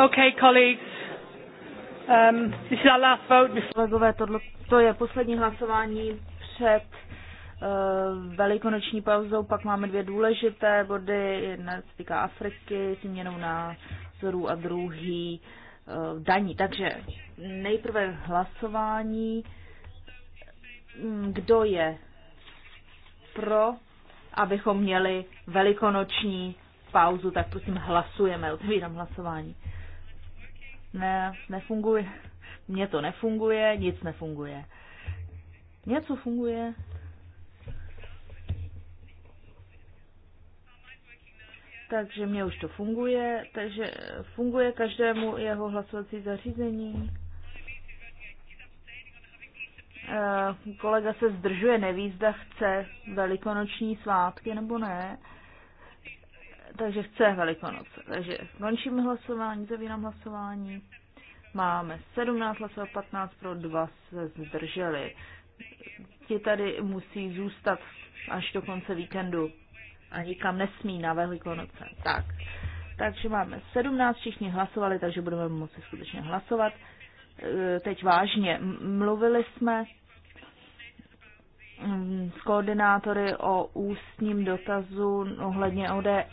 Okay, colleagues. Um, this is our last vote before... Kolegové, tohle, to je poslední hlasování před eh, velikonoční pauzou. Pak máme dvě důležité body. Jedna se týká Afriky s měnou názorů a druhý uh, daní. Takže nejprve hlasování. Mm, kdo je pro, abychom měli velikonoční pauzu, tak prosím hlasujeme, otvírám hlasování. Ne, nefunguje. Mně to nefunguje, nic nefunguje. Něco funguje. Takže mě už to funguje, takže funguje každému jeho hlasovací zařízení. Eh, kolega se zdržuje, neví, zda chce velikonoční svátky nebo ne takže chce Velikonoce. Takže končíme hlasování, zavírám hlasování. Máme 17 hlasů, 15 pro 2 se zdrželi. Ti tady musí zůstat až do konce víkendu a nikam nesmí na Velikonoce. Tak. Takže máme 17, všichni hlasovali, takže budeme moci skutečně hlasovat. E, teď vážně, mluvili jsme s mm, koordinátory o ústním dotazu ohledně ODA.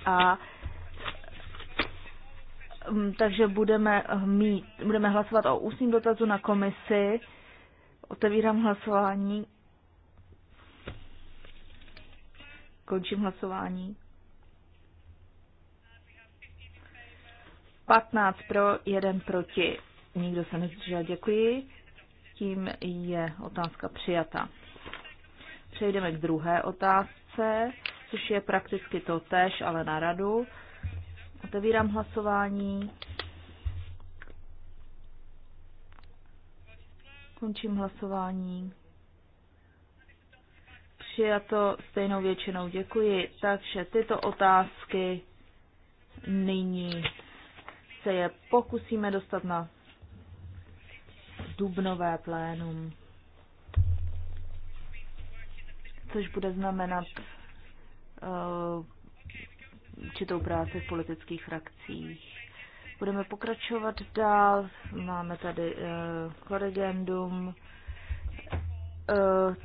Mm, takže budeme, mít, budeme hlasovat o ústním dotazu na komisi. Otevírám hlasování. Končím hlasování. 15 pro, 1 proti. Nikdo se nezdržel. Děkuji. Tím je otázka přijata. Přejdeme k druhé otázce, což je prakticky to tež, ale na radu. Otevírám hlasování. Končím hlasování. Přijato stejnou většinou. Děkuji. Takže tyto otázky nyní se je pokusíme dostat na dubnové plénum. což bude znamenat eh, určitou práci v politických frakcích. Budeme pokračovat dál. Máme tady uh,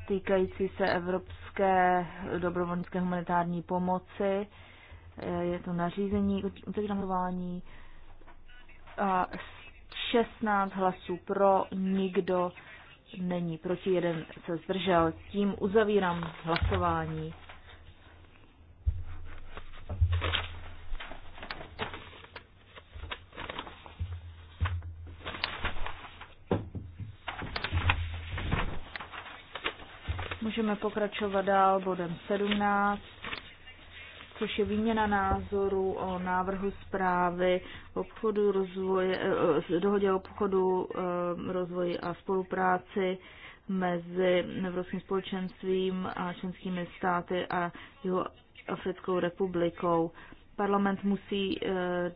týkající se evropské dobrovolnické humanitární pomoci. Je to nařízení utegravování a 16 hlasů pro, nikdo Není proti, jeden se zdržel. Tím uzavírám hlasování. Můžeme pokračovat dál bodem 17 což je výměna názoru o návrhu zprávy obchodu, rozvoje, eh, eh, dohodě o obchodu, eh, rozvoji a spolupráci mezi Evropským společenstvím a členskými státy a jeho Africkou republikou. Parlament musí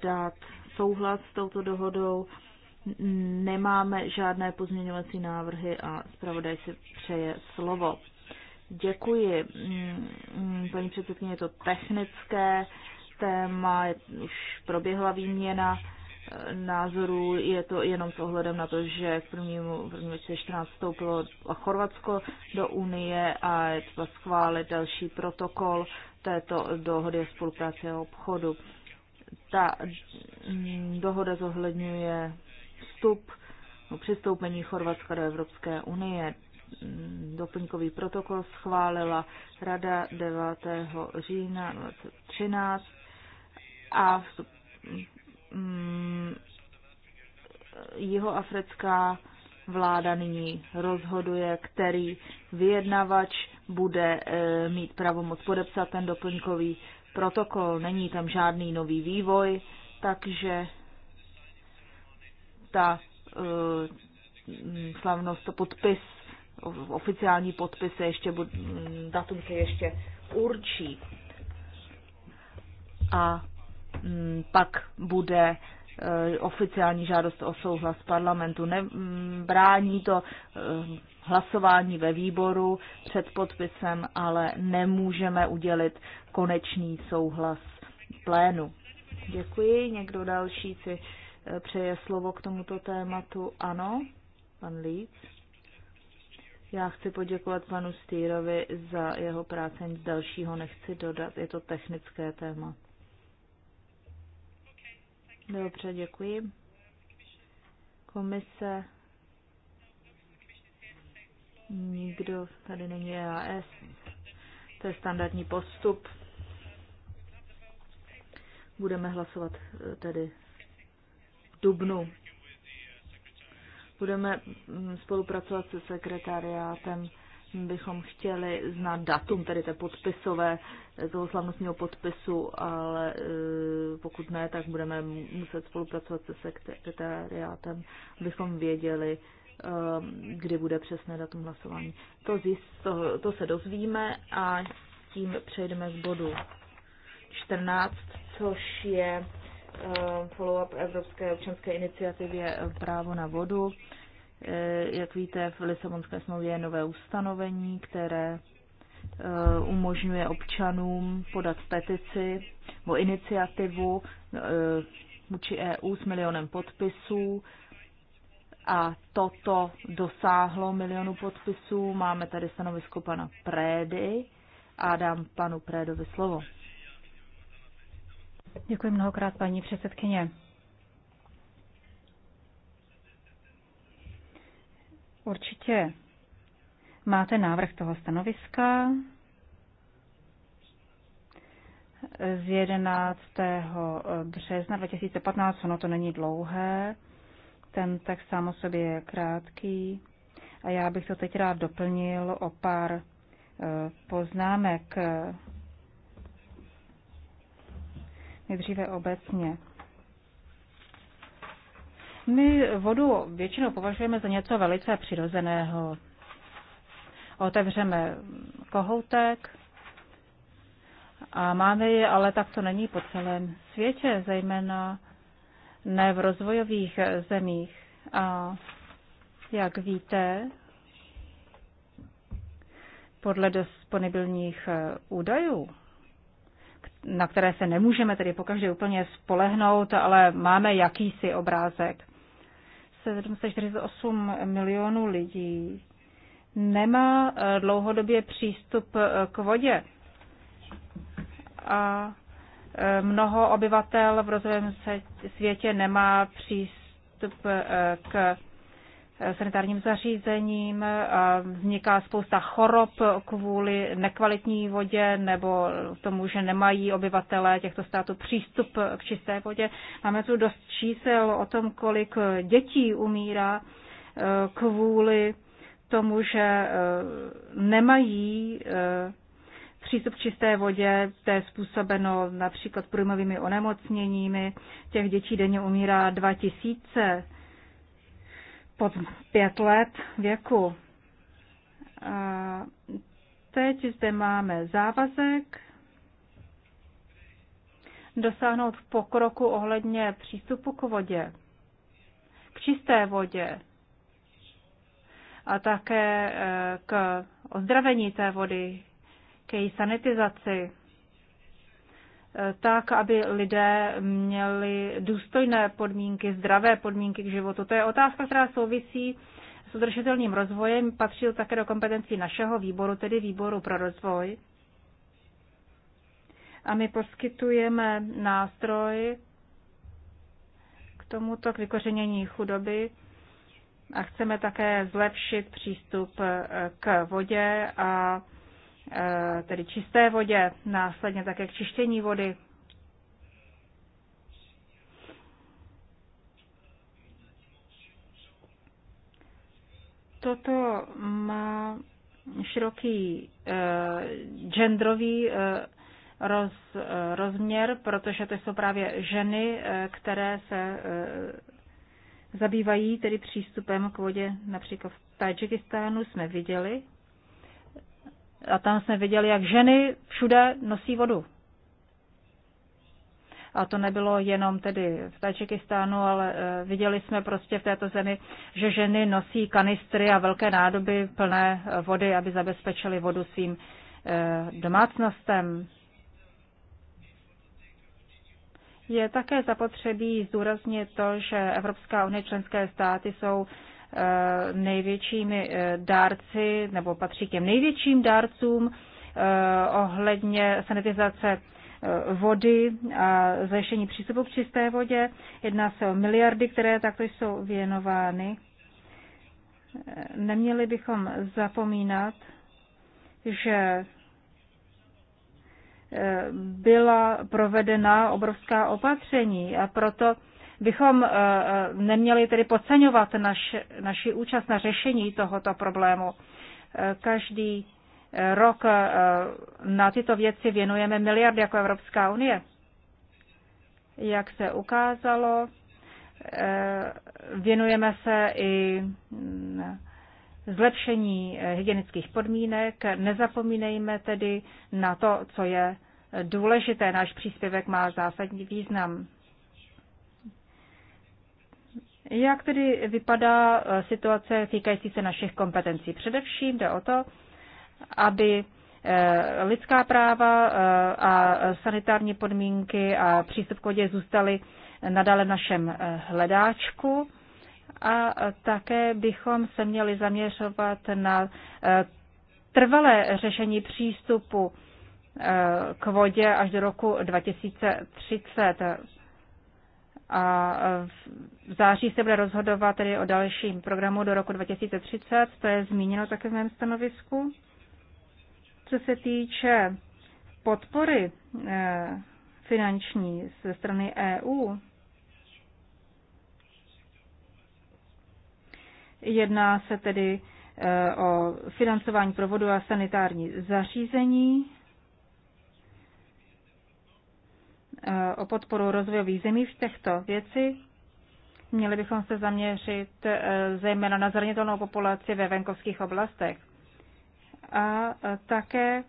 dát souhlas s touto dohodou. Nemáme žádné pozměňovací návrhy a zpravodaj si přeje slovo. Děkuji. Mm, paní předsedkyně, je to technické téma, už proběhla výměna eh, názorů, je to jenom s ohledem na to, že k prvnímu, prvnímu 14 vstoupilo Chorvatsko do Unie a je třeba schválit další protokol této dohody o spolupráci a obchodu. Ta mm, dohoda zohledňuje vstup no, přistoupení Chorvatska do Evropské unie doplňkový protokol schválila Rada 9. října 2013 a mm, jeho africká vláda nyní rozhoduje, který vyjednavač bude e, mít pravomoc podepsat ten doplňkový protokol. Není tam žádný nový vývoj, takže ta e, slavnost, to podpis Oficiální podpis ještě, mm, datum se ještě určí. A mm, pak bude e, oficiální žádost o souhlas parlamentu. Nebrání mm, to e, hlasování ve výboru před podpisem, ale nemůžeme udělit konečný souhlas plénu. Děkuji. Někdo další si e, přeje slovo k tomuto tématu? Ano, pan Líc. Já chci poděkovat panu Stýrovi za jeho práci, nic dalšího nechci dodat, je to technické téma. Dobře, děkuji. Komise. Nikdo tady není EAS. To je standardní postup. Budeme hlasovat eh, tedy v dubnu budeme mm, spolupracovat se sekretariátem, bychom chtěli znát datum, tedy té podpisové, toho slavnostního podpisu, ale e, pokud ne, tak budeme muset spolupracovat se sekretariátem, abychom věděli, e, kdy bude přesné datum hlasování. To, zjist, to, to se dozvíme a tím přejdeme k bodu 14, což je Eh, follow-up Evropské občanské iniciativě eh, právo na vodu. Eh, jak víte, v Lisabonské smlouvě je nové ustanovení, které umožňuje občanům podat petici nebo iniciativu vůči EU s milionem podpisů a toto dosáhlo milionu podpisů. Máme tady stanovisko pana Prédy a dám panu Prédovi slovo. Děkuji mnohokrát, paní předsedkyně. Určitě máte návrh toho stanoviska z 11. března 2015, ono to není dlouhé, ten text sám o sobě je krátký a já bych to teď rád doplnil o pár eh, poznámek nejdříve obecně. My vodu většinou považujeme za něco velice přirozeného. Otevřeme kohoutek a máme je, ale tak to není po celém světě, zejména ne v rozvojových zemích. A jak víte, podle disponibilních údajů na které se nemůžeme tedy pokaždé úplně spolehnout, ale máme jakýsi obrázek. 748 milionů lidí nemá eh, dlouhodobě přístup eh, k vodě. A eh, mnoho obyvatel v rozvojovém světě nemá přístup k sanitárním zařízením, vzniká spousta chorob kvůli nekvalitní vodě nebo tomu, že nemají obyvatelé těchto států přístup k čisté vodě. Máme tu dost čísel o tom, kolik dětí umírá e, kvůli tomu, že e, nemají e, přístup k čisté vodě, to je způsobeno například průjmovými onemocněními. Těch dětí denně umírá 2000 pod pět let věku. A teď zde máme závazek dosáhnout pokroku ohledně přístupu k vodě, k čisté vodě a také eh, k ozdravení té vody, k její sanitizaci tak, aby lidé měli důstojné podmínky, zdravé podmínky k životu. To je otázka, která souvisí s udržitelným rozvojem, patří to také do kompetencí našeho výboru, tedy výboru pro rozvoj. A my poskytujeme nástroj k tomuto, k vykořenění chudoby a chceme také zlepšit přístup k vodě a Eh, tedy čisté vodě, následně také k čištění vody. Toto má široký eh, genderový eh, roz, rozměr, protože to jsou právě ženy, které se zabývají tedy přístupem k vodě. Například v Tadžikistánu jsme viděli, a tam jsme viděli, jak ženy všude nosí vodu. A to nebylo jenom tedy v Tačikistánu, ale eh, viděli jsme prostě v této zemi, že ženy nosí kanistry a velké nádoby plné eh, vody, aby zabezpečili vodu svým eh, domácnostem. Je také zapotřebí zdůraznit to, že Evropská unie členské státy jsou Eh, největšími eh, dárci, nebo patří k těm největším dárcům eh, ohledně sanitizace vody a zajištění přístupu k čisté vodě. Jedná se o miliardy, které takto jsou věnovány. Neměli bychom zapomínat, že byla provedena obrovská opatření a proto bychom eh, eh, neměli tedy podceňovat naš, naši účast na řešení tohoto problému. Eh, každý rok na tyto věci věnujeme miliardy jako Evropská unie. Jak se ukázalo, věnujeme se i mm, zlepšení hygienických podmínek. Nezapomínejme tedy na to, co je důležité. Náš příspěvek má zásadní význam. Jak tedy vypadá eh, situace týkající se našich kompetencí? Především jde o to, aby eh, lidská práva eh, a sanitární podmínky a přístup k vodě zůstaly nadále v našem hledáčku a také bychom se měli zaměřovat na trvalé řešení přístupu k vodě až do roku 2030. A e, v září se bude rozhodovat tedy o dalším programu do roku 2030, to je zmíněno také v mém stanovisku. Co se týče podpory e, finanční ze strany EU, jedná se tedy e, o financování provodu a sanitární zařízení Eh, o podporu rozvojových zemí v těchto věci. Měli bychom se zaměřit eh, zejména na zranitelnou populaci ve venkovských oblastech. A eh, také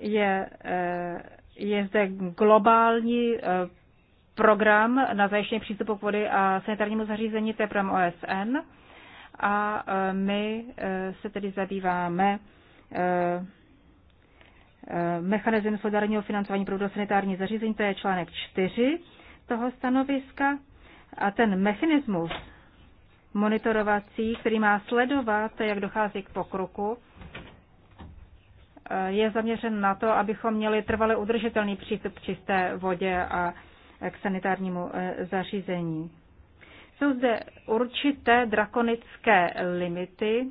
je, je zde globální program na zajištění přístupu k vody a sanitárnímu zařízení, to je program OSN. A my se tedy zabýváme mechanism solidárního financování pro sanitární zařízení, to je článek 4 toho stanoviska. A ten mechanismus monitorovací, který má sledovat, jak dochází k pokroku, eh, je zaměřen na to, abychom měli trvale udržitelný přístup k čisté vodě a k sanitárnímu eh, zařízení. Jsou zde určité drakonické limity,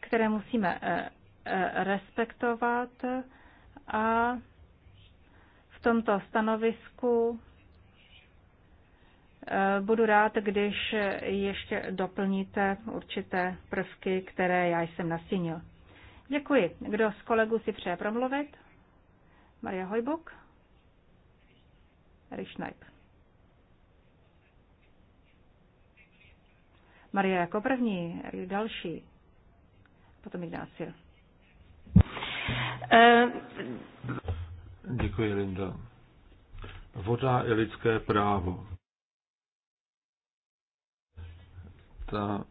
které musíme eh, Eh, respektovat a v tomto stanovisku eh, budu rád, když ještě doplníte určité prvky, které já jsem nastínil. Děkuji. Kdo z kolegů si přeje promluvit? Maria Hojbuk? Erich Schneip. Maria jako první, další, potom Ignácio. Eh, děkuji, Linda. Voda je lidské právo. Ta,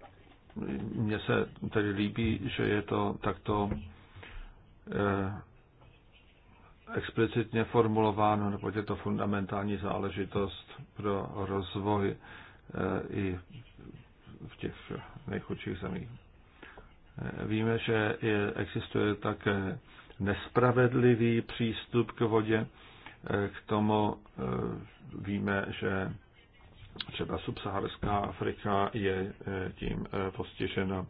mně se tedy líbí, že je to takto eh, explicitně formulováno, nebo je to fundamentální záležitost pro rozvoj eh, i v těch nejchudších zemích. Eh, víme, že existuje také nespravedlivý přístup k vodě. E, k tomu e, víme, že třeba subsaharská Afrika je e, tím postižena.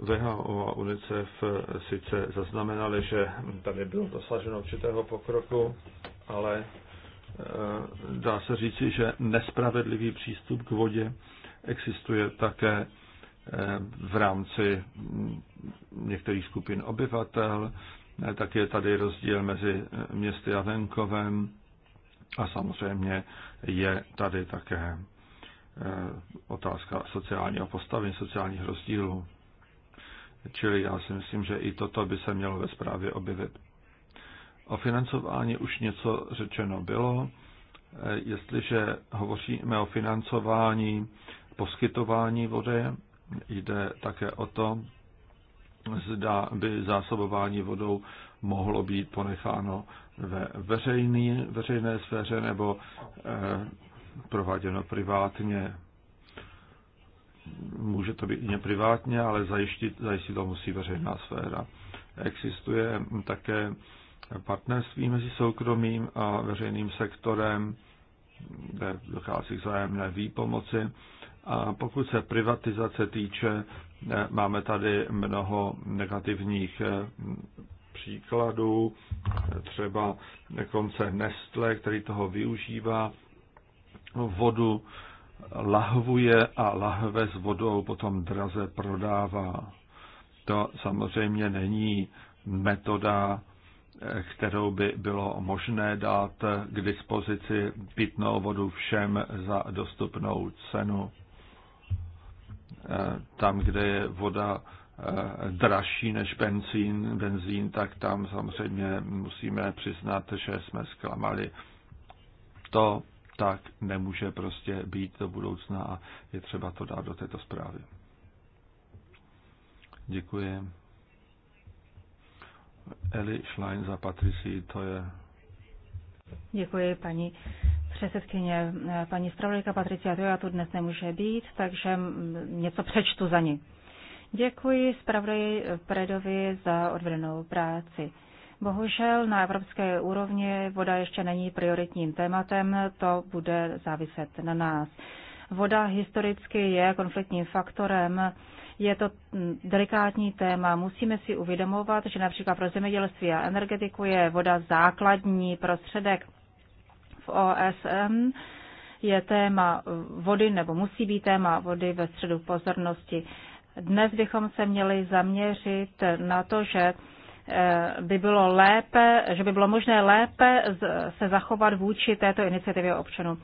VHO a UNICEF sice zaznamenali, že tady bylo dosaženo určitého pokroku, ale dá se říci, že nespravedlivý přístup k vodě existuje také v rámci některých skupin obyvatel, tak je tady rozdíl mezi městy a venkovem a samozřejmě je tady také eh, otázka sociálního postavení, sociálních rozdílů. Čili já si myslím, že i toto by se mělo ve zprávě objevit. O financování už něco řečeno bylo. Eh, jestliže hovoříme o financování poskytování vody, Jde také o to, zda by zásobování vodou mohlo být ponecháno ve veřejný, veřejné sféře nebo eh, prováděno privátně. Může to být i privátně, ale zajistit, zajistit to musí veřejná sféra. Existuje také partnerství mezi soukromým a veřejným sektorem, kde dochází k zájemné výpomoci. A pokud se privatizace týče, eh, máme tady mnoho negativních eh, příkladů, eh, třeba konce Nestle, který toho využívá, vodu lahvuje a lahve s vodou potom draze prodává. To samozřejmě není metoda, kterou by bylo možné dát k dispozici pitnou vodu všem za dostupnou cenu. Eh, tam, kde je voda eh, dražší než benzín, benzín, tak tam samozřejmě musíme přiznat, že jsme zklamali. To tak nemůže prostě být do budoucna a je třeba to dát do této zprávy. Děkuji. Eli Schlein za Patrici, to je Děkuji, paní předsedkyně. Paní zpravodajka Patricia Toja tu dnes nemůže být, takže něco přečtu za ní. Děkuji zpravodaji Predovi za odvedenou práci. Bohužel na evropské úrovni voda ještě není prioritním tématem, to bude záviset na nás. Voda historicky je konfliktním faktorem je to mm, delikátní téma. Musíme si uvědomovat, že například pro zemědělství a energetiku je voda základní prostředek v OSN je téma vody, nebo musí být téma vody ve středu pozornosti. Dnes bychom se měli zaměřit na to, že eh, by bylo lépe, že by bylo možné lépe se zachovat vůči této iniciativě občanů.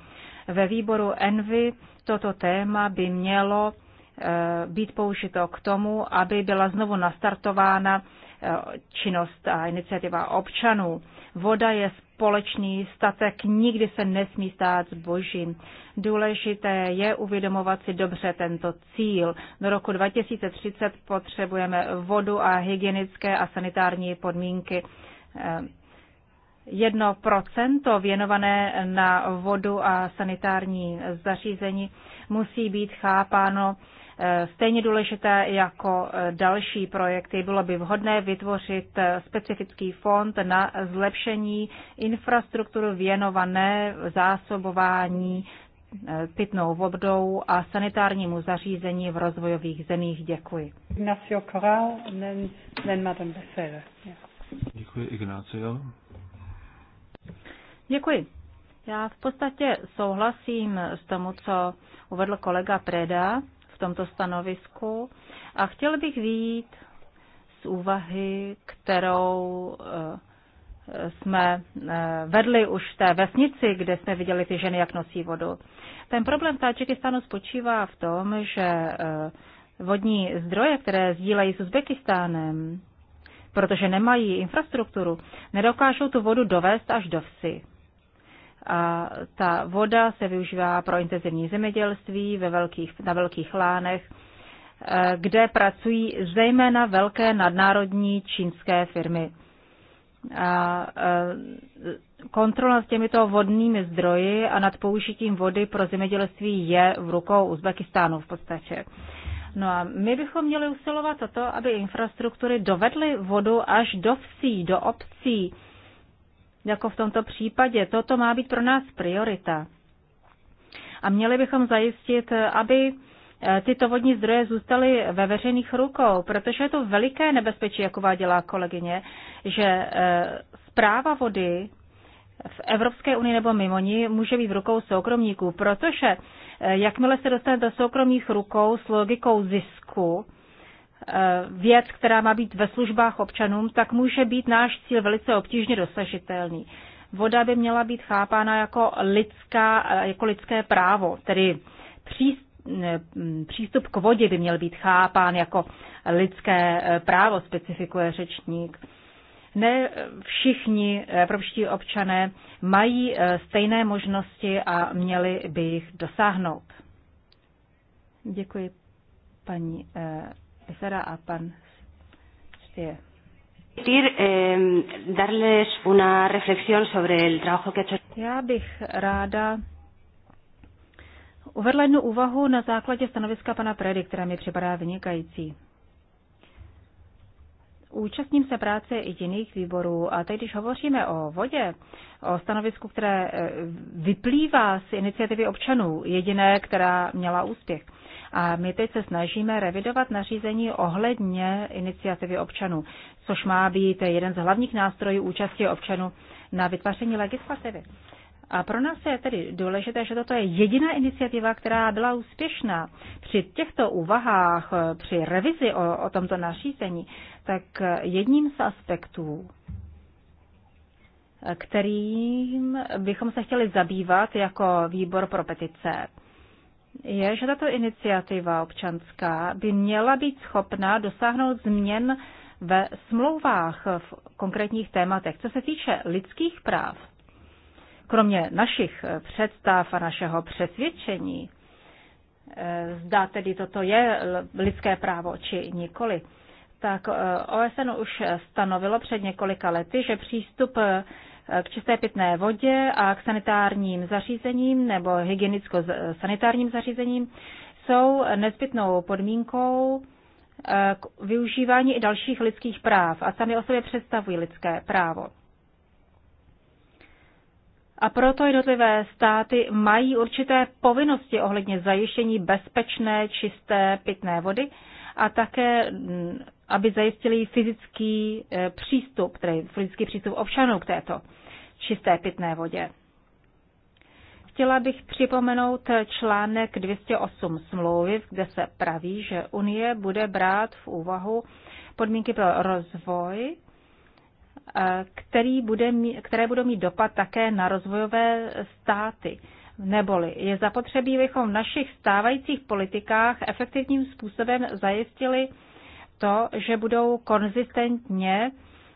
Ve výboru Envy toto téma by mělo Eh, být použito k tomu, aby byla znovu nastartována eh, činnost a iniciativa občanů. Voda je společný statek, nikdy se nesmí stát zbožím. Důležité je uvědomovat si dobře tento cíl. Do roku 2030 potřebujeme vodu a hygienické a sanitární podmínky. Eh, jedno procento věnované na vodu a sanitární zařízení musí být chápáno Eh, stejně důležité jako eh, další projekty. Bylo by vhodné vytvořit eh, specifický fond na zlepšení infrastruktury věnované zásobování pitnou vodou a sanitárnímu zařízení v rozvojových zemích. Děkuji. Ignacio Corral, then, then Madame Becerra. Děkuji, Ignacio. Děkuji. Já v podstatě souhlasím s tomu, co uvedl kolega Preda tomto stanovisku a chtěl bych výjít z úvahy, kterou eh, jsme eh, vedli už v té vesnici, kde jsme viděli ty ženy, jak nosí vodu. Ten problém v Tadžikistánu spočívá v tom, že eh, vodní zdroje, které sdílejí s Uzbekistánem, protože nemají infrastrukturu, nedokážou tu vodu dovést až do vsi. A ta voda se využívá pro intenzivní zemědělství ve velkých, na velkých lánech, eh, kde pracují zejména velké nadnárodní čínské firmy. A eh, kontrola s těmito vodnými zdroji a nad použitím vody pro zemědělství je v rukou Uzbekistánu v podstatě. No a my bychom měli usilovat o to, aby infrastruktury dovedly vodu až do vsí, do obcí, jako v tomto případě. Toto má být pro nás priorita. A měli bychom zajistit, aby eh, tyto vodní zdroje zůstaly ve veřejných rukou, protože je to veliké nebezpečí, jak uváděla kolegyně, že zpráva eh, vody v Evropské unii nebo mimo ní může být v rukou soukromníků, protože eh, jakmile se dostane do soukromých rukou s logikou zisku, Eh, věc, která má být ve službách občanům, tak může být náš cíl velice obtížně dosažitelný. Voda by měla být chápána jako, lidská, eh, jako lidské právo, tedy mm, přístup k vodě by měl být chápán jako lidské eh, právo, specifikuje řečník. Ne všichni evropští občané mají stejné možnosti a měli by jich dosáhnout. Děkuji paní empezar a pan Eh, darles una reflexión sobre el trabajo que ha hecho. Já bych ráda uvedla jednu úvahu na základě stanoviska pana Predy, která mi připadá vynikající. Účastním se práce i jiných výborů a teď, když hovoříme o vodě, o stanovisku, které eh, vyplývá z iniciativy občanů, jediné, která měla úspěch, a my teď se snažíme revidovat nařízení ohledně iniciativy občanů, což má být jeden z hlavních nástrojů účasti občanů na vytváření legislativy. A pro nás je tedy důležité, že toto je jediná iniciativa, která byla úspěšná. Při těchto úvahách, při revizi o, o tomto nařízení, tak jedním z aspektů, kterým bychom se chtěli zabývat jako výbor pro petice, je, že tato iniciativa občanská by měla být schopná dosáhnout změn ve smlouvách v konkrétních tématech. Co se týče lidských práv, kromě našich představ a našeho přesvědčení, eh, zda tedy toto je lidské právo či nikoli, tak eh, OSN už stanovilo před několika lety, že přístup eh, k čisté pitné vodě a k sanitárním zařízením nebo hygienicko-sanitárním zařízením jsou nezbytnou podmínkou eh, k využívání i dalších lidských práv a sami o sobě představují lidské právo. A proto jednotlivé státy mají určité povinnosti ohledně zajištění bezpečné, čisté pitné vody a také mm, aby zajistili fyzický eh, přístup, tedy fyzický přístup občanů k této čisté pitné vodě. Chtěla bych připomenout článek 208 smlouvy, kde se praví, že Unie bude brát v úvahu podmínky pro rozvoj, eh, který bude, které budou mít dopad také na rozvojové státy. Neboli je zapotřebí, abychom v našich stávajících politikách efektivním způsobem zajistili to, že budou konzistentně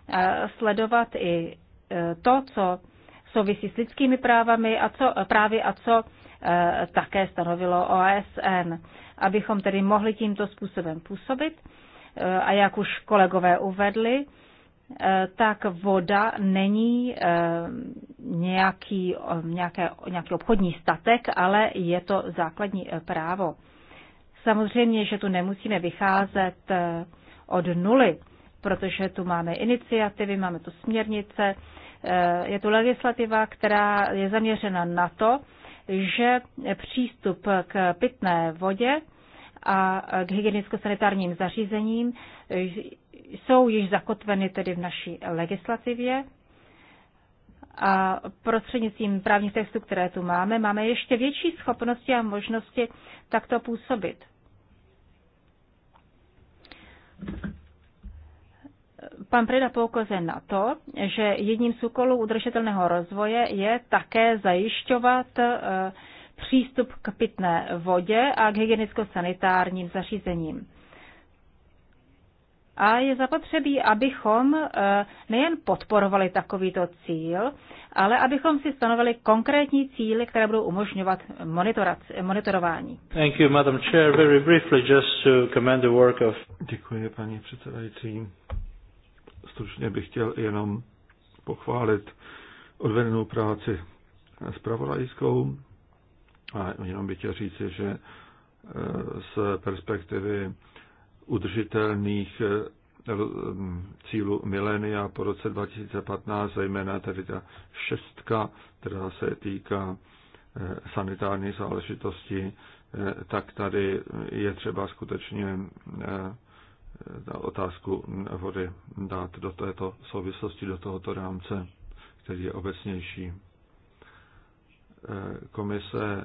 eh, sledovat i eh, to, co souvisí s lidskými právami a co, eh, právě a co také stanovilo OSN, abychom tedy mohli tímto způsobem působit. A jak už kolegové uvedli, tak voda není nějaký, nějaké, nějaký obchodní statek, ale je to základní právo. Samozřejmě, že tu nemusíme vycházet od nuly, protože tu máme iniciativy, máme tu směrnice, eh, je tu legislativa, která je zaměřena na to, že přístup k pitné vodě a k hygienicko-sanitárním zařízením eh, jsou již zakotveny tedy v naší legislativě a prostřednictvím právních textů, které tu máme, máme ještě větší schopnosti a možnosti takto působit. Pan Preda poukazuje na to, že jedním z úkolů udržitelného rozvoje je také zajišťovat eh, přístup k pitné vodě a k hygienicko-sanitárním zařízením. A je zapotřebí, abychom eh, nejen podporovali takovýto cíl, ale abychom si stanovili konkrétní cíly, které budou umožňovat monitorování. Thank you, Madam Chair. Very briefly, just to commend the work of... Děkuji, paní předsedající. Stručně bych chtěl jenom pochválit odvedenou práci s pravodajskou a jenom bych chtěl říci, že eh, z perspektivy udržitelných eh, eh, cílu milénia po roce 2015, zejména tedy ta šestka, která se týká eh, sanitární záležitosti, tak tady je třeba skutečně otázku vody dát do této souvislosti, do tohoto rámce, který je obecnější. Komise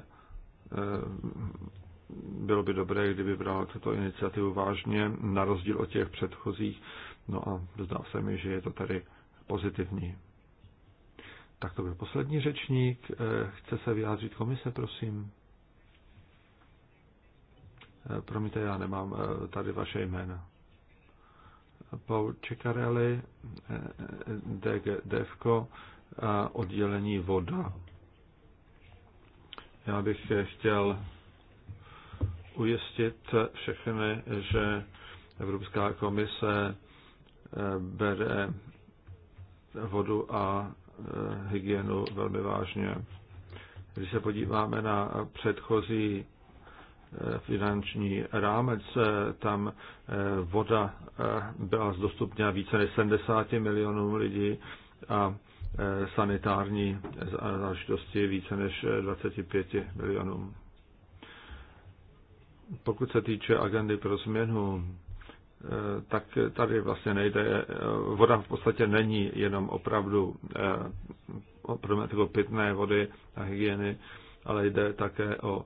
bylo by dobré, kdyby bral tuto iniciativu vážně, na rozdíl od těch předchozích. No a zdá se mi, že je to tady pozitivní. Tak to byl poslední řečník. Eh, chce se vyjádřit komise, prosím. Eh, promiňte, já nemám eh, tady vaše jména. Paul Čekarelli, DG Devko, oddělení voda. Já bych chtěl ujistit všechny, že Evropská komise eh, bere vodu a eh, hygienu velmi vážně. Když se podíváme na předchozí eh, finanční rámec, tam voda byla zdostupněna více než 70 milionům lidí a sanitární záležitosti více než 25 milionům pokud se týče agendy pro změnu, eh, tak tady vlastně nejde, eh, voda v podstatě není jenom opravdu eh, problematikou pitné vody a hygieny, ale jde také o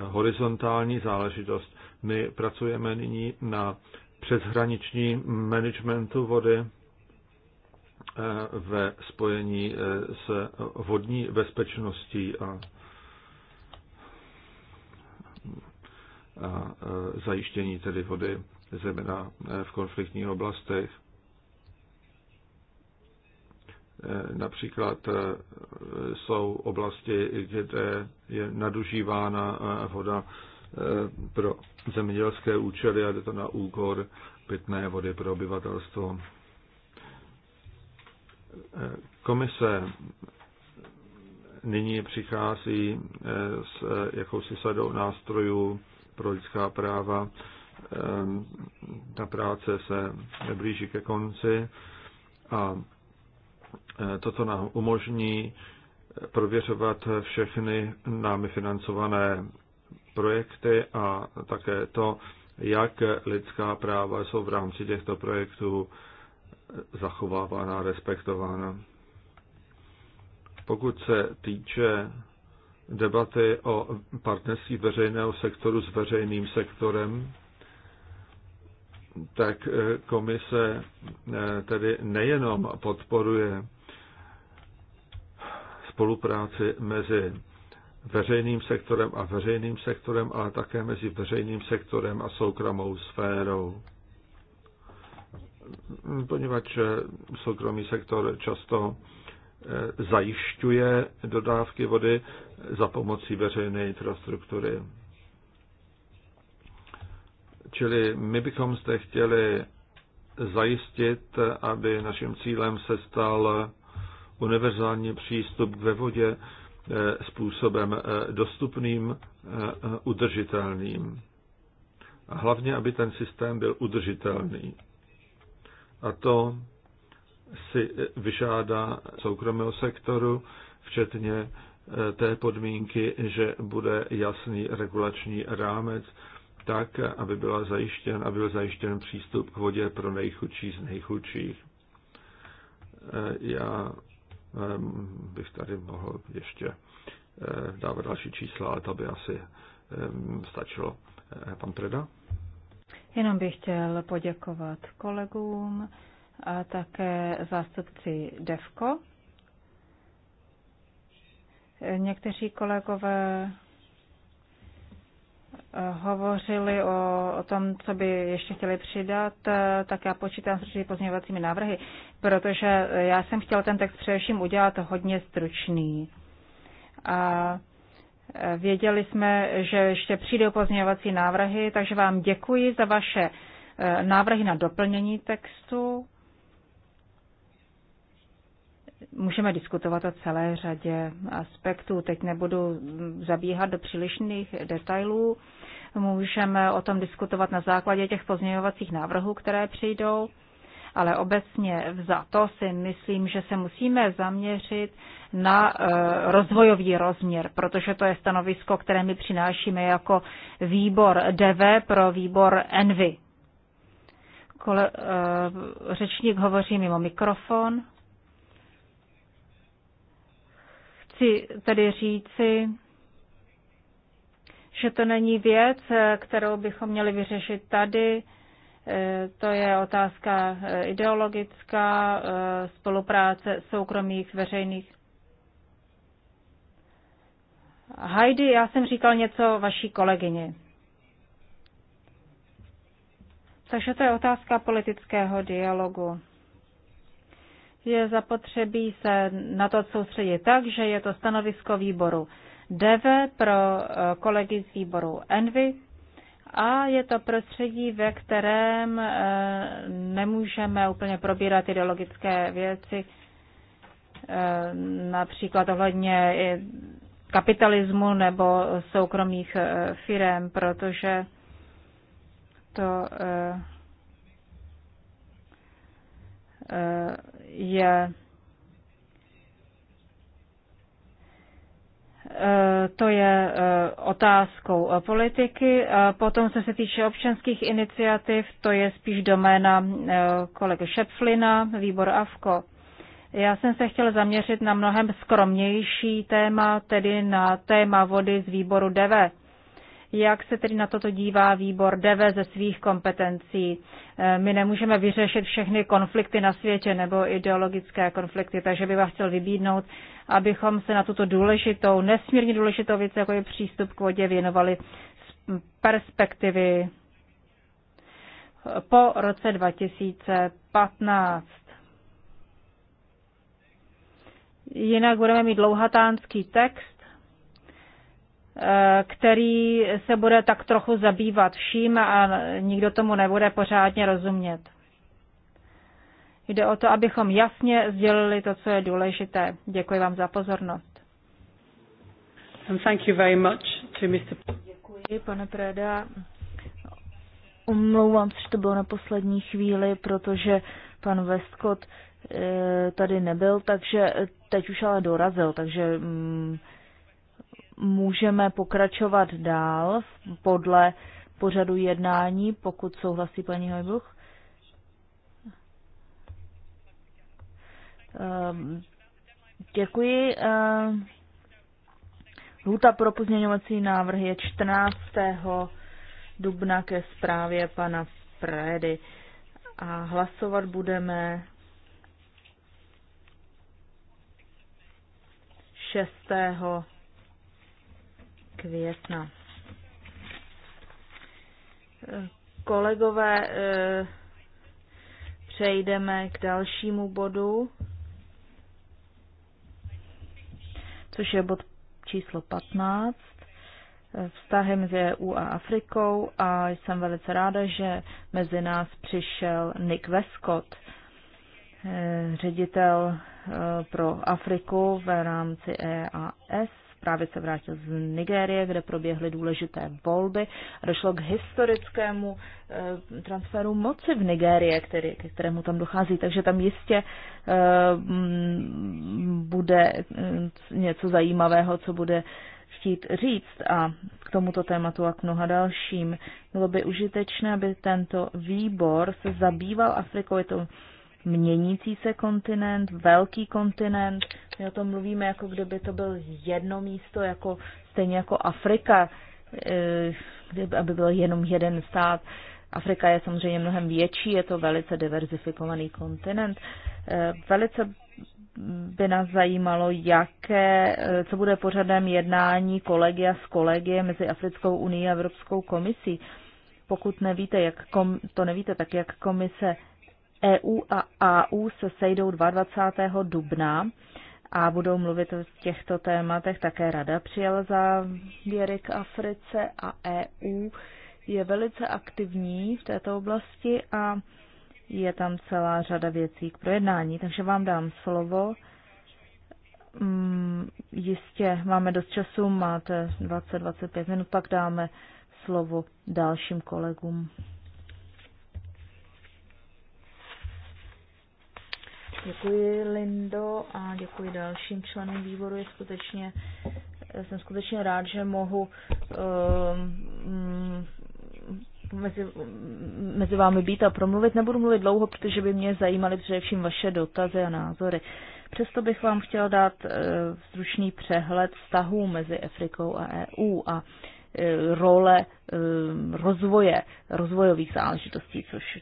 horizontální záležitost. My pracujeme nyní na přeshraniční managementu vody ve spojení s vodní bezpečností a a e, zajištění tedy vody, zejména e, v konfliktních oblastech. E, například jsou oblasti, kde je nadužívána voda pro zemědělské účely a jde to na úkor pitné vody pro obyvatelstvo. Komise nyní přichází s jakousi sadou nástrojů pro lidská práva. Ta práce se blíží ke konci a e, toto nám umožní prověřovat všechny námi financované projekty a také to, jak lidská práva jsou v rámci těchto projektů zachovávána respektována. Pokud se týče debaty o partnerství veřejného sektoru s veřejným sektorem, tak eh, komise eh, tedy nejenom podporuje spolupráci mezi veřejným sektorem a veřejným sektorem, ale také mezi veřejným sektorem a soukromou sférou. Poněvadž eh, soukromý sektor často zajišťuje dodávky vody za pomocí veřejné infrastruktury. Čili my bychom zde chtěli zajistit, aby naším cílem se stal univerzální přístup ve vodě eh, způsobem eh, dostupným, eh, udržitelným. A hlavně, aby ten systém byl udržitelný. A to si eh, vyžádá soukromého sektoru, včetně eh, té podmínky, že bude jasný regulační rámec, tak, aby, byla zajištěn, aby byl zajištěn přístup k vodě pro nejchudší z nejchudších. Eh, já ehm, bych tady mohl ještě dávat další čísla, ale to by asi ehm, stačilo. Pan Preda? Jenom bych chtěl poděkovat kolegům a také zástupci DEVKO. Někteří kolegové eh, hovořili o, o tom, co by ještě chtěli přidat, eh, tak já počítám s určitými pozměňovacími návrhy, protože já jsem chtěla ten text především udělat hodně stručný. A eh, věděli jsme, že ještě přijdou pozměňovací návrhy, takže vám děkuji za vaše návrhy na doplnění textu Můžeme diskutovat o celé řadě aspektů. Teď nebudu zabíhat do přílišných detailů. Můžeme o tom diskutovat na základě těch pozměňovacích návrhů, které přijdou, ale obecně to si myslím, že se musíme zaměřit na eh, rozvojový rozměr, protože to je stanovisko, které my přinášíme jako výbor DV pro výbor ENVY. Kole, eh, řečník hovoří mimo mikrofon. Chci tedy říci, že to není věc, kterou bychom měli vyřešit tady. To je otázka eh, ideologická, eh, spolupráce soukromých, veřejných. Heidi, já jsem říkal něco vaší kolegyni. Takže to je otázka politického dialogu je zapotřebí se na to soustředit tak, že je to stanovisko výboru DV pro eh, kolegy z výboru ENVY a je to prostředí, ve kterém eh, nemůžeme úplně probírat ideologické věci, eh, například ohledně kapitalismu nebo soukromých firm, protože to je eh, to je eh, otázkou eh, politiky. Potom, co se týče občanských iniciativ, to je spíš doména kolegy Šepflina, výbor AVKO. Já jsem se chtěl zaměřit na mnohem skromnější téma, tedy na téma vody z výboru DEVE. Jak se tedy na toto dívá výbor DEVE ze svých kompetencí? Eh, my nemůžeme vyřešit všechny konflikty na světě nebo ideologické konflikty, takže bych vás chtěl vybídnout, abychom se na tuto důležitou, nesmírně důležitou věc, jako je přístup k vodě, věnovali z perspektivy po roce 2015. Jinak budeme mít dlouhatánský text, který se bude tak trochu zabývat vším a nikdo tomu nebude pořádně rozumět. Jde o to, abychom jasně sdělili to, co je důležité. Děkuji vám za pozornost. And thank you very much to Mr. Děkuji, pane Preda. Umlouvám se, že to bylo na poslední chvíli, protože pan Westcott eh, tady nebyl, takže teď už ale dorazil, takže mm, můžeme pokračovat dál podle pořadu jednání, pokud souhlasí paní Hojbuch. Ehm, děkuji. Ehm, Lhuta pro pozměňovací návrh je 14. dubna ke zprávě pana Predy. A hlasovat budeme 6 května. Kolegové, eh, přejdeme k dalšímu bodu, což je bod číslo 15, eh, vztahy mezi EU a Afrikou a jsem velice ráda, že mezi nás přišel Nick Westcott, eh, ředitel pro Afriku v rámci EAS právě se vrátil z Nigérie, kde proběhly důležité volby. Došlo k historickému eh, transferu moci v Nigérie, který, ke kterému tam dochází, takže tam jistě eh, mm, bude eh, něco zajímavého, co bude chtít říct a k tomuto tématu a k mnoha dalším. Bylo by užitečné, aby tento výbor se zabýval Afrikou. Je to měnící se kontinent, velký kontinent. My o tom mluvíme, jako kdyby to byl jedno místo, jako stejně jako Afrika, eh, aby byl jenom jeden stát. Afrika je samozřejmě mnohem větší, je to velice diverzifikovaný kontinent. Eh, velice by nás zajímalo, jaké, eh, co bude pořadem jednání kolegia s kolegy mezi Africkou unii a Evropskou komisí. Pokud nevíte, jak kom, to nevíte, tak jak komise EU a AU se sejdou 22. dubna a budou mluvit o těchto tématech. Také Rada přijala věry k Africe a EU je velice aktivní v této oblasti a je tam celá řada věcí k projednání. Takže vám dám slovo. Mm, jistě máme dost času, máte 20-25 minut, pak dáme slovo dalším kolegům. Děkuji, Lindo, a děkuji dalším členům výboru. Je skutečně, eh, jsem skutečně rád, že mohu um, mezi, mm, mezi vámi být a promluvit. Nebudu mluvit dlouho, protože by mě zajímaly především vaše dotazy a názory. Přesto bych vám chtěl dát uh, stručný přehled vztahů mezi Afrikou a EU a role eh, rozvoje, rozvojových záležitostí, což,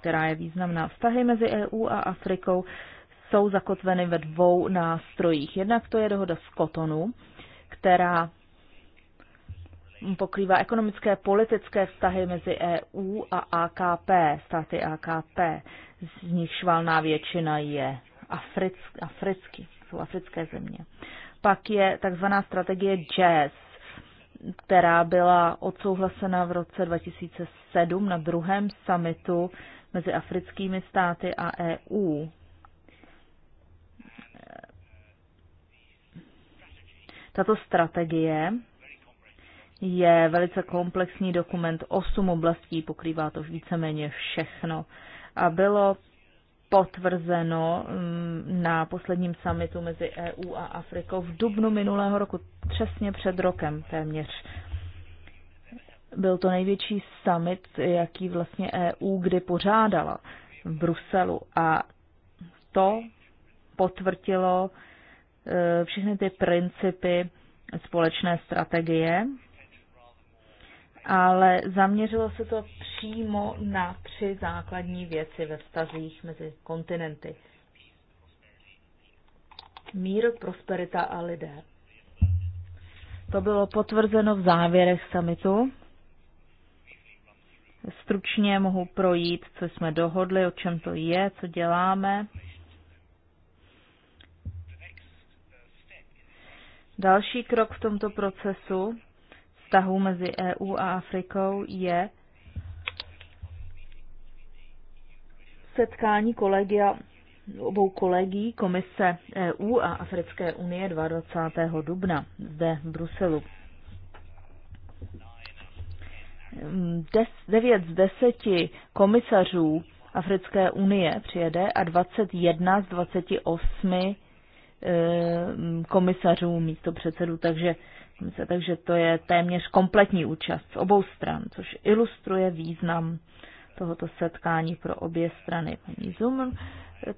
která je významná. Vztahy mezi EU a Afrikou jsou zakotveny ve dvou nástrojích. Jednak to je dohoda z Kotonu, která pokrývá ekonomické politické vztahy mezi EU a AKP, státy AKP, z nichž valná většina je africk, africký, jsou africké země. Pak je takzvaná strategie JAZZ, která byla odsouhlasena v roce 2007 na druhém summitu mezi africkými státy a EU. Tato strategie je velice komplexní dokument, osm oblastí, pokrývá to víceméně všechno. A bylo potvrzeno mm, na posledním summitu mezi EU a Afrikou v dubnu minulého roku, přesně před rokem téměř. Byl to největší summit, jaký vlastně EU kdy pořádala v Bruselu a to potvrdilo e, všechny ty principy společné strategie ale zaměřilo se to přímo na tři základní věci ve vztazích mezi kontinenty. Mír, prosperita a lidé. To bylo potvrzeno v závěrech summitu. Stručně mohu projít, co jsme dohodli, o čem to je, co děláme. Další krok v tomto procesu vztahů mezi EU a Afrikou je setkání kolegia obou kolegí Komise EU a Africké unie 22. dubna zde v Bruselu. 9 z 10 komisařů Africké unie přijede a 21 z 28 eh, komisařů místo předsedů, takže takže to je téměř kompletní účast z obou stran, což ilustruje význam tohoto setkání pro obě strany. Paní Zumr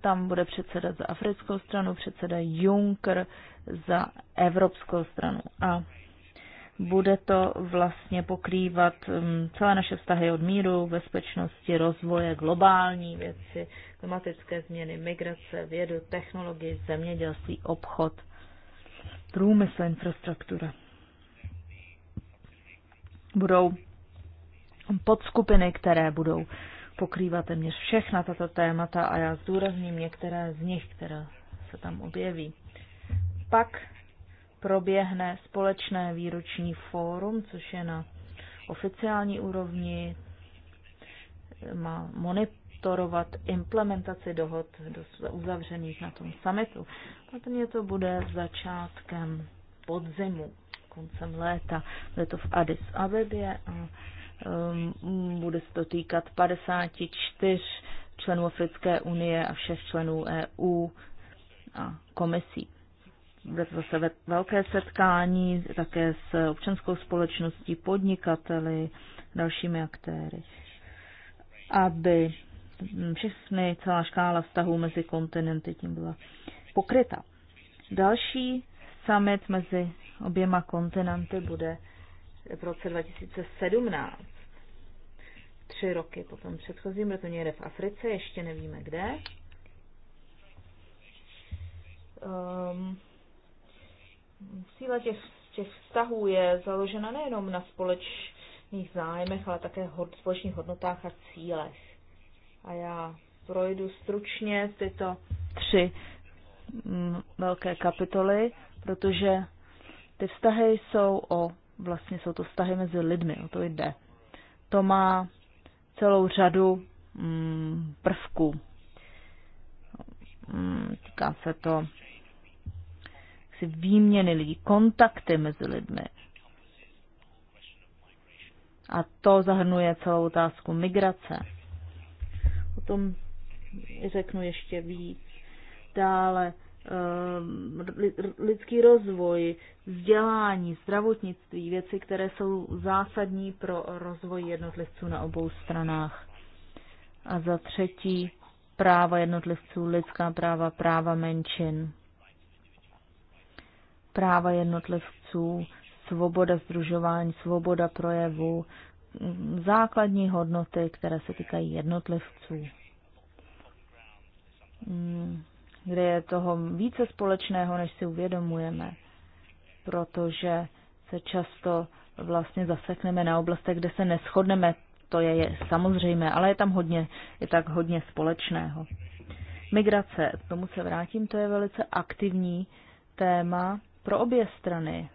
tam bude předseda za africkou stranu, předseda Juncker za evropskou stranu. A bude to vlastně pokrývat mm, celé naše vztahy od míru, bezpečnosti, rozvoje, globální věci, klimatické změny, migrace, vědu, technologii, zemědělství, obchod, průmysl, infrastruktura budou podskupiny, které budou pokrývat téměř všechna tato témata a já zdůrazním některé z nich, které se tam objeví. Pak proběhne společné výroční fórum, což je na oficiální úrovni, má monitorovat implementaci dohod uzavřených na tom summitu. Patrně to bude začátkem podzimu koncem léta. Bude to v Addis Abebě a um, bude se to týkat 54 členů Africké unie a všech členů EU a komisí. Bude to zase velké setkání také s občanskou společností, podnikateli, dalšími aktéry, aby všechny, celá škála vztahů mezi kontinenty tím byla pokryta. Další summit mezi oběma kontinenty bude v roce 2017. Tři roky po tom předchozím, to někde v Africe, ještě nevíme kde. Um, síla těch, těch vztahů je založena nejenom na společných zájmech, ale také hod, společných hodnotách a cílech. A já projdu stručně tyto tři mm, velké kapitoly, protože ty vztahy jsou o, vlastně jsou to vztahy mezi lidmi, o to jde. To má celou řadu mm, prvků. Mm, týká se to si výměny lidí, kontakty mezi lidmi. A to zahrnuje celou otázku migrace. O tom řeknu ještě víc. Dále Eh, lidský rozvoj, vzdělání, zdravotnictví, věci, které jsou zásadní pro rozvoj jednotlivců na obou stranách. A za třetí, práva jednotlivců, lidská práva, práva menšin. Práva jednotlivců, svoboda združování, svoboda projevu, základní hodnoty, které se týkají jednotlivců. Hmm kde je toho více společného, než si uvědomujeme, protože se často vlastně zasekneme na oblastech, kde se neschodneme, to je, je samozřejmé, ale je tam hodně, je tak hodně společného. Migrace, k tomu se vrátím, to je velice aktivní téma pro obě strany.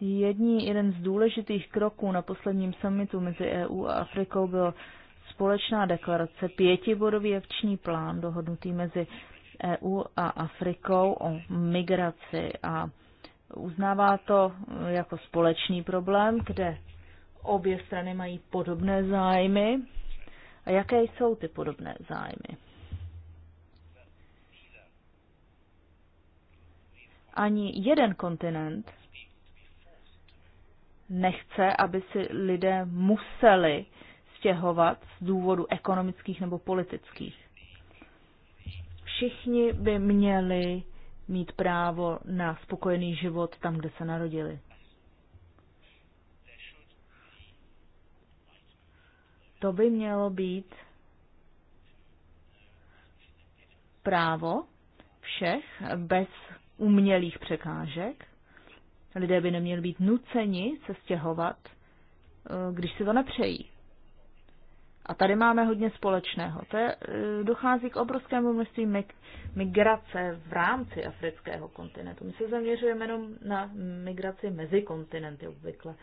Jední, jeden z důležitých kroků na posledním summitu mezi EU a Afrikou byl společná deklarace, pětibodový akční plán dohodnutý mezi EU a Afrikou o migraci a uznává to jako společný problém, kde obě strany mají podobné zájmy. A jaké jsou ty podobné zájmy? Ani jeden kontinent nechce, aby si lidé museli odstěhovat z důvodu ekonomických nebo politických. Všichni by měli mít právo na spokojený život tam, kde se narodili. To by mělo být právo všech bez umělých překážek. Lidé by neměli být nuceni se stěhovat, eh, když si to nepřejí. A tady máme hodně společného. To je, eh, dochází k obrovskému množství migrace v rámci afrického kontinentu. My se zaměřujeme jenom na migraci mezi kontinenty obvykle.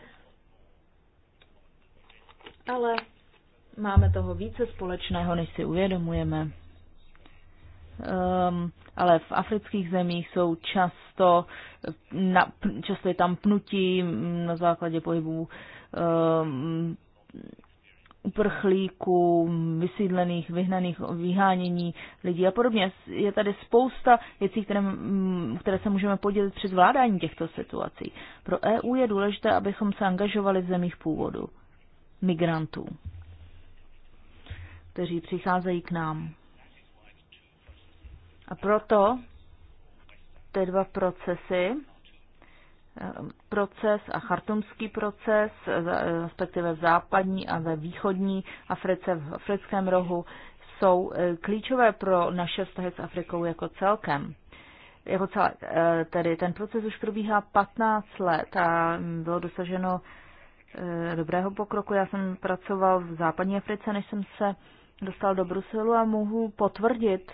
Ale máme toho více společného, než si uvědomujeme. Um, ale v afrických zemích jsou často, na, často je tam pnutí na základě pohybů um, uprchlíků, vysídlených, vyhnaných, vyhánění lidí a podobně. Je tady spousta věcí, které, mm, které se můžeme podělit při zvládání těchto situací. Pro EU je důležité, abychom se angažovali v zemích původu migrantů, kteří přicházejí k nám. A proto ty dva procesy, proces a chartumský proces, respektive v západní a ve východní Africe, v africkém rohu, jsou e, klíčové pro naše vztahy s Afrikou jako celkem. Jako celé, e, tedy ten proces už probíhá 15 let a bylo dosaženo e, dobrého pokroku. Já jsem pracoval v západní Africe, než jsem se dostal do Bruselu a mohu potvrdit,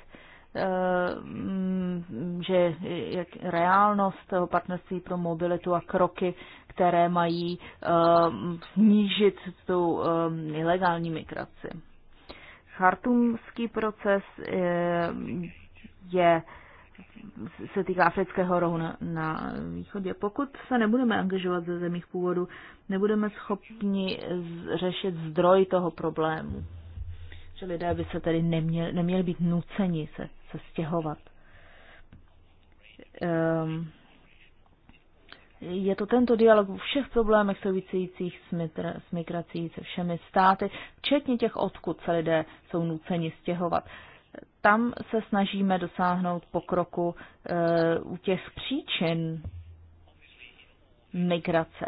Ehm, že jak reálnost toho partnerství pro mobilitu a kroky, které mají ehm, snížit tu ehm, ilegální migraci. Chartumský proces je se týká afrického rohu na, na východě. Pokud se nebudeme angažovat ze zemích původu, nebudeme schopni řešit zdroj toho problému. Že lidé by se tedy neměli, neměli být nuceni se se stěhovat. Ehm, je to tento dialog o všech problémech souvisejících s migrací se všemi státy, včetně těch, odkud se lidé jsou nuceni stěhovat. Tam se snažíme dosáhnout pokroku eh, u těch příčin migrace.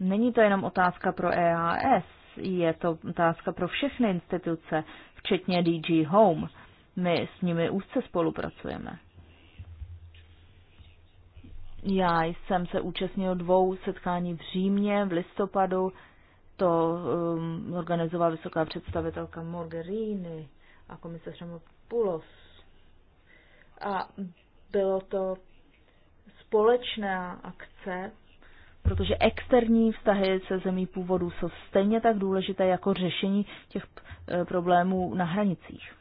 Není to jenom otázka pro EAS, je to otázka pro všechny instituce, včetně DG Home. My s nimi úzce spolupracujeme. Já jsem se účastnil dvou setkání v Římě v listopadu. To um, organizovala vysoká představitelka Morgherini a komisař Pulos. A bylo to společná akce, protože externí vztahy se zemí původu jsou stejně tak důležité jako řešení těch eh, problémů na hranicích.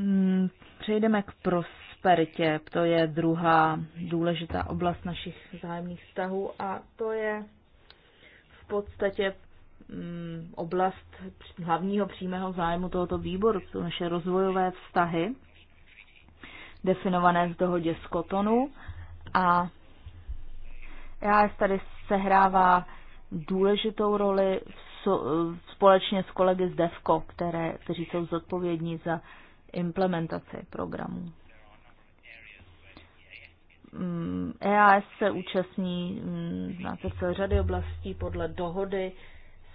Hmm, přejdeme k prosperitě. To je druhá důležitá oblast našich zájemných vztahů a to je v podstatě hmm, oblast hlavního přímého zájmu tohoto výboru. Jsou naše rozvojové vztahy, definované z dohodě z Kotonu. A já tady sehrává důležitou roli v společně s kolegy z DEVKO, které, kteří jsou zodpovědní za implementaci programů. Mm, EAS se účastní mm, na celé řady oblastí podle dohody.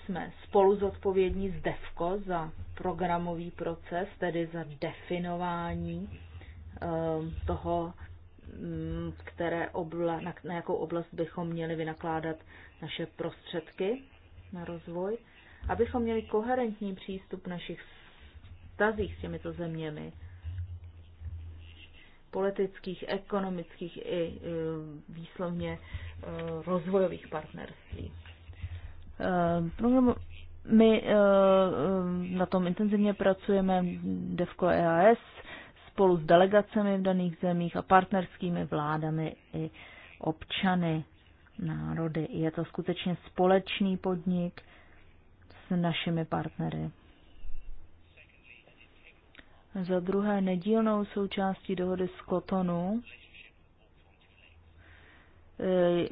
Jsme spolu zodpovědní z DEFCO za programový proces, tedy za definování ehm, toho, mm, které obla, na, na jakou oblast bychom měli vynakládat naše prostředky na rozvoj, abychom měli koherentní přístup našich vztazích s těmito zeměmi, politických, ekonomických i e, výslovně e, rozvojových partnerství. E, my na tom intenzivně pracujeme, DEVCO EAS, spolu s delegacemi v daných zemích a partnerskými vládami i občany národy. Je to skutečně společný podnik s našimi partnery. Za druhé, nedílnou součástí dohody z Kotonu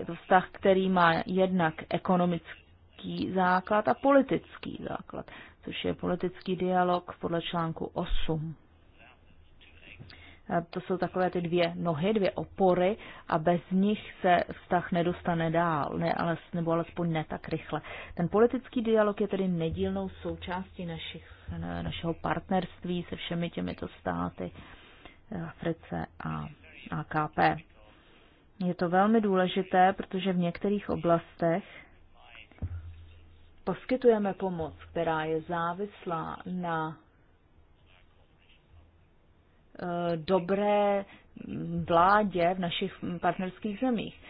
eh, vztah, který má jednak ekonomický základ a politický základ, což je politický dialog podle článku 8. Eh, to jsou takové ty dvě nohy, dvě opory a bez nich se vztah nedostane dál, ne, ale, nebo alespoň ne tak rychle. Ten politický dialog je tedy nedílnou součástí našich, našeho partnerství se všemi těmito státy eh, Africe a AKP. Je to velmi důležité, protože v některých oblastech poskytujeme pomoc, která je závislá na Eh, dobré vládě v našich partnerských zemích.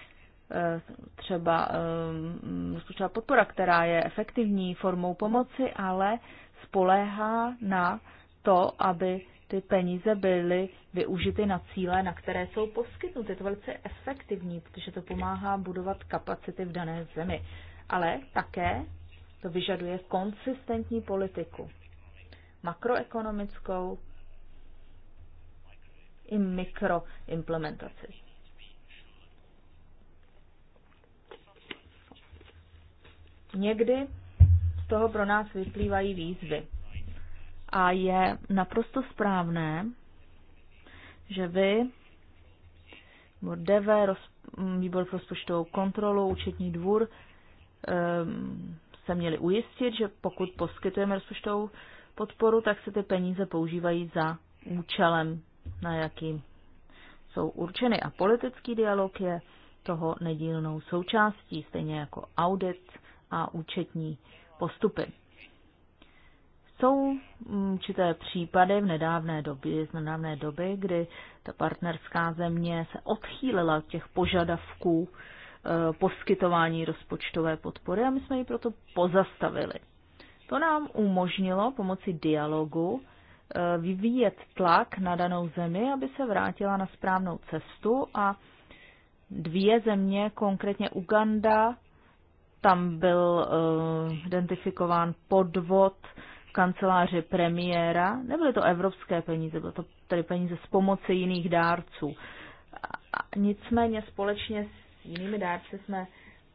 Eh, třeba eh, rozpočtová podpora, která je efektivní formou pomoci, ale spoléhá na to, aby ty peníze byly využity na cíle, na které jsou poskytnuty. Je to velice efektivní, protože to pomáhá budovat kapacity v dané zemi. Ale také to vyžaduje konsistentní politiku. Makroekonomickou, i mikroimplementaci. Někdy z toho pro nás vyplývají výzvy. A je naprosto správné, že vy, DV, roz, výbor pro rozpočtovou kontrolu, účetní dvůr, ehm, se měli ujistit, že pokud poskytujeme rozpočtovou podporu, tak se ty peníze používají za účelem na jaký jsou určeny. A politický dialog je toho nedílnou součástí, stejně jako audit a účetní postupy. Jsou mm, určité případy v nedávné době, z nedávné doby, kdy ta partnerská země se odchýlila od těch požadavků e, poskytování rozpočtové podpory a my jsme ji proto pozastavili. To nám umožnilo pomocí dialogu Eh, vyvíjet tlak na danou zemi, aby se vrátila na správnou cestu a dvě země, konkrétně Uganda, tam byl uh, identifikován podvod v kanceláři premiéra. Nebyly to evropské peníze, byly to tedy peníze z pomoci jiných dárců. A nicméně společně s jinými dárci jsme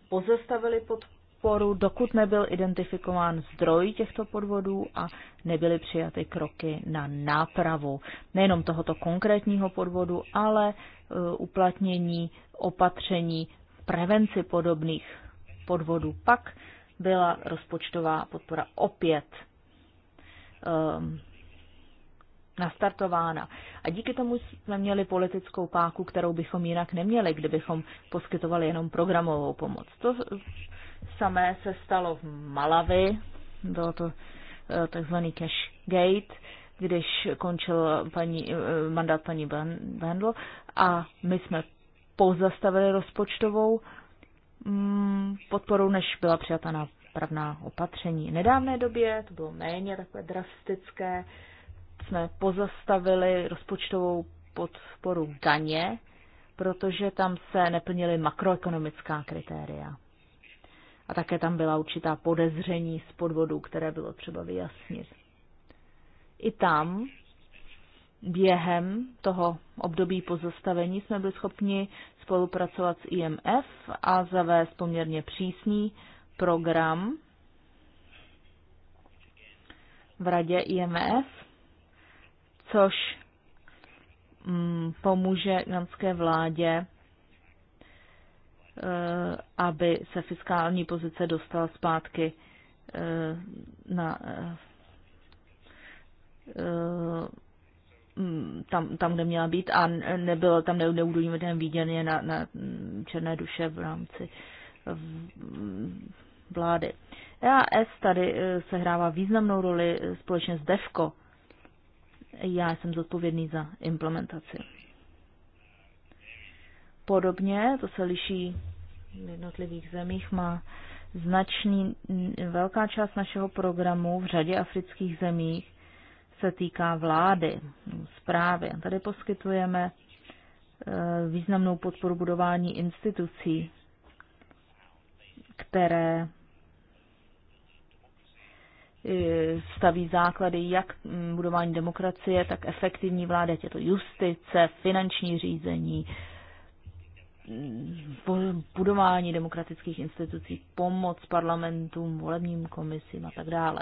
pozastavili pod podporu, dokud nebyl identifikován zdroj těchto podvodů a nebyly přijaty kroky na nápravu nejenom tohoto konkrétního podvodu, ale e, uplatnění opatření prevenci podobných podvodů. Pak byla rozpočtová podpora opět um, nastartována. A díky tomu jsme měli politickou páku, kterou bychom jinak neměli, kdybychom poskytovali jenom programovou pomoc. To Samé se stalo v Malavi, bylo to eh, takzvaný cash gate, když končil paní, eh, mandát paní Bendl a my jsme pozastavili rozpočtovou mm, podporu, než byla přijata na pravná opatření. V nedávné době to bylo méně takové drastické, jsme pozastavili rozpočtovou podporu daně, protože tam se neplnily makroekonomická kritéria a také tam byla určitá podezření z podvodu, které bylo třeba vyjasnit. I tam během toho období pozastavení jsme byli schopni spolupracovat s IMF a zavést poměrně přísný program v radě IMF, což mm, pomůže irlandské vládě Eh, aby se fiskální pozice dostala zpátky eh, na eh, mm, tam, tam, kde měla být a nebylo tam neudolíme výděně na, na černé duše v rámci vlády. EAS tady sehrává významnou roli společně s DEFCO. Já jsem zodpovědný za implementaci podobně, to se liší v jednotlivých zemích, má značný, velká část našeho programu v řadě afrických zemích se týká vlády, zprávy. Tady poskytujeme eh, významnou podporu budování institucí, které eh, staví základy jak mm, budování demokracie, tak efektivní vláda, je to justice, finanční řízení, Mm, budování demokratických institucí, pomoc parlamentům, volebním komisím a tak dále.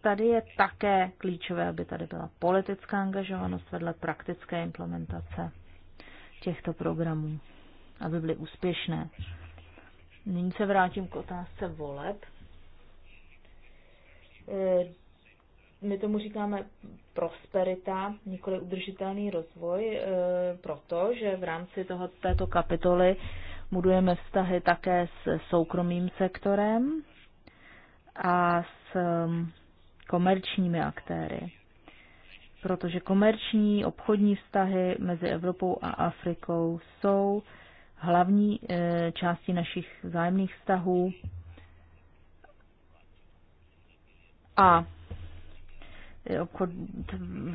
Tady je také klíčové, aby tady byla politická angažovanost vedle praktické implementace těchto programů, aby byly úspěšné. Nyní se vrátím k otázce voleb my tomu říkáme prosperita, nikoli udržitelný rozvoj, e, protože v rámci toho, této kapitoly budujeme vztahy také s soukromým sektorem a s komerčními aktéry. Protože komerční obchodní vztahy mezi Evropou a Afrikou jsou hlavní e, části našich vzájemných vztahů. A obchod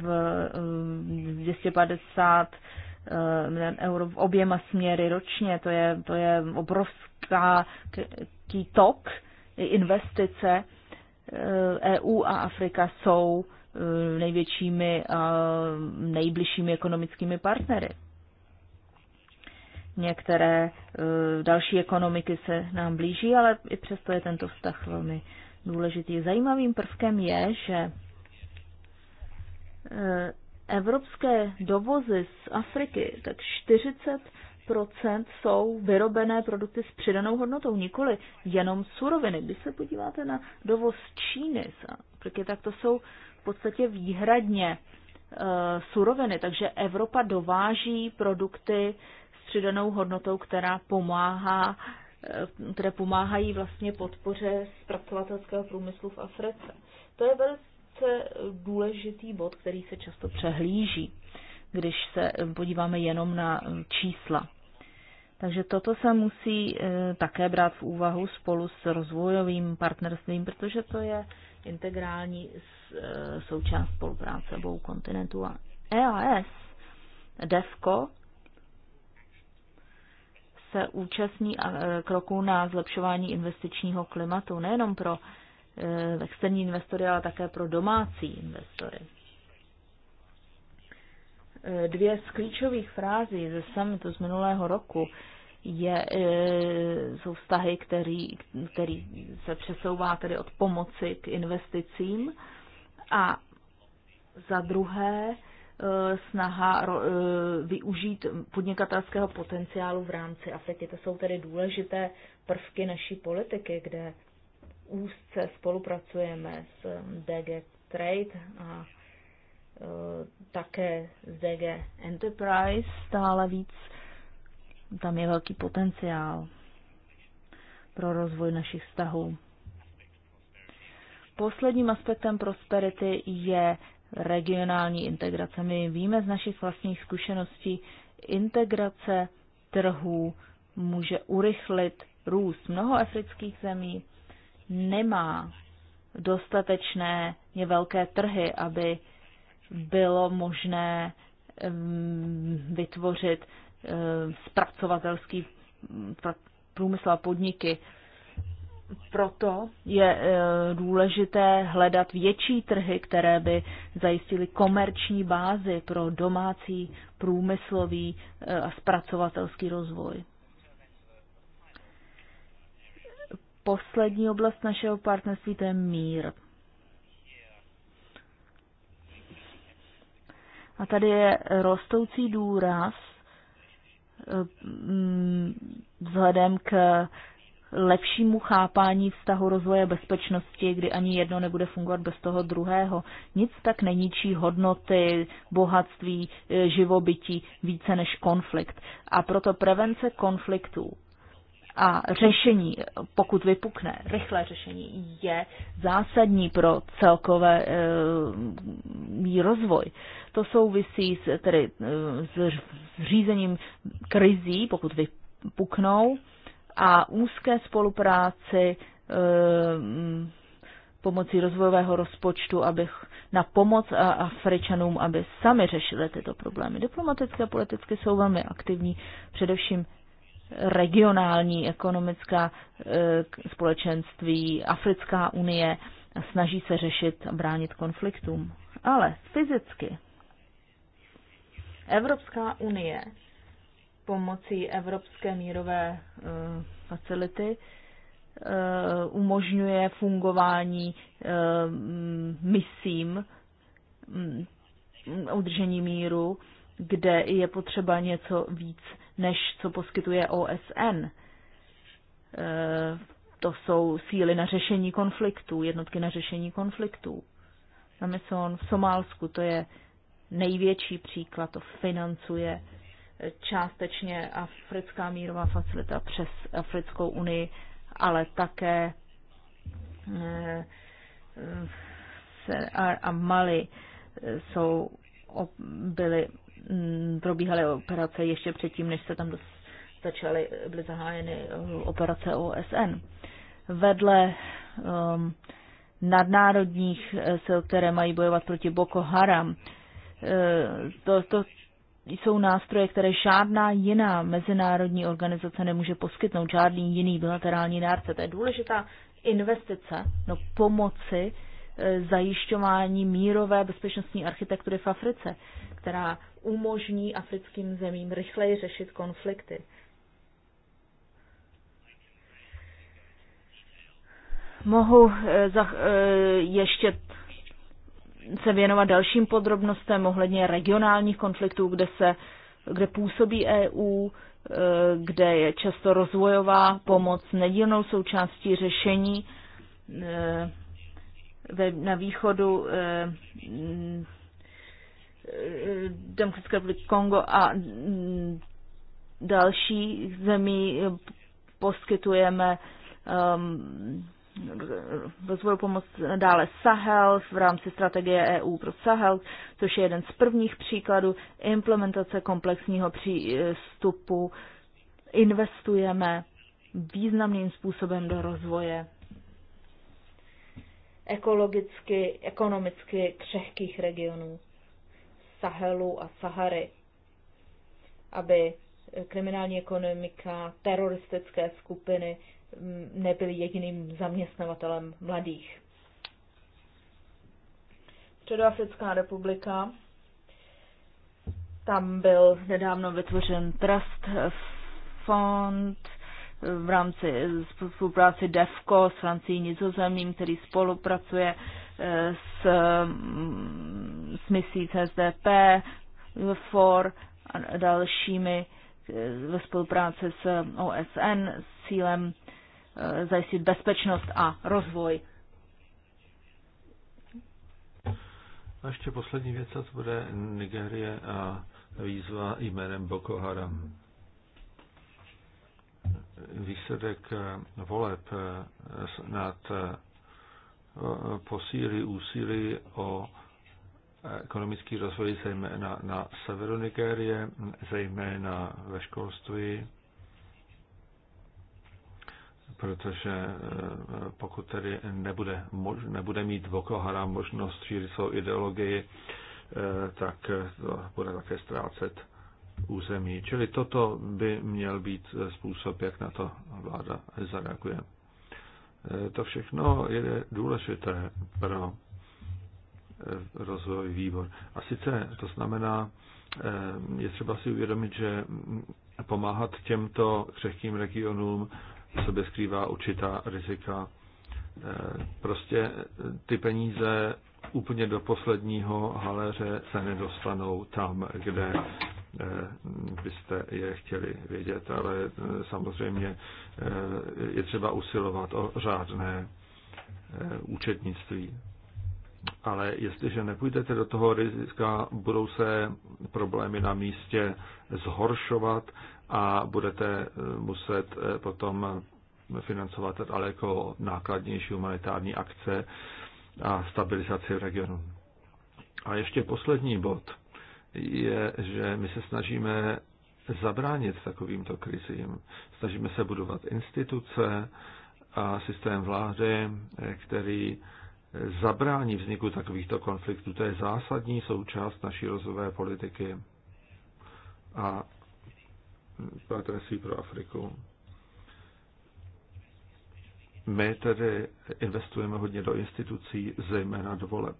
v 250 milion euro v oběma směry ročně. To je, to je obrovská tok investice. EU eh, e a Afrika jsou eh, největšími a nejbližšími ekonomickými partnery. Některé eh, další ekonomiky se nám blíží, ale i přesto je tento vztah velmi důležitý. Zajímavým prvkem je, že Eh, evropské dovozy z Afriky, tak 40 jsou vyrobené produkty s přidanou hodnotou, nikoli jenom suroviny. Když se podíváte na dovoz Číny z Afriky, tak to jsou v podstatě výhradně eh, suroviny, takže Evropa dováží produkty s přidanou hodnotou, která pomáhá, eh, které pomáhají vlastně podpoře zpracovatelského průmyslu v Africe. To je velice velice důležitý bod, který se často přehlíží, když se podíváme jenom na čísla. Takže toto se musí eh, také brát v úvahu spolu s rozvojovým partnerstvím, protože to je integrální eh, součást spolupráce obou kontinentů. A EAS, DEFCO, se účastní eh, kroků na zlepšování investičního klimatu nejenom pro Eh, externí investory, ale také pro domácí investory. Eh, dvě z klíčových frází ze summitu z minulého roku je, eh, jsou vztahy, který, který se přesouvá tedy od pomoci k investicím a za druhé snaha využít podnikatelského potenciálu v rámci Afriky. To jsou tedy důležité prvky naší politiky, kde úzce spolupracujeme s DG Trade a e, také s DG Enterprise stále víc. Tam je velký potenciál pro rozvoj našich vztahů. Posledním aspektem prosperity je regionální integrace. My víme z našich vlastních zkušeností, integrace trhů může urychlit růst. Mnoho afrických zemí nemá dostatečné velké trhy, aby bylo možné vytvořit eh, zpracovatelský mm, průmysl a podniky. Proto je eh, důležité hledat větší trhy, které by zajistily komerční bázi pro domácí průmyslový eh, a zpracovatelský rozvoj. poslední oblast našeho partnerství, to je mír. A tady je rostoucí důraz mm, vzhledem k lepšímu chápání vztahu rozvoje bezpečnosti, kdy ani jedno nebude fungovat bez toho druhého. Nic tak neníčí hodnoty, bohatství, živobytí více než konflikt. A proto prevence konfliktů a řešení, pokud vypukne, rychlé řešení, je zásadní pro celkové e, rozvoj. To souvisí s, tedy, eh, s řízením krizí, pokud vypuknou, a úzké spolupráci e, pomocí rozvojového rozpočtu abych na pomoc a Afričanům, aby sami řešili tyto problémy. Diplomatické a politicky jsou velmi aktivní, především regionální ekonomická eh, společenství, Africká unie snaží se řešit a bránit konfliktům. Ale fyzicky Evropská unie pomocí Evropské mírové eh, facility eh, umožňuje fungování misím mm, udržení míru, kde je potřeba něco víc než co poskytuje OSN. E, to jsou síly na řešení konfliktů, jednotky na řešení konfliktů. Amazon v Somálsku, to je největší příklad, to financuje částečně Africká mírová facilita přes Africkou unii, ale také e, e, a Mali jsou, byly Mm, probíhaly operace ještě předtím, než se tam začaly, byly zahájeny eh, operace OSN. Vedle um, nadnárodních eh, sil, které mají bojovat proti Boko Haram, eh, to, to jsou nástroje, které žádná jiná mezinárodní organizace nemůže poskytnout, žádný jiný bilaterální dárce. To je důležitá investice no pomoci zajišťování mírové bezpečnostní architektury v Africe, která umožní africkým zemím rychleji řešit konflikty. Mohu eh, eh, ještě se věnovat dalším podrobnostem ohledně regionálních konfliktů, kde se kde působí EU, eh, kde je často rozvojová pomoc nedílnou součástí řešení. na východu Demokratické republiky Kongo a další zemí poskytujeme um, rozvojovou pomoc dále Sahel v rámci strategie EU pro Sahel, což je jeden z prvních příkladů implementace komplexního přístupu. Investujeme významným způsobem do rozvoje ekologicky, ekonomicky křehkých regionů. Sahelu a Sahary, aby kriminální ekonomika, teroristické skupiny mm, nebyly jediným zaměstnavatelem mladých. Středoafrická republika. Tam byl nedávno vytvořen Trust eh, Fond eh, v rámci eh, spolupráce DEFCO s Francií Nizozemím, který spolupracuje s mm, s misí CSDP, for a dalšími eh, ve spolupráci s OSN s cílem eh, zajistit bezpečnost a rozvoj. A ještě poslední věc, a to bude Nigerie a výzva jménem Boko Haram. Výsledek eh, voleb nad posíly úsilí o ekonomický rozvoj zejména na severu Nigérie, zejména ve školství, protože eh, pokud tedy nebude, nebude mít Boko Haram možnost šířit svou ideologii, eh, tak eh, bude také ztrácet území. Čili toto by měl být způsob, jak na to vláda zareaguje. To všechno je důležité pro rozvojový výbor. A sice to znamená, eh, je třeba si uvědomit, že pomáhat těmto křehkým regionům v sobě skrývá určitá rizika. Eh, prostě ty peníze úplně do posledního haléře se nedostanou tam, kde eh, byste je chtěli vědět, ale samozřejmě je třeba usilovat o řádné účetnictví ale jestliže nepůjdete do toho rizika, budou se problémy na místě zhoršovat a budete eh, muset eh, potom financovat daleko nákladnější humanitární akce a stabilizaci regionu. A ještě poslední bod je, že my se snažíme zabránit takovýmto krizím. Snažíme se budovat instituce a systém vlády, eh, který zabrání vzniku takovýchto konfliktů. To je zásadní součást naší rozvojové politiky a partnerství pro Afriku. My tedy investujeme hodně do institucí, zejména do voleb.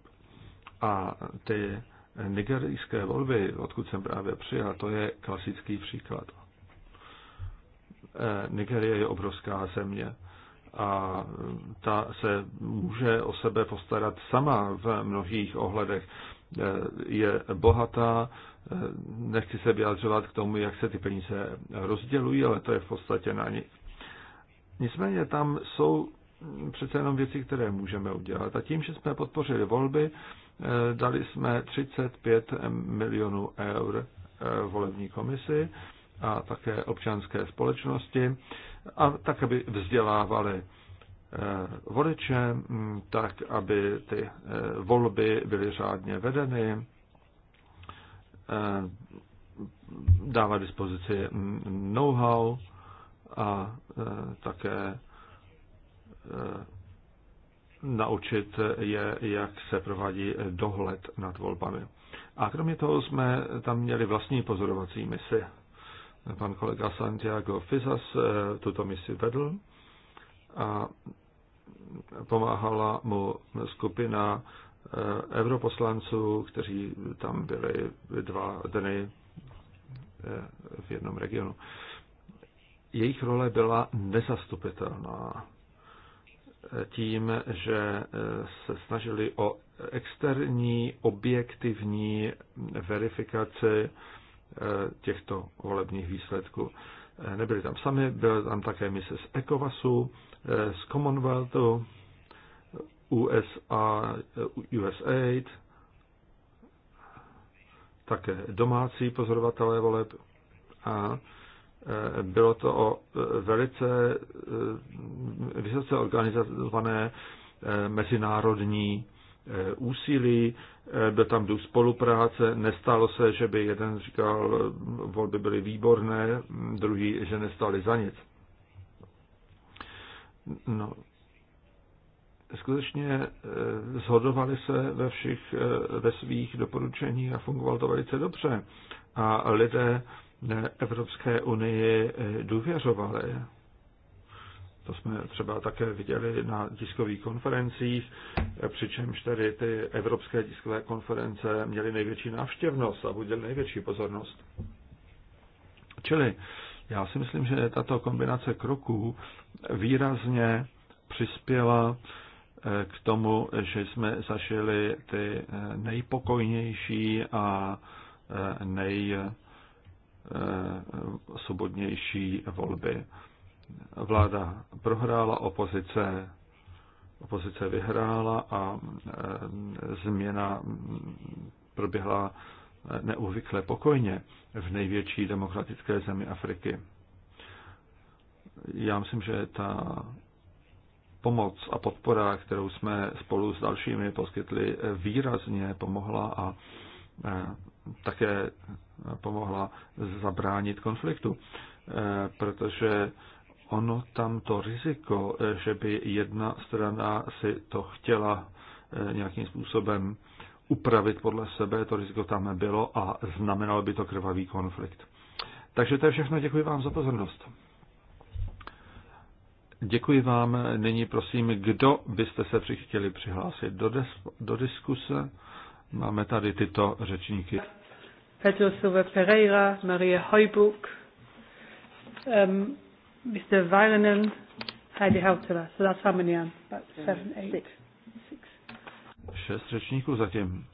A ty nigerijské volby, odkud jsem právě přijal, to je klasický příklad. Eh, Nigerie je obrovská země a ta se může o sebe postarat sama v mnohých ohledech. Eh, je bohatá, eh, nechci se vyjadřovat k tomu, jak se ty peníze rozdělují, ale to je v podstatě na ní. Nicméně tam jsou přece jenom věci, které můžeme udělat. A tím, že jsme podpořili volby, eh, dali jsme 35 milionů eur volební komisi a také občanské společnosti, a tak, aby vzdělávali eh, voliče, mm, tak, aby ty eh, volby byly řádně vedeny, eh, dává dispozici mm, know-how a také naučit je, jak se provádí dohled nad volbami. A kromě toho jsme tam měli vlastní pozorovací misi. Pan kolega Santiago Fizas eh, tuto misi vedl a pomáhala mu skupina eh, europoslanců, kteří tam byli dva dny eh, v jednom regionu. Jejich role byla nezastupitelná tím, že se snažili o externí objektivní verifikaci Eh, těchto volebních výsledků. Eh, nebyli tam sami, byla tam také mise z ECOWASu, eh, z Commonwealthu, USA, USAID, také domácí pozorovatelé voleb a bylo to o velice vysoce organizované mezinárodní Eh, úsilí, eh, byl tam duch spolupráce, nestalo se, že by jeden říkal, eh, volby byly výborné, hm, druhý, že nestali za nic. No, skutečně zhodovali se ve všech, ve svých doporučeních a fungovalo to velice dobře. A lidé Evropské unii důvěřovali. To jsme třeba také viděli na tiskových konferencích, přičemž tedy ty evropské tiskové konference měly největší návštěvnost a budily největší pozornost. Čili já si myslím, že tato kombinace kroků výrazně přispěla eh, k tomu, že jsme zažili ty eh, nejpokojnější a eh, nejsvobodnější volby vláda prohrála, opozice, opozice vyhrála a eh, změna mm, proběhla eh, neuvykle pokojně v největší demokratické zemi Afriky. Já myslím, že ta pomoc a podpora, kterou jsme spolu s dalšími poskytli, výrazně pomohla a eh, také pomohla zabránit konfliktu, protože ono tam to riziko, eh, že by jedna strana si to chtěla eh, nějakým způsobem upravit podle sebe, to riziko tam bylo a znamenalo by to krvavý konflikt. Takže to je všechno, děkuji vám za pozornost. Děkuji vám. Eh, nyní prosím, kdo byste se přichtěli přihlásit do, des, do diskuse. Máme tady tyto řečníky. Pedro Silva Pereira, Maria Hojbuk, um, Mr. Varanen, Heidi Hautala. So that's how many I'm about seven, eight, six. Šest řečníků zatím.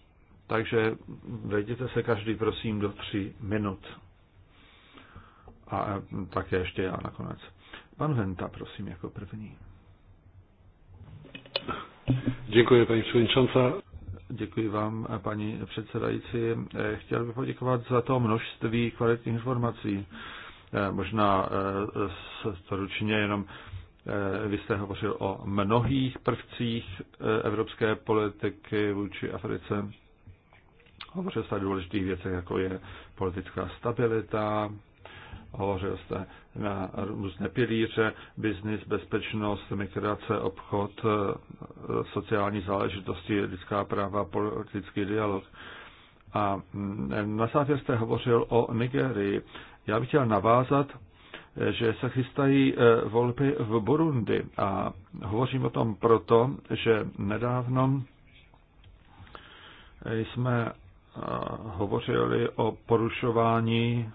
Takže vejděte se každý, prosím, do tří minut. A také ještě já nakonec. Pan Venta, prosím, jako první. Děkuji, paní předsedající. Děkuji vám, paní předsedající. Chtěl bych poděkovat za to množství kvalitních informací. Eh, možná eh, stručně jenom eh, vy jste hovořil o mnohých prvcích evropské politiky vůči Africe. Hovořil jste o důležitých věcech, jako je politická stabilita, hovořil jste na různé pilíře, biznis, bezpečnost, migrace, obchod, sociální záležitosti, lidská práva, politický dialog. A mm, na závěr jste hovořil o Nigerii. Já bych chtěl navázat, eh, že se chystají eh, volby v Burundi a hovořím o tom proto, že nedávno eh, jsme hovořili o porušování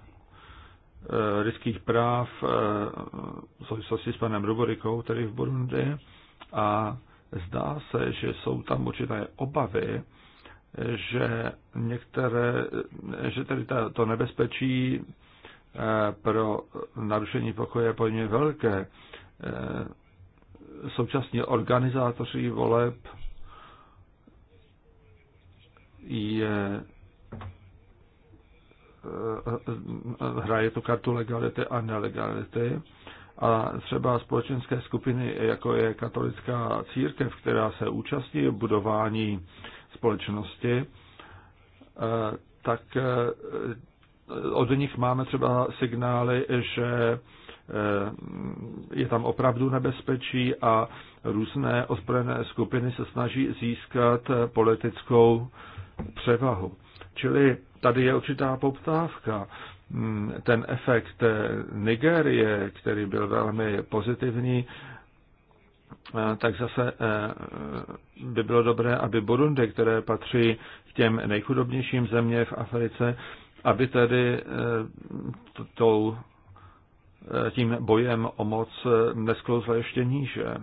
lidských práv v souvislosti s panem Ruborikou, tedy v Burundi, a zdá se, že jsou tam určité obavy, že některé, že tedy to nebezpečí Eh, pro narušení pokoje pojmě velké. Eh, současně organizátoři voleb je eh, hraje tu kartu legality a nelegality. A třeba společenské skupiny, jako je katolická církev, která se účastní v budování společnosti, tak od nich máme třeba signály, že eh, je tam opravdu nebezpečí a různé ozbrojené skupiny se snaží získat politickou převahu. Čili tady je určitá poptávka. Hmm, ten efekt eh, Nigérie, který byl velmi pozitivní, eh, tak zase by bylo dobré, aby Burundi, které patří k těm nejchudobnějším země v Africe, aby tedy eh, tou, eh, tím bojem o moc eh, nesklouzla ještě níže.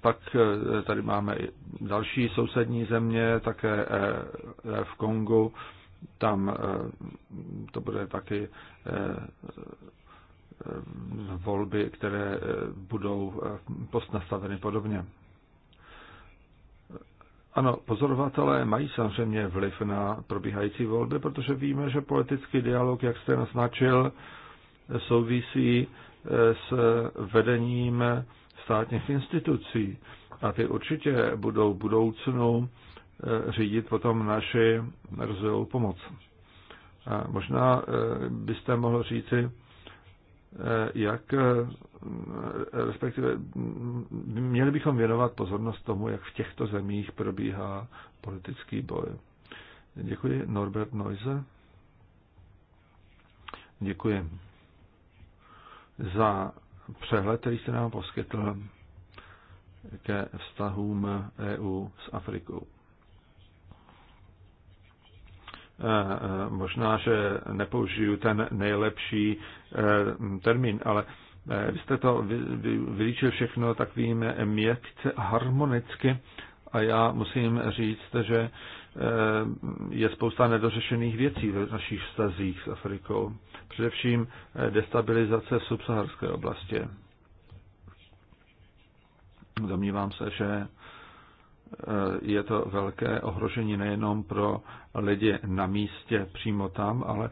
Pak tady máme i další sousední země, také v Kongu. Tam to bude taky volby, které budou postnastaveny podobně. Ano, pozorovatelé mají samozřejmě vliv na probíhající volby, protože víme, že politický dialog, jak jste naznačil, souvisí e, s vedením státních institucí. A ty určitě budou v budoucnu e, řídit potom naši rozvojovou pomoc. A možná e, byste mohl říci, jak respektive měli bychom věnovat pozornost tomu, jak v těchto zemích probíhá politický boj. Děkuji. Norbert Neuse. Děkuji za přehled, který jste nám poskytl ke vztahům EU s Afrikou. E, e, možná, že nepoužiju ten nejlepší e, termín, ale Eh, vy jste to vylíčil všechno takovým měkce harmonicky a já musím říct, že eh, je spousta nedořešených věcí v našich vztazích s Afrikou. Především eh, destabilizace subsaharské oblasti. Domnívám se, že je to velké ohrožení nejenom pro lidi na místě přímo tam, ale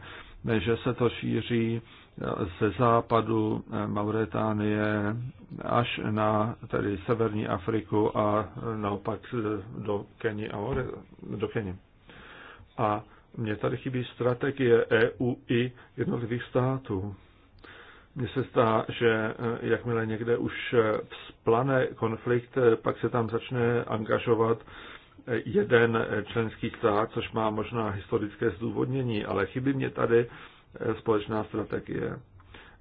že se to šíří eh, ze západu eh, Mauretánie až na tedy severní Afriku a eh, naopak do Keni a do Keni. A mně tady chybí strategie EU i jednotlivých států. Mně se zdá, že jakmile někde už vzplane konflikt, pak se tam začne angažovat jeden členský stát, což má možná historické zdůvodnění, ale chybí mě tady eh, společná strategie.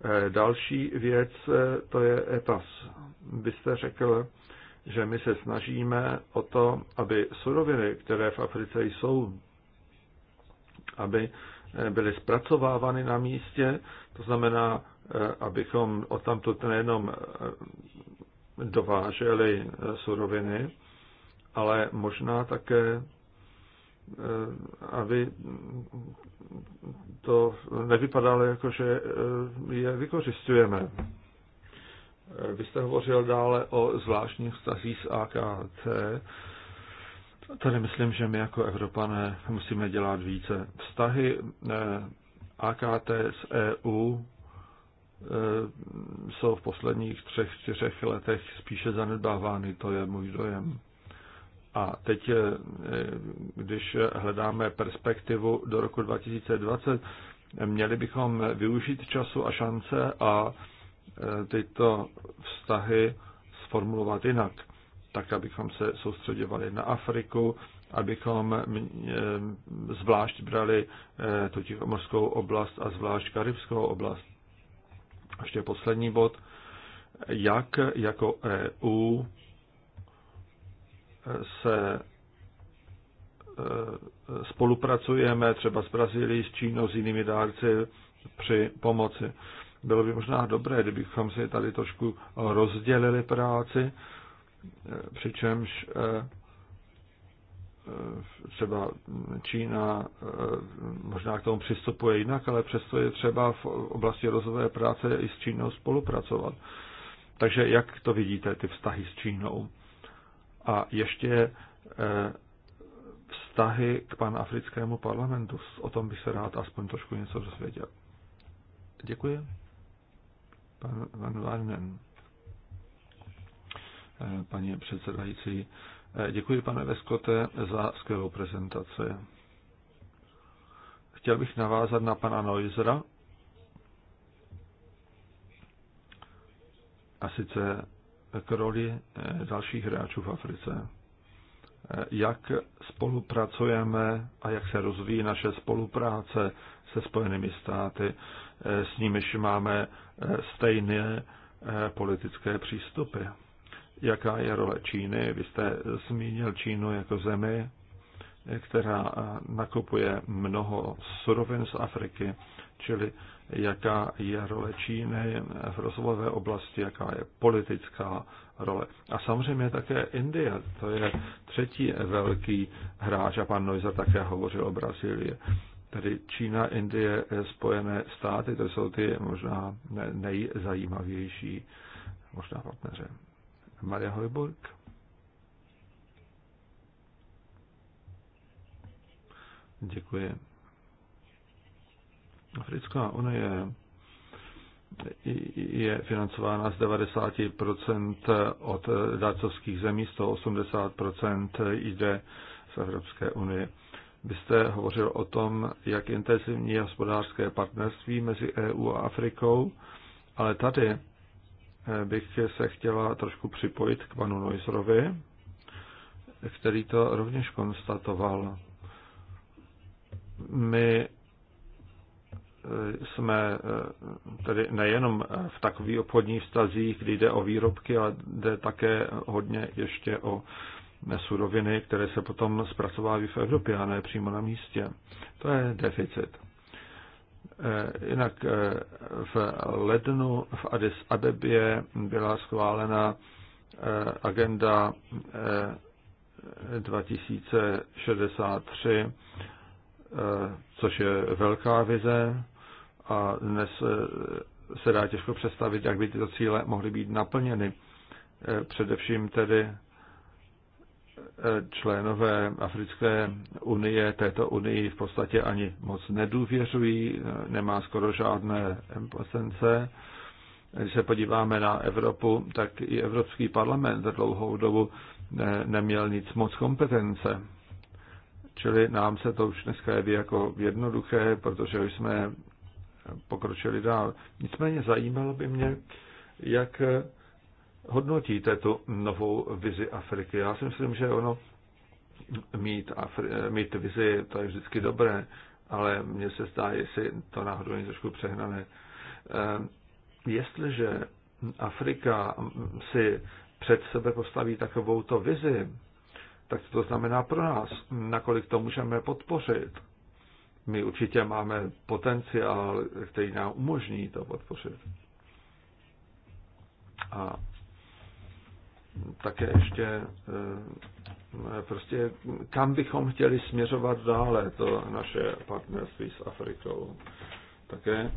Eh, další věc eh, to je ETAS. Vy jste řekl, že my se snažíme o to, aby suroviny, které v Africe jsou, aby byly zpracovávány na místě, to znamená, abychom odtamtud nejenom dováželi suroviny, ale možná také, eh, aby to nevypadalo jako, že eh, je vykořistujeme. Eh, vy jste hovořil dále o zvláštních vztazích s AKT. Tady myslím, že my jako Evropané musíme dělat více. Vztahy AKT s EU jsou v posledních třech, čtyřech letech spíše zanedbávány, to je můj dojem. A teď, eh, když hledáme perspektivu do roku 2020, měli bychom využít času a šance a eh, tyto vztahy sformulovat jinak, tak abychom se soustředěvali na Afriku, abychom eh, zvlášť brali tu tichomorskou oblast a zvlášť karibskou oblast. Ještě poslední bod. Jak jako EU se eh, spolupracujeme třeba s Brazílií, s Čínou, s jinými dárci při pomoci. Bylo by možná dobré, kdybychom si tady trošku rozdělili práci, eh, přičemž eh, třeba Čína možná k tomu přistupuje jinak, ale přesto je třeba v oblasti rozvoje práce i s Čínou spolupracovat. Takže jak to vidíte, ty vztahy s Čínou? A ještě eh, vztahy k panafrickému parlamentu. O tom bych se rád aspoň trošku něco dozvěděl. Děkuji. Pan Van Larnen. Eh, paní předsedající, eh, děkuji pane Veskote za skvělou prezentaci. Chtěl bych navázat na pana Noizera. A sice k roli eh, dalších hráčů v Africe. Eh, jak spolupracujeme a jak se rozvíjí naše spolupráce se Spojenými státy, eh, s nimiž máme stejné politické přístupy. Jaká je role Číny? Vy jste zmínil Čínu jako zemi, která eh, nakupuje mnoho surovin z Afriky, čili jaká je role Číny v rozvojové oblasti, jaká je politická role. A samozřejmě také Indie, to je třetí velký hráč, a pan Noiza také hovořil o Brazílii. Tedy Čína, Indie, Spojené státy, to jsou ty možná nejzajímavější možná partneře. Maria Hojburg. Děkuji. Africká unie je financována z 90% od dácovských zemí, 180% jde z Evropské unie. Vy jste hovořil o tom, jak intenzivní hospodářské partnerství mezi EU a Afrikou, ale tady bych se chtěla trošku připojit k panu Neusrovi, který to rovněž konstatoval. My eh, jsme eh, tedy nejenom v takových obchodních vztazích, kdy jde o výrobky, ale jde také hodně ještě o suroviny, které se potom zpracovávají v Evropě a ne přímo na místě. To je deficit. Eh, jinak v lednu v Addis Abebě byla schválena agenda 2063 Eh, což je velká vize a dnes eh, se dá těžko představit, jak by tyto cíle mohly být naplněny. Eh, především tedy členové Africké unie této unii v podstatě ani moc nedůvěřují, nemá skoro žádné emplesence. Když se podíváme na Evropu, tak i Evropský parlament za dlouhou dobu neměl nic moc kompetence. Čili nám se to už dneska jeví jako jednoduché, protože už jsme pokročili dál. Nicméně zajímalo by mě, jak hodnotíte tu novou vizi Afriky. Já si myslím, že ono mít, Afri- mít vizi, to je vždycky dobré, ale mně se zdá, jestli to náhodou není trošku přehnané. Eh, jestliže Afrika si před sebe postaví takovouto vizi, tak co to znamená pro nás, nakolik to můžeme podpořit. My určitě máme potenciál, který nám umožní to podpořit. A také ještě eh, prostě kam bychom chtěli směřovat dále to naše partnerství s Afrikou. Také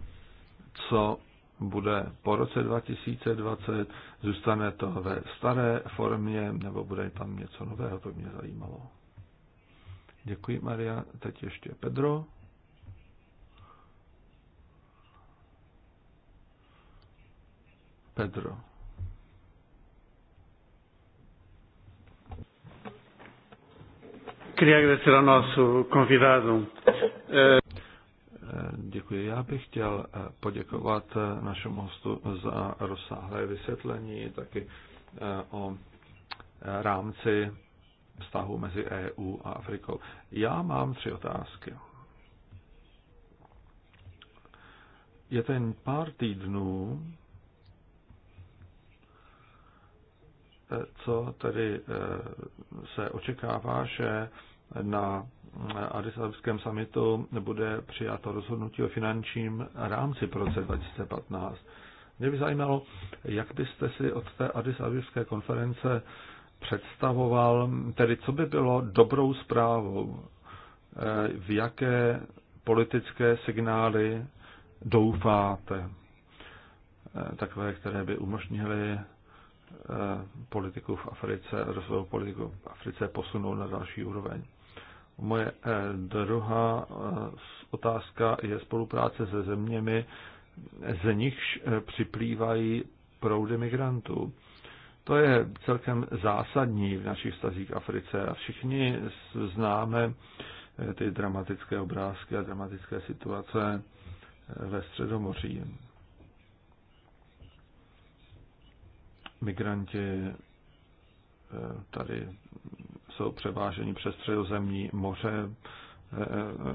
co bude po roce 2020, zůstane to ve staré formě, nebo bude tam něco nového, to mě zajímalo. Děkuji, Maria. Teď ještě Pedro. Pedro. Queria agradecer ao nosso convidado. Eh, Děkuji. Já bych chtěl eh, poděkovat eh, našemu hostu za rozsáhlé vysvětlení, taky eh, o rámci vztahu mezi EU a Afrikou. Já mám tři otázky. Je ten pár týdnů, co tedy se očekává, že na Addis Abebském samitu bude přijato rozhodnutí o finančním rámci pro roce 2015. Mě by zajímalo, jak byste si od té Addis Abebské konference představoval, tedy co by bylo dobrou zprávou, eh, v jaké politické signály doufáte, eh, takové, které by umožnily eh, politiku v Africe, rozvojovou politiku v Africe posunout na další úroveň. Moje eh, druhá eh, otázka je spolupráce se zeměmi, ze nichž eh, připlývají proudy migrantů. To je celkem zásadní v našich stazích Africe a všichni známe ty dramatické obrázky a dramatické situace ve Středomoří. Migranti tady jsou převáženi přes středozemní moře. E,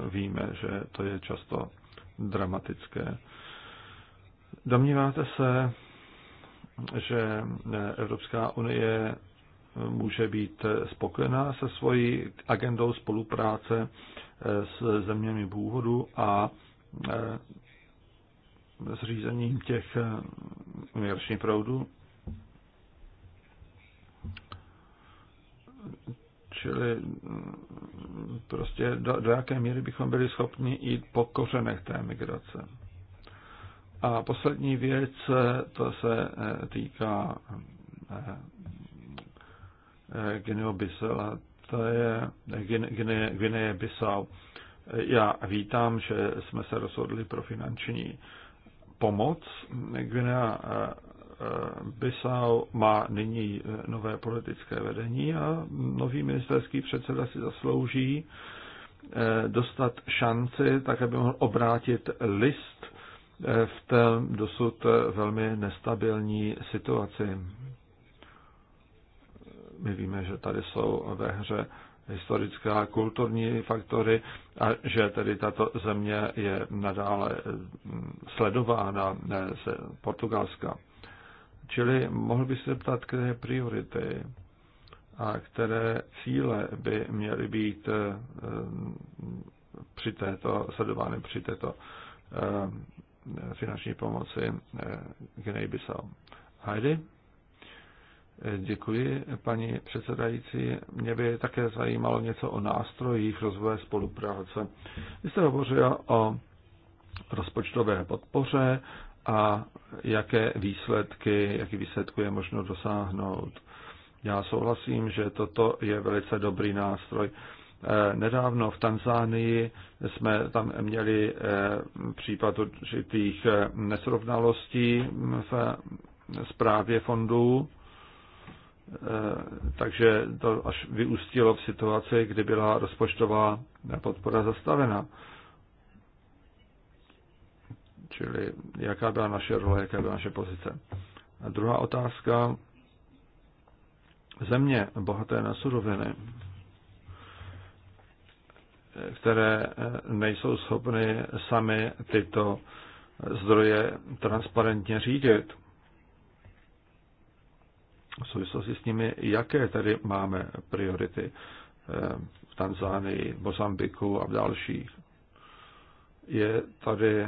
víme, že to je často dramatické. Domníváte se, že Evropská unie může být spokojená se svojí agendou spolupráce s zeměmi původu a zřízením e, těch migračních proudů? Čili mm, prostě do, do jaké míry bychom byli schopni jít po kořenech té migrace. A poslední věc, to se eh, týká eh, eh, Gineo Bisela, To je guinea Bisau. Já vítám, že jsme se rozhodli pro finanční pomoc. Guinea Eh, Bissau má nyní eh, nové politické vedení a nový ministerský předseda si zaslouží eh, dostat šanci, tak aby mohl obrátit list v té dosud velmi nestabilní situaci. My víme, že tady jsou ve hře historické a kulturní faktory a že tedy tato země je nadále sledována z Portugalska. Čili mohl by se ptát, které priority a které cíle by měly být eh, při této, sledovány při této eh, finanční pomoci eh, Guinea-Bissau. Heidi? Děkuji, paní předsedající. Mě by také zajímalo něco o nástrojích rozvoje spolupráce. Vy jste hovořila o rozpočtové podpoře a jaké výsledky, jaký výsledku je možno dosáhnout. Já souhlasím, že toto je velice dobrý nástroj. E, nedávno v Tanzánii jsme tam měli e, případ určitých e, nesrovnalostí v zprávě fondů, takže to až vyústilo v situaci, kdy byla rozpočtová podpora zastavena. Čili jaká byla naše role, jaká byla naše pozice. A druhá otázka. Země bohaté na suroviny, které nejsou schopny sami tyto zdroje transparentně řídit. V souvislosti s nimi, jaké tady máme priority eh, v Tanzánii, Mozambiku a v dalších. Je tady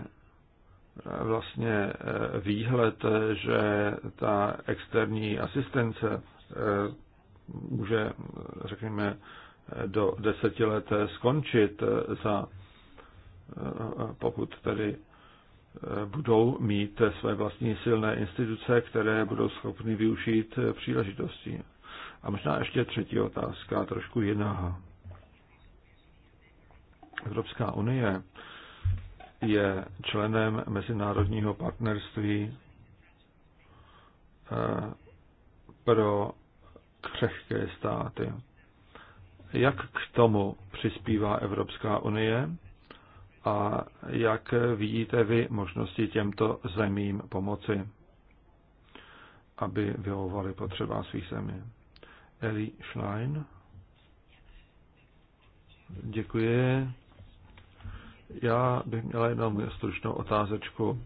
vlastně eh, výhled, eh, že ta externí asistence eh, může, řekněme, do deseti let skončit za, pokud tedy budou mít své vlastní silné instituce, které budou schopny využít příležitosti. A možná ještě třetí otázka, trošku jiná. Evropská unie je členem mezinárodního partnerství eh, pro křehké státy. Jak k tomu přispívá Evropská unie a jak vidíte vy možnosti těmto zemím pomoci, aby vyhovovali potřeba svých zemí? Eli Schlein. Děkuji. Já bych měl jenom stručnou otázečku.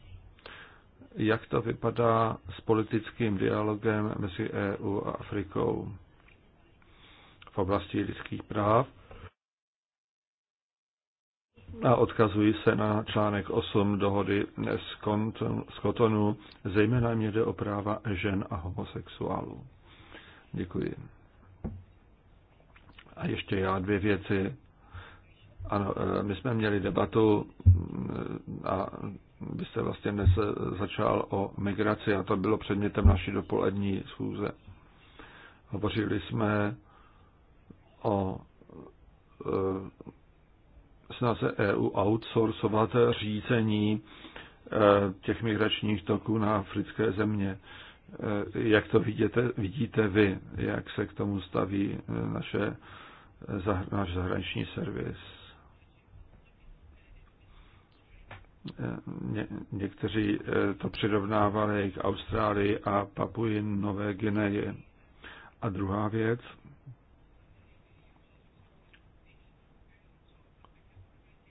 Jak to vypadá s politickým dialogem mezi EU a Afrikou v oblasti lidských práv? a odkazují se na článek 8 dohody z Kotonu, zejména mě jde o práva žen a homosexuálů. Děkuji. A ještě já dvě věci. Ano, eh, my jsme měli debatu mm, a vy jste vlastně dnes eh, začal o migraci a to bylo předmětem naší dopolední schůze. Hovořili jsme o eh, snaze EU outsourcovat řízení těch migračních toků na africké země. Jak to vidíte, vidíte vy, jak se k tomu staví naše, náš zahraniční servis? ně, někteří eh, to přirovnávali k Austrálii a Papuji Nové Gineji. A druhá věc,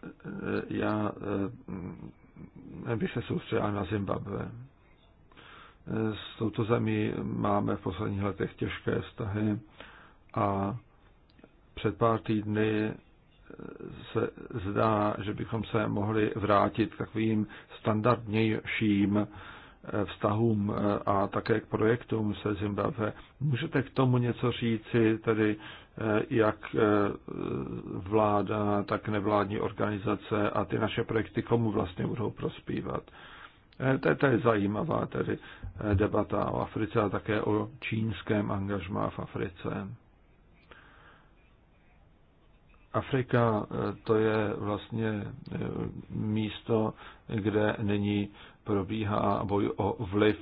eh, já eh, bych se soustředil na Zimbabwe. S touto zemí máme v posledních letech těžké vztahy a před pár týdny se zdá, že bychom se mohli vrátit k takovým standardnějším eh, vztahům eh, a také k projektům se Zimbabwe. Můžete k tomu něco říci, tedy eh, jak vláda, tak nevládní organizace a ty naše projekty komu vlastně budou prospívat? To je, to je zajímavá tedy debata o Africe a také o čínském angažmá v Africe. Afrika eh, to je vlastně eh, místo, kde nyní probíhá boj o vliv.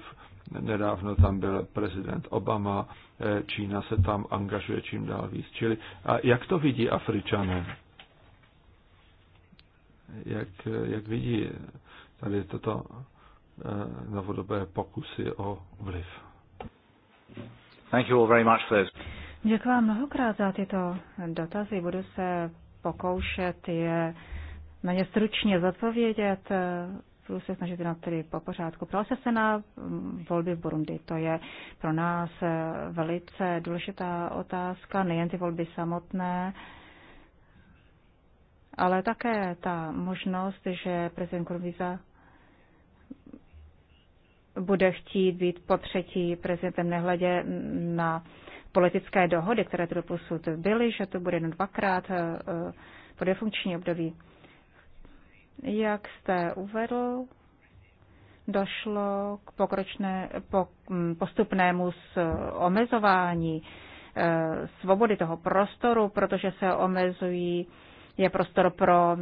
Nedávno tam byl prezident Obama, eh, Čína se tam angažuje čím dál víc. Čili, a jak to vidí Afričané? Jak, jak vidí tady toto novodobé pokusy o vliv? Thank you all very much for this. Děkuji vám mnohokrát za tyto dotazy. Budu se pokoušet je na ně stručně zodpovědět. Budu se snažit na tedy po pořádku. Ptala se se na volby v Burundi. To je pro nás velice důležitá otázka, nejen ty volby samotné, ale také ta možnost, že prezident Kurviza bude chtít být po třetí prezidentem nehledě na politické dohody, které tu doposud byly, že to bude jen dvakrát eh, eh, po dvě funkční období. Jak jste uvedl, došlo k pokročné, po, mm, postupnému eh, omezování svobody toho prostoru, protože se omezují, je prostor pro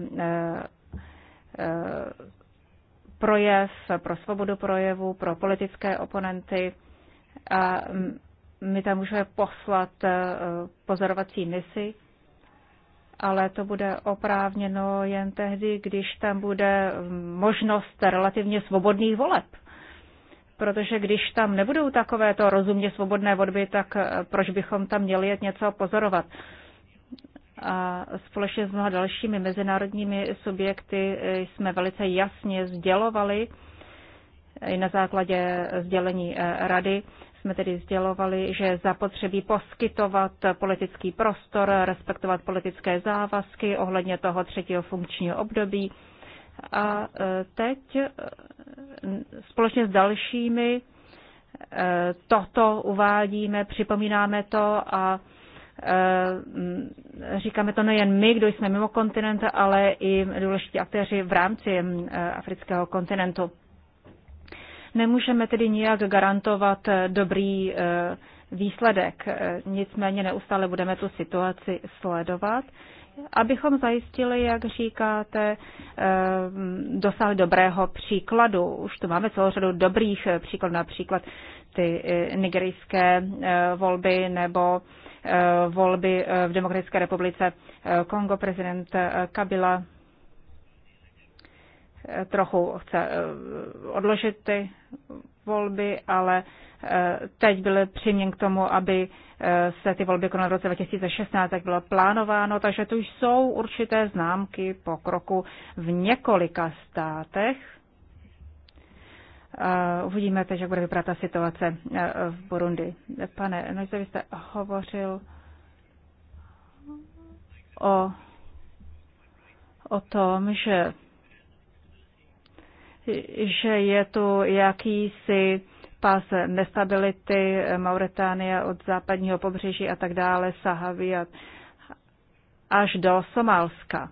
projev, pro svobodu projevu, pro politické oponenty. A mm, my tam můžeme poslat eh, pozorovací misi, ale to bude oprávněno jen tehdy, když tam bude mm, možnost relativně svobodných voleb. Protože když tam nebudou takovéto rozumně svobodné vodby, tak eh, proč bychom tam měli jet něco pozorovat? A společně s mnoha dalšími mezinárodními subjekty eh, jsme velice jasně sdělovali i na základě sdělení rady, jsme tedy sdělovali, že zapotřebí poskytovat politický prostor, respektovat politické závazky ohledně toho třetího funkčního období. A e, teď e, společně s dalšími e, toto uvádíme, připomínáme to a říkáme to nejen my, kdo jsme mimo kontinent, ale i důležití aktéři v rámci afrického kontinentu. Nemůžeme tedy nijak garantovat dobrý eh, výsledek, eh, nicméně neustále budeme tu situaci sledovat, abychom zajistili, jak říkáte, eh, dosáhli dobrého příkladu. Už tu máme celou řadu dobrých příkladů, například ty nigerijské volby nebo volby v Demokratické republice Kongo prezident Kabila Eh, trochu chce eh, odložit ty volby, ale eh, teď byl přiměn k tomu, aby se ty volby konaly v roce 2016, tak bylo plánováno, takže tu jsou určité známky pokroku v několika státech. Uvidíme teď, jak bude vypadat ta situace v Burundi. Pane no, vy jste hovořil o, o tom, že že je tu jakýsi pás nestability Mauritánie od západního pobřeží a tak dále, Sahavy a, až do Somálska.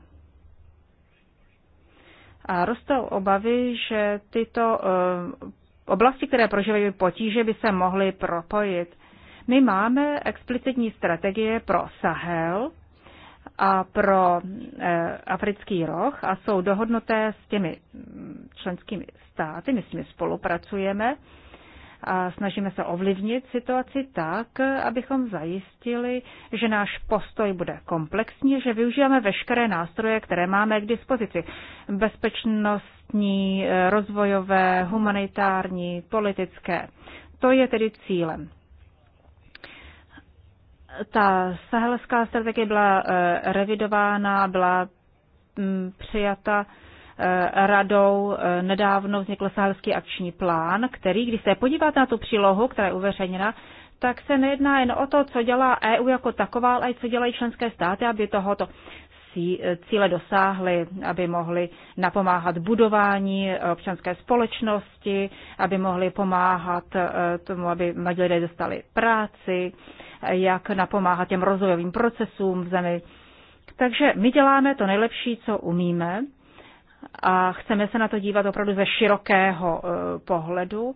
A rostou obavy, že tyto eh, oblasti, které prožívají potíže, by se mohly propojit. My máme explicitní strategie pro Sahel, a pro eh, africký roh a jsou dohodnuté s těmi členskými státy, my s nimi spolupracujeme a snažíme se ovlivnit situaci tak, abychom zajistili, že náš postoj bude komplexní, že využíváme veškeré nástroje, které máme k dispozici. Bezpečnostní, eh, rozvojové, humanitární, politické. To je tedy cílem ta sahelská strategie byla eh, revidována, byla mm, přijata eh, radou eh, nedávno vznikl sahelský akční plán, který, když se podíváte na tu přílohu, která je uveřejněna, tak se nejedná jen o to, co dělá EU jako taková, ale i co dělají členské státy, aby tohoto cíle dosáhly, aby mohli napomáhat budování občanské společnosti, aby mohli pomáhat tomu, aby mladí lidé dostali práci, jak napomáhat těm rozvojovým procesům v zemi. Takže my děláme to nejlepší, co umíme a chceme se na to dívat opravdu ze širokého e, pohledu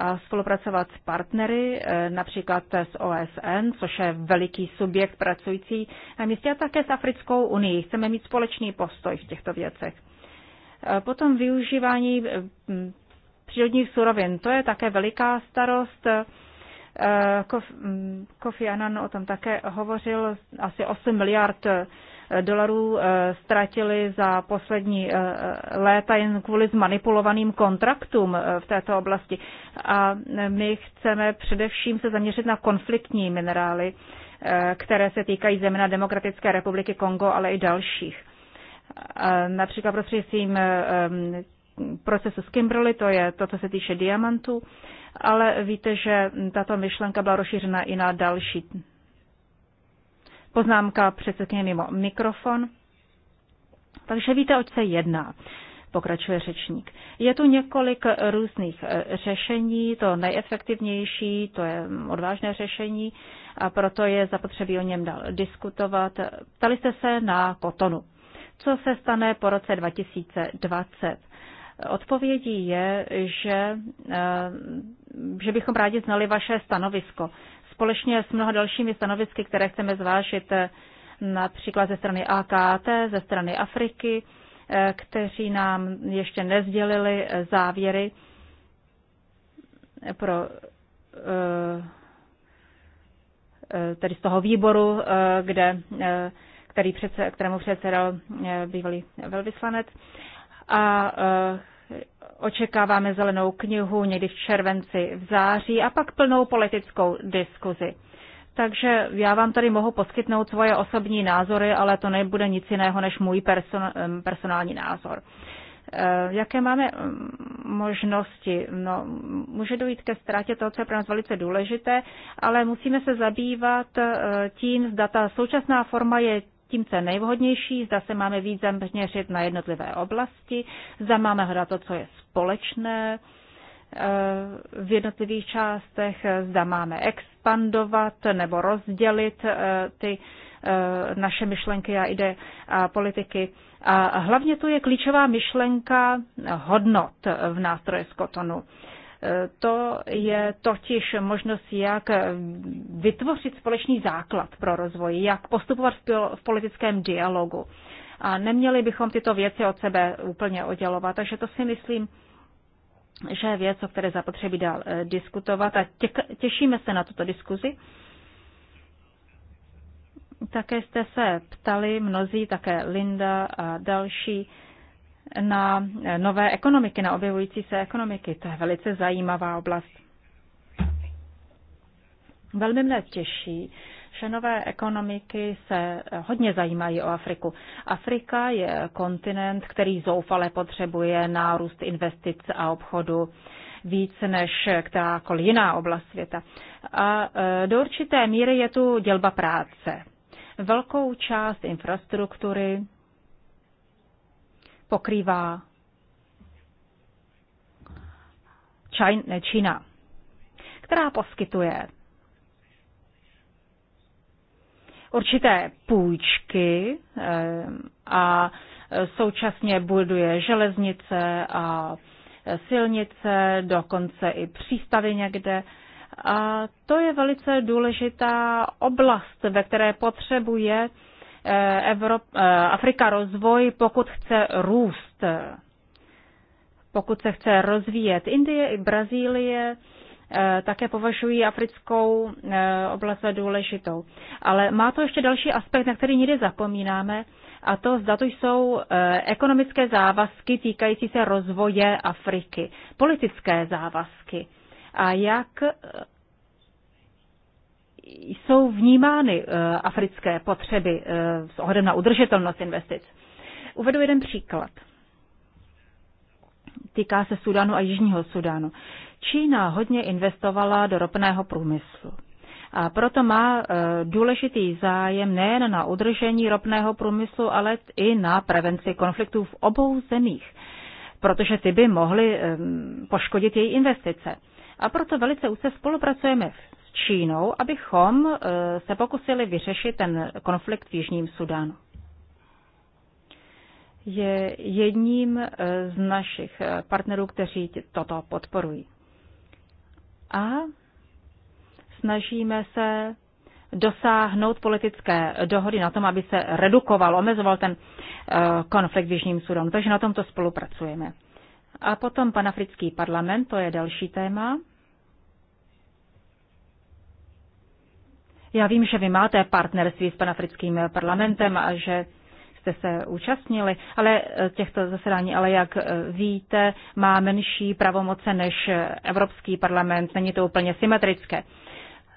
a spolupracovat s partnery, e, například s OSN, což je veliký subjekt pracující na místě, a také s Africkou unii. Chceme mít společný postoj v těchto věcech. E, potom využívání přírodních surovin. To je také veliká starost. Eh, mm, Kofi Annan o tom také hovořil, asi 8 miliard eh, dolarů eh, ztratili za poslední léta jen kvůli zmanipulovaným kontraktům v této oblasti. A my chceme především se zaměřit na konfliktní minerály, které se týkají zejména Demokratické republiky Kongo, ale i dalších. Například prostřednictvím procesu z Kimberly, to je to, co se týče diamantů, ale víte, že tato myšlenka byla rozšířena i na další. Poznámka předsedkyně mimo mikrofon. Takže víte, oč se jedná, pokračuje řečník. Je tu několik různých eh, řešení, to nejefektivnější, to je odvážné řešení a proto je zapotřebí o něm dál diskutovat. Ptali jste se na kotonu. Co se stane po roce 2020? Odpovědí je, že eh, že bychom rádi znali vaše stanovisko. Společně s mnoha dalšími stanovisky, které chceme zvážit, eh, například ze strany AKT, ze strany Afriky, eh, kteří nám ještě nezdělili eh, závěry pro tedy z toho výboru, kde, který předse, kterému předsedal bývalý velvyslanec. A očekáváme zelenou knihu někdy v červenci, v září a pak plnou politickou diskuzi. Takže já vám tady mohu poskytnout svoje osobní názory, ale to nebude nic jiného než můj person, personální názor. Eh, jaké máme mm, možnosti? No, může dojít ke ztrátě toho, co je pro nás velice důležité, ale musíme se zabývat eh, tím, zda ta současná forma je tím, co je nejvhodnější, zda se máme víc zaměřit na jednotlivé oblasti, zda máme hledat to, co je společné eh, v jednotlivých částech, zda máme expandovat nebo rozdělit eh, ty eh, naše myšlenky a ide a politiky. A hlavně tu je klíčová myšlenka hodnot v nástroje Skotonu. kotonu. E, to je totiž možnost, jak vytvořit společný základ pro rozvoj, jak postupovat v politickém dialogu. A neměli bychom tyto věci od sebe úplně oddělovat. Takže to si myslím, že je věc, o které zapotřebí dál e, diskutovat a těšíme se na tuto diskuzi. Také jste se ptali mnozí, také Linda a další, na nové ekonomiky, na objevující se ekonomiky. To je velice zajímavá oblast. Velmi mne těší, že nové ekonomiky se hodně zajímají o Afriku. Afrika je kontinent, který zoufale potřebuje nárůst investic a obchodu víc než kterákoliv jiná oblast světa. A e, do určité míry je tu dělba práce. Velkou část infrastruktury pokrývá Čína, která poskytuje určité půjčky eh, a současně buduje železnice a silnice, dokonce i přístavy někde. A to je velice důležitá oblast, ve které potřebuje Eh, Evrop, eh, Afrika rozvoj, pokud chce růst, pokud se chce rozvíjet. Indie i Brazílie eh, také považují africkou oblast za důležitou. Ale má to ještě další aspekt, na který nikdy zapomínáme, a to zda to jsou ekonomické závazky týkající se rozvoje Afriky, politické závazky. A jak jsou vnímány eh, africké potřeby eh, s ohledem na udržitelnost investic. Uvedu jeden příklad. Týká se Sudánu a Jižního Sudánu. Čína hodně investovala do ropného průmyslu. A proto má eh, důležitý zájem nejen na udržení ropného průmyslu, ale i na prevenci konfliktů v obou zemích, protože ty by mohly poškodit její investice. A proto velice úzce spolupracujeme Čínou, abychom eh, se pokusili vyřešit ten konflikt v Jižním Sudánu. Je jedním eh, z našich eh, partnerů, kteří toto podporují. A snažíme se dosáhnout politické dohody na tom, aby se redukoval, omezoval ten konflikt v Jižním Sudánu. Takže na tomto spolupracujeme. A potom panafrický parlament, to je další téma. Já vím, že vy máte partnerství s panafrickým parlamentem a že jste se účastnili, ale eh, těchto zasedání, ale jak eh, víte, má menší pravomoce než Evropský parlament, není to úplně symetrické.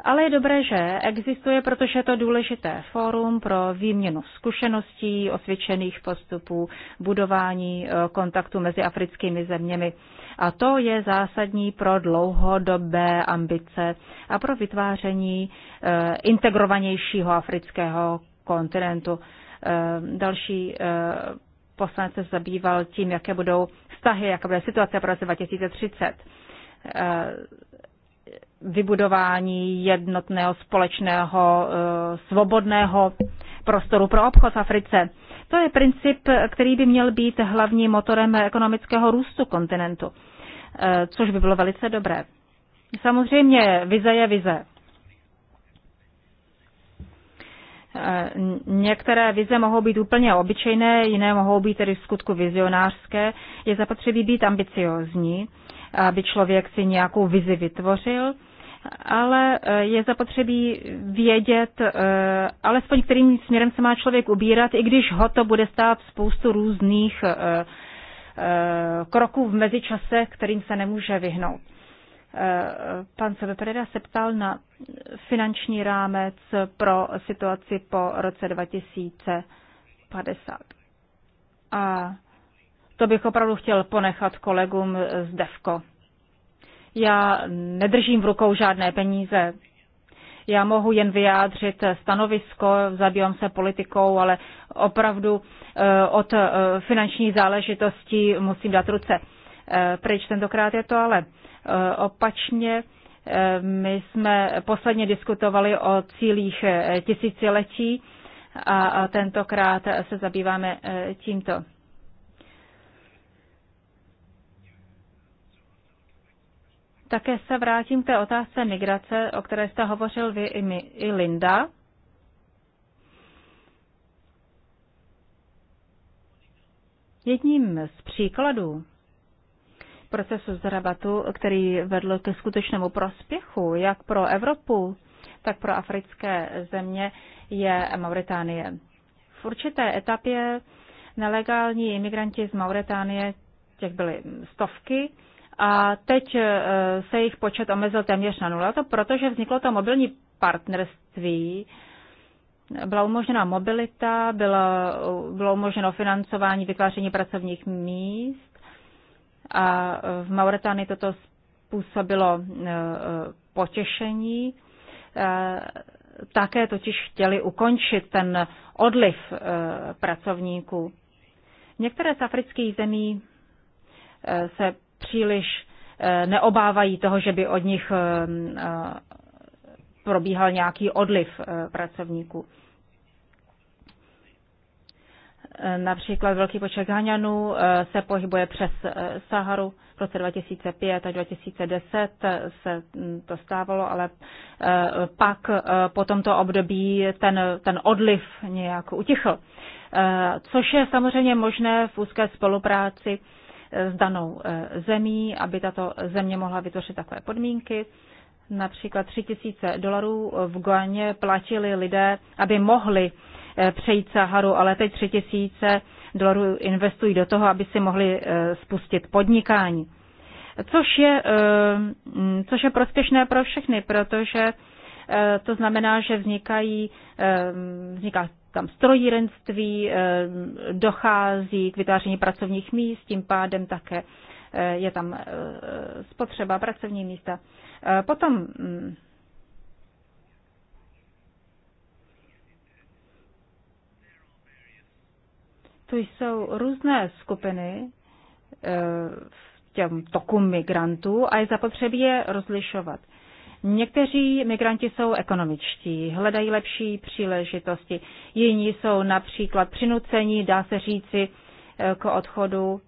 Ale je dobré, že existuje, protože je to důležité fórum pro výměnu zkušeností, osvědčených postupů, budování eh, kontaktu mezi africkými zeměmi. A to je zásadní pro dlouhodobé ambice a pro vytváření eh, integrovanějšího afrického kontinentu. Eh, další poslanec se zabýval tím, jaké budou vztahy, jaká bude situace pro roce 2030 vybudování jednotného společného eh, svobodného prostoru pro obchod v Africe. To je princip, který by měl být hlavním motorem ekonomického růstu kontinentu, eh, což by bylo velice dobré. Samozřejmě vize je vize. Eh, některé vize mohou být úplně obyčejné, jiné mohou být tedy v skutku vizionářské. Je zapotřebí být ambiciozní, aby člověk si nějakou vizi vytvořil ale eh, je zapotřebí vědět eh, alespoň, kterým směrem se má člověk ubírat, i když ho to bude stát spoustu různých eh, kroků v mezičase, kterým se nemůže vyhnout. Pan Sebepreda se ptal na finanční rámec pro situaci po roce 2050. A to bych opravdu chtěl ponechat kolegům z DEVKO. Já nedržím v rukou žádné peníze. Já mohu jen vyjádřit stanovisko, zabývám se politikou, ale opravdu eh, od eh, finanční záležitosti musím dát ruce. Eh, pryč tentokrát je to ale opačně. My jsme posledně diskutovali o cílích tisíciletí a tentokrát se zabýváme tímto. Také se vrátím k té otázce migrace, o které jste hovořil vy i, my, i Linda. Jedním z příkladů procesu z rabatu, který vedl ke skutečnému prospěchu jak pro Evropu, tak pro africké země, je Mauritánie. V určité etapě nelegální imigranti z Mauritánie, těch byly stovky, a teď e, se jejich počet omezil téměř na nula, to protože vzniklo to mobilní partnerství, byla umožněna mobilita, bylo, bylo umožněno financování, vytváření pracovních míst a v Mauretánii toto způsobilo e, e, potěšení. Také totiž chtěli ukončit ten odliv pracovníků. Některé z afrických zemí se příliš eh, neobávají toho, že by od nich eh, eh, probíhal nějaký odliv pracovníků. Například velký počet Ghaňanů se pohybuje přes Saharu. V roce 2005 až 2010 se hm, to stávalo, ale pak po tomto období ten, ten odliv nějak utichl. Což je samozřejmě možné v úzké spolupráci s danou e, zemí, aby tato země mohla vytvořit takové podmínky. Například 3000 dolarů v Guaně platili lidé, aby mohli e, přejít Saharu, ale teď 3000 dolarů investují do toho, aby si mohli e, spustit podnikání. Což je, což je prospěšné pro všechny, protože Eh, to znamená, že vznikají, eh, vzniká tam strojírenství, eh, dochází k vytváření pracovních míst, tím pádem také je tam spotřeba pracovní místa. Potom mm, tu jsou různé skupiny v těm toku migrantů a je zapotřebí je rozlišovat. Někteří migranti jsou ekonomičtí, hledají lepší příležitosti, jiní jsou například přinuceni, dá se říci, eh, k odchodu,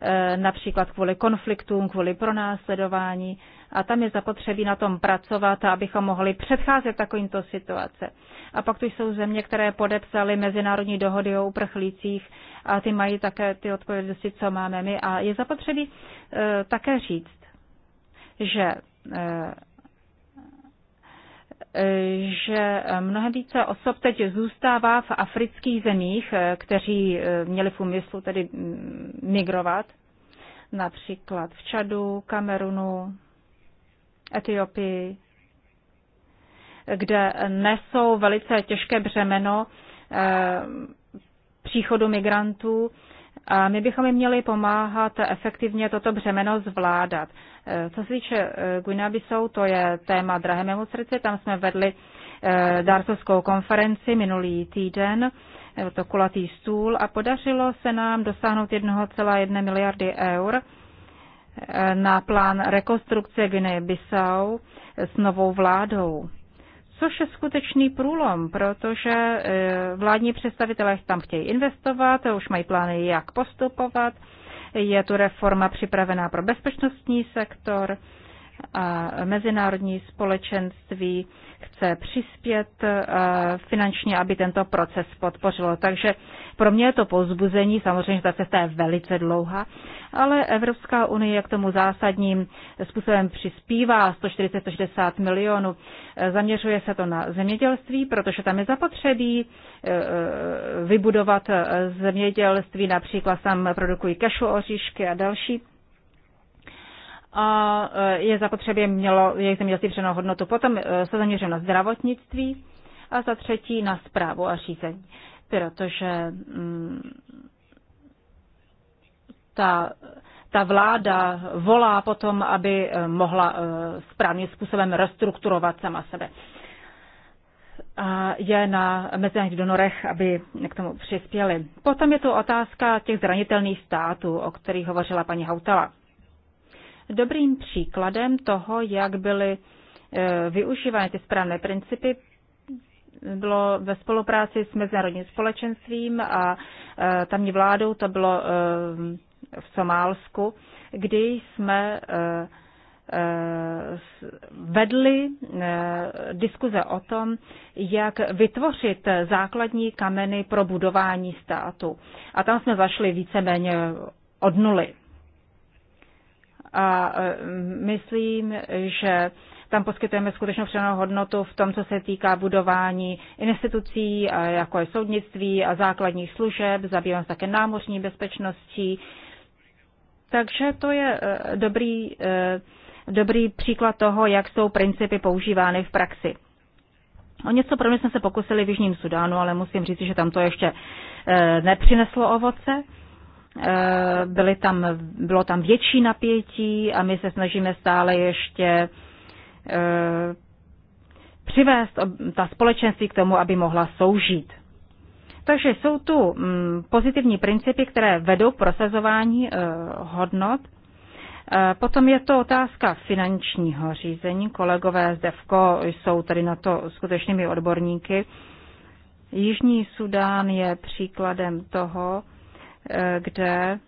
eh, například kvůli konfliktům, kvůli pronásledování. A tam je zapotřebí na tom pracovat, abychom mohli předcházet takovýmto situace. A pak tu jsou země, které podepsaly mezinárodní dohody o uprchlících a ty mají také ty odpovědnosti, co máme my. A je zapotřebí eh, také říct, že že mnohem více osob teď zůstává v afrických zemích, kteří eh, měli v úmyslu tedy mm, migrovat, například v Čadu, Kamerunu, Etiopii, kde nesou velice těžké břemeno eh, příchodu migrantů a my bychom jim měli pomáhat efektivně toto břemeno zvládat. E, co se týče e, Guinea-Bissau, to je téma drahé mému srdci, tam jsme vedli e, dárcovskou konferenci minulý týden, to kulatý stůl, a podařilo se nám dosáhnout 1,1 miliardy eur na plán rekonstrukce Guinea-Bissau s novou vládou což je skutečný průlom, protože e, vládní představitelé tam chtějí investovat, už mají plány, jak postupovat, je tu reforma připravená pro bezpečnostní sektor, a mezinárodní společenství chce přispět e, finančně, aby tento proces podpořilo. Takže pro mě je to pozbuzení, samozřejmě, že ta cesta je velice dlouhá, ale Evropská unie k tomu zásadním způsobem přispívá 140-160 milionů. E, zaměřuje se to na zemědělství, protože tam je zapotřebí e, vybudovat zemědělství, například tam produkují kešu, oříšky a další a e, je zapotřebí mělo jejich zemědělství přenou hodnotu. Potom e, se zaměřuje na zdravotnictví a za třetí na zprávu a řízení, protože mm, ta, ta vláda volá potom, aby e, mohla správným způsobem restrukturovat sama sebe. A je na mezinárodních donorech, aby k tomu přispěli. Potom je tu otázka těch zranitelných států, o kterých hovořila paní Hautala dobrým příkladem toho, jak byly e, využívány ty správné principy, bylo ve spolupráci s mezinárodním společenstvím a e, tamní vládou, to bylo e, v Somálsku, kdy jsme vedli diskuze o tom, jak vytvořit základní kameny pro budování státu. A tam jsme zašli víceméně od nuly a e, myslím, že tam poskytujeme skutečnou přenou hodnotu v tom, co se týká budování institucí, e, jako je soudnictví a základních služeb, zabýváme se také námořní bezpečností. Takže to je e, dobrý, dobrý příklad toho, jak jsou principy používány v praxi. O něco mě jsme se pokusili v Jižním Sudánu, ale musím říct, že tam to ještě nepřineslo ovoce. Eh, byly tam, bylo tam větší napětí a my se snažíme stále ještě eh, přivést ta společenství k tomu, aby mohla soužít. Takže jsou tu mm, pozitivní principy, které vedou k prosazování eh, hodnot. Potom je to otázka finančního řízení. Kolegové z DEVKO jsou tady na to skutečnými odborníky. Jižní Sudán je příkladem toho, kde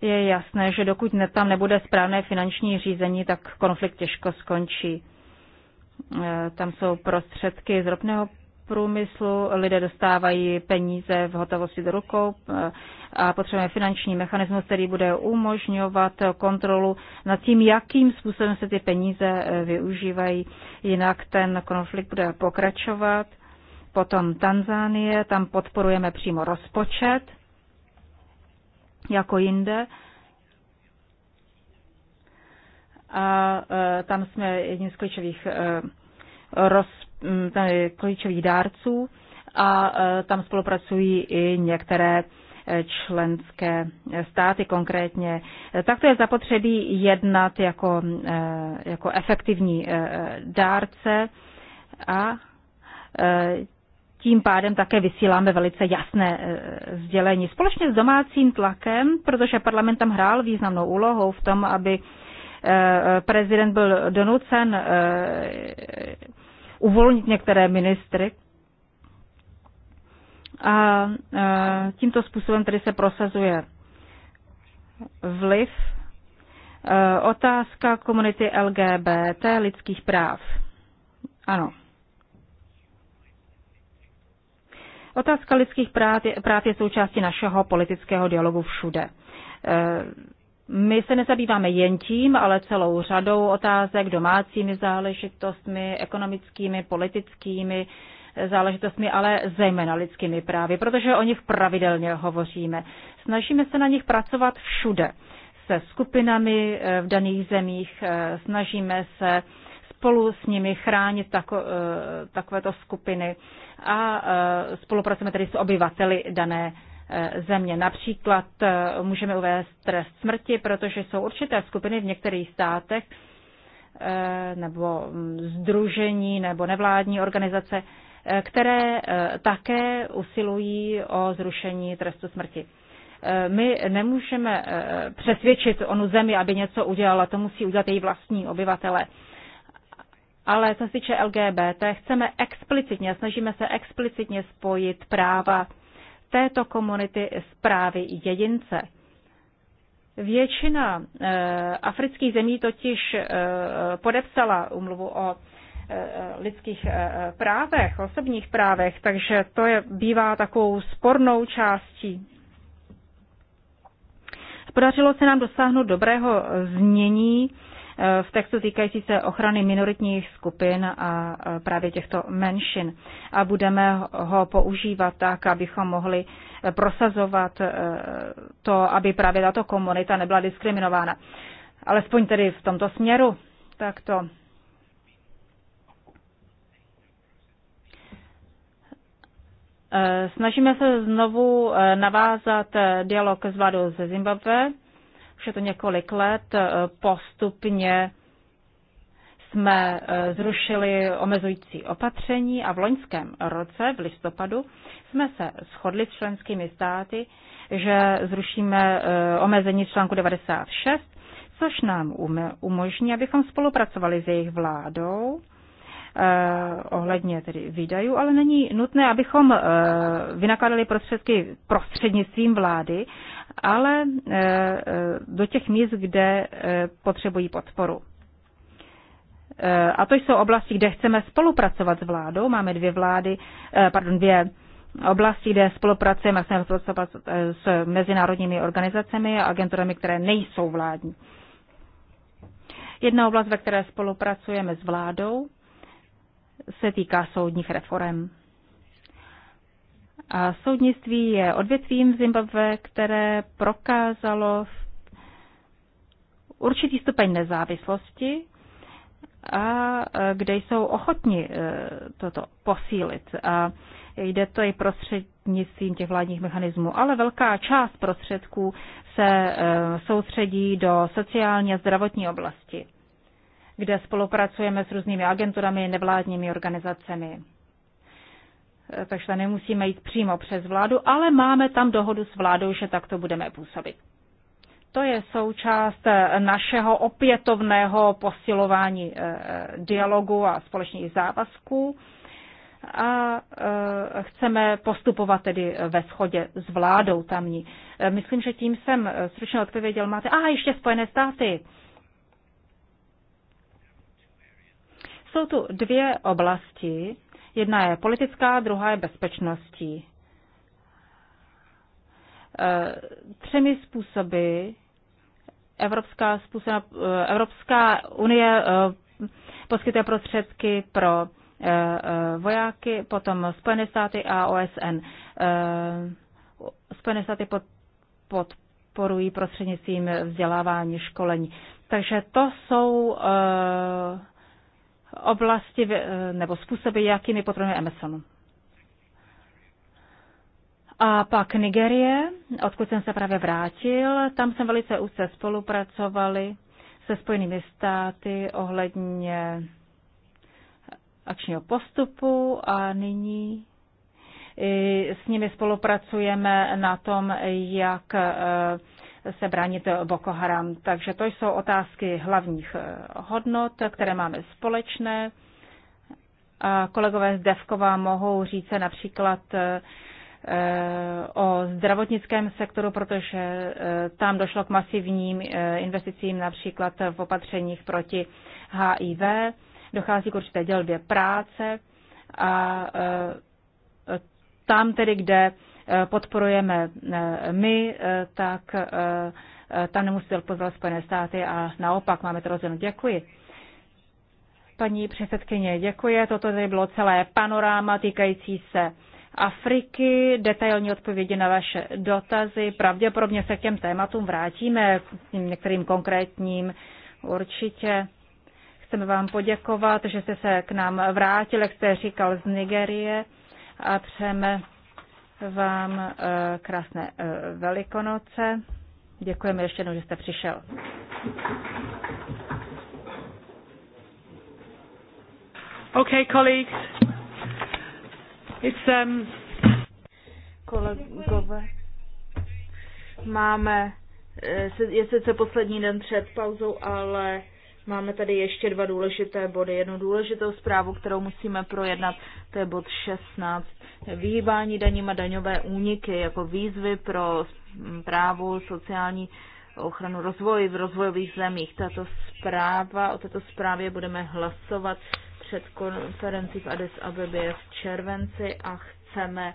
je jasné, že dokud tam nebude správné finanční řízení, tak konflikt těžko skončí. E, tam jsou prostředky z ropného průmyslu, lidé dostávají peníze v hotovosti do rukou e, a potřebujeme finanční mechanismus, který bude umožňovat kontrolu nad tím, jakým způsobem se ty peníze e, využívají. Jinak ten konflikt bude pokračovat Potom Tanzánie, tam podporujeme přímo rozpočet, jako jinde. A e, tam jsme jedním z klíčových, e, roz, klíčových dárců a e, tam spolupracují i některé členské státy konkrétně. Tak to je zapotřebí jednat jako, jako efektivní dárce a tím pádem také vysíláme velice jasné e, sdělení. Společně s domácím tlakem, protože parlament tam hrál významnou úlohou v tom, aby e, prezident byl donucen e, uvolnit některé ministry. A tímto způsobem tedy se prosazuje vliv otázka komunity LGBT lidských práv. Ano. Otázka lidských práv je, práv je součástí našeho politického dialogu všude. E, my se nezabýváme jen tím, ale celou řadou otázek, domácími záležitostmi, ekonomickými, politickými e, záležitostmi, ale zejména lidskými právy, protože o nich pravidelně hovoříme. Snažíme se na nich pracovat všude, se skupinami e, v daných zemích, snažíme se spolu s nimi chránit tako, takovéto skupiny a e, spolupracujeme tedy s obyvateli dané e, země. Například e, můžeme uvést trest smrti, protože jsou určité skupiny v některých státech nebo združení mm, nebo nevládní organizace, které také usilují o zrušení trestu smrti. My nemůžeme přesvědčit onu zemi, aby něco udělala, to musí udělat její vlastní obyvatele. Ale co se týče LGBT, chceme explicitně, snažíme se explicitně spojit práva této komunity s právy jedince. Většina e, afrických zemí totiž e, podepsala umluvu o eh, lidských právech, osobních právech, takže to je, bývá takovou spornou částí. Podařilo se nám dosáhnout dobrého znění v textu týkající se ochrany minoritních skupin a e, právě těchto menšin. A budeme ho používat tak, abychom mohli e, prosazovat e, to, aby právě tato komunita nebyla diskriminována. Alespoň tedy v tomto směru, tak to Snažíme se znovu navázat dialog s vládou ze Zimbabwe už je to několik let. Eh, postupně jsme eh, zrušili omezující opatření a v loňském roce, v listopadu, jsme se shodli s členskými státy, že zrušíme eh, omezení článku 96, což nám umožní, abychom spolupracovali s jejich vládou Eh, ohledně tedy výdajů, ale není nutné, abychom eh, vynakladali prostředky prostřednictvím vlády, ale eh, do těch míst, kde potřebují podporu. A to jsou oblasti, kde chceme spolupracovat s vládou. Máme dvě vlády, pardon, dvě oblasti, kde spolupracujeme, chceme spolupracovat s mezinárodními organizacemi a agenturami, které nejsou vládní. Jedna oblast, ve které spolupracujeme s vládou, se týká soudních reform. A soudnictví je odvětvím Zimbabwe, které prokázalo určitý stupeň nezávislosti a e, kde jsou ochotni e, toto posílit. A jde to i prostřednictvím těch vládních mechanismů, ale velká část prostředků se e, soustředí do sociální a zdravotní oblasti kde spolupracujeme s různými agenturami, nevládními organizacemi. Takže nemusíme jít přímo přes vládu, ale máme tam dohodu s vládou, že takto budeme působit. To je součást našeho opětovného posilování eh, dialogu a společných závazků a eh, chceme postupovat tedy ve shodě s vládou tamní. Eh, myslím, že tím jsem stručně odpověděl. Máte, a ještě Spojené státy. Jsou tu dvě oblasti. Jedna je politická, druhá je bezpečností. E, třemi způsoby Evropská, způsob, e, Evropská unie e, poskytuje prostředky pro vojáky, potom Spojené státy a OSN. Spojené státy podporují prostřednictvím vzdělávání, školení. Takže to jsou oblasti eh, nebo způsoby, jakými potřebujeme Amazonu. A pak Nigerie, odkud jsem se právě vrátil, tam jsem velice úzce spolupracovali se Spojenými státy ohledně akčního postupu a nyní s nimi spolupracujeme na tom, jak eh, se bránit Boko Haram. Takže to jsou otázky hlavních eh, hodnot, které máme společné. A kolegové z Devkova mohou říct například eh, eh, o zdravotnickém sektoru, protože tam došlo k masivním investicím například v opatřeních proti HIV, dochází k určité dělbě práce a tam tedy, kde Eh, podporujeme eh, my, eh, tak tam nemusíte podporovat Spojené státy a naopak máme to rozděleno. Děkuji. Paní předsedkyně, děkuji. Toto tady bylo celé panoráma týkající se Afriky, detailní odpovědi na vaše dotazy. Pravděpodobně se k těm tématům vrátíme, k některým konkrétním určitě. Chceme vám poděkovat, že jste se k nám vrátil, jak jste říkal, z Nigerie a přejeme vám eh, krásné eh, velikonoce. Děkujeme ještě jednou, že jste přišel. Okay, colleagues. It's, um... Kolegové, máme, eh, je sice poslední den před pauzou, ale Máme tady ještě dva důležité body. Jednu důležitou zprávu, kterou musíme projednat, to je bod 16. Vyhýbání daním a daňové úniky jako výzvy pro právu sociální ochranu rozvoji v rozvojových zemích. Tato zpráva, o této zprávě budeme hlasovat před konferencí v Addis Abebě v červenci a chceme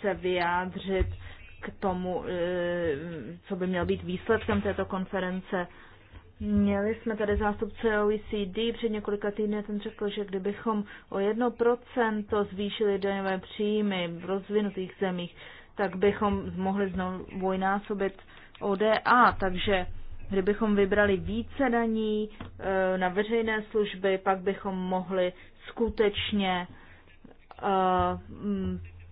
se vyjádřit k tomu, eh, co by měl být výsledkem této konference Měli jsme tady zástupce OECD před několika týdny, ten řekl, že kdybychom o 1% zvýšili daňové příjmy v rozvinutých zemích, tak bychom mohli znovu dvojnásobit ODA, takže kdybychom vybrali více daní e, na veřejné služby, pak bychom mohli skutečně e,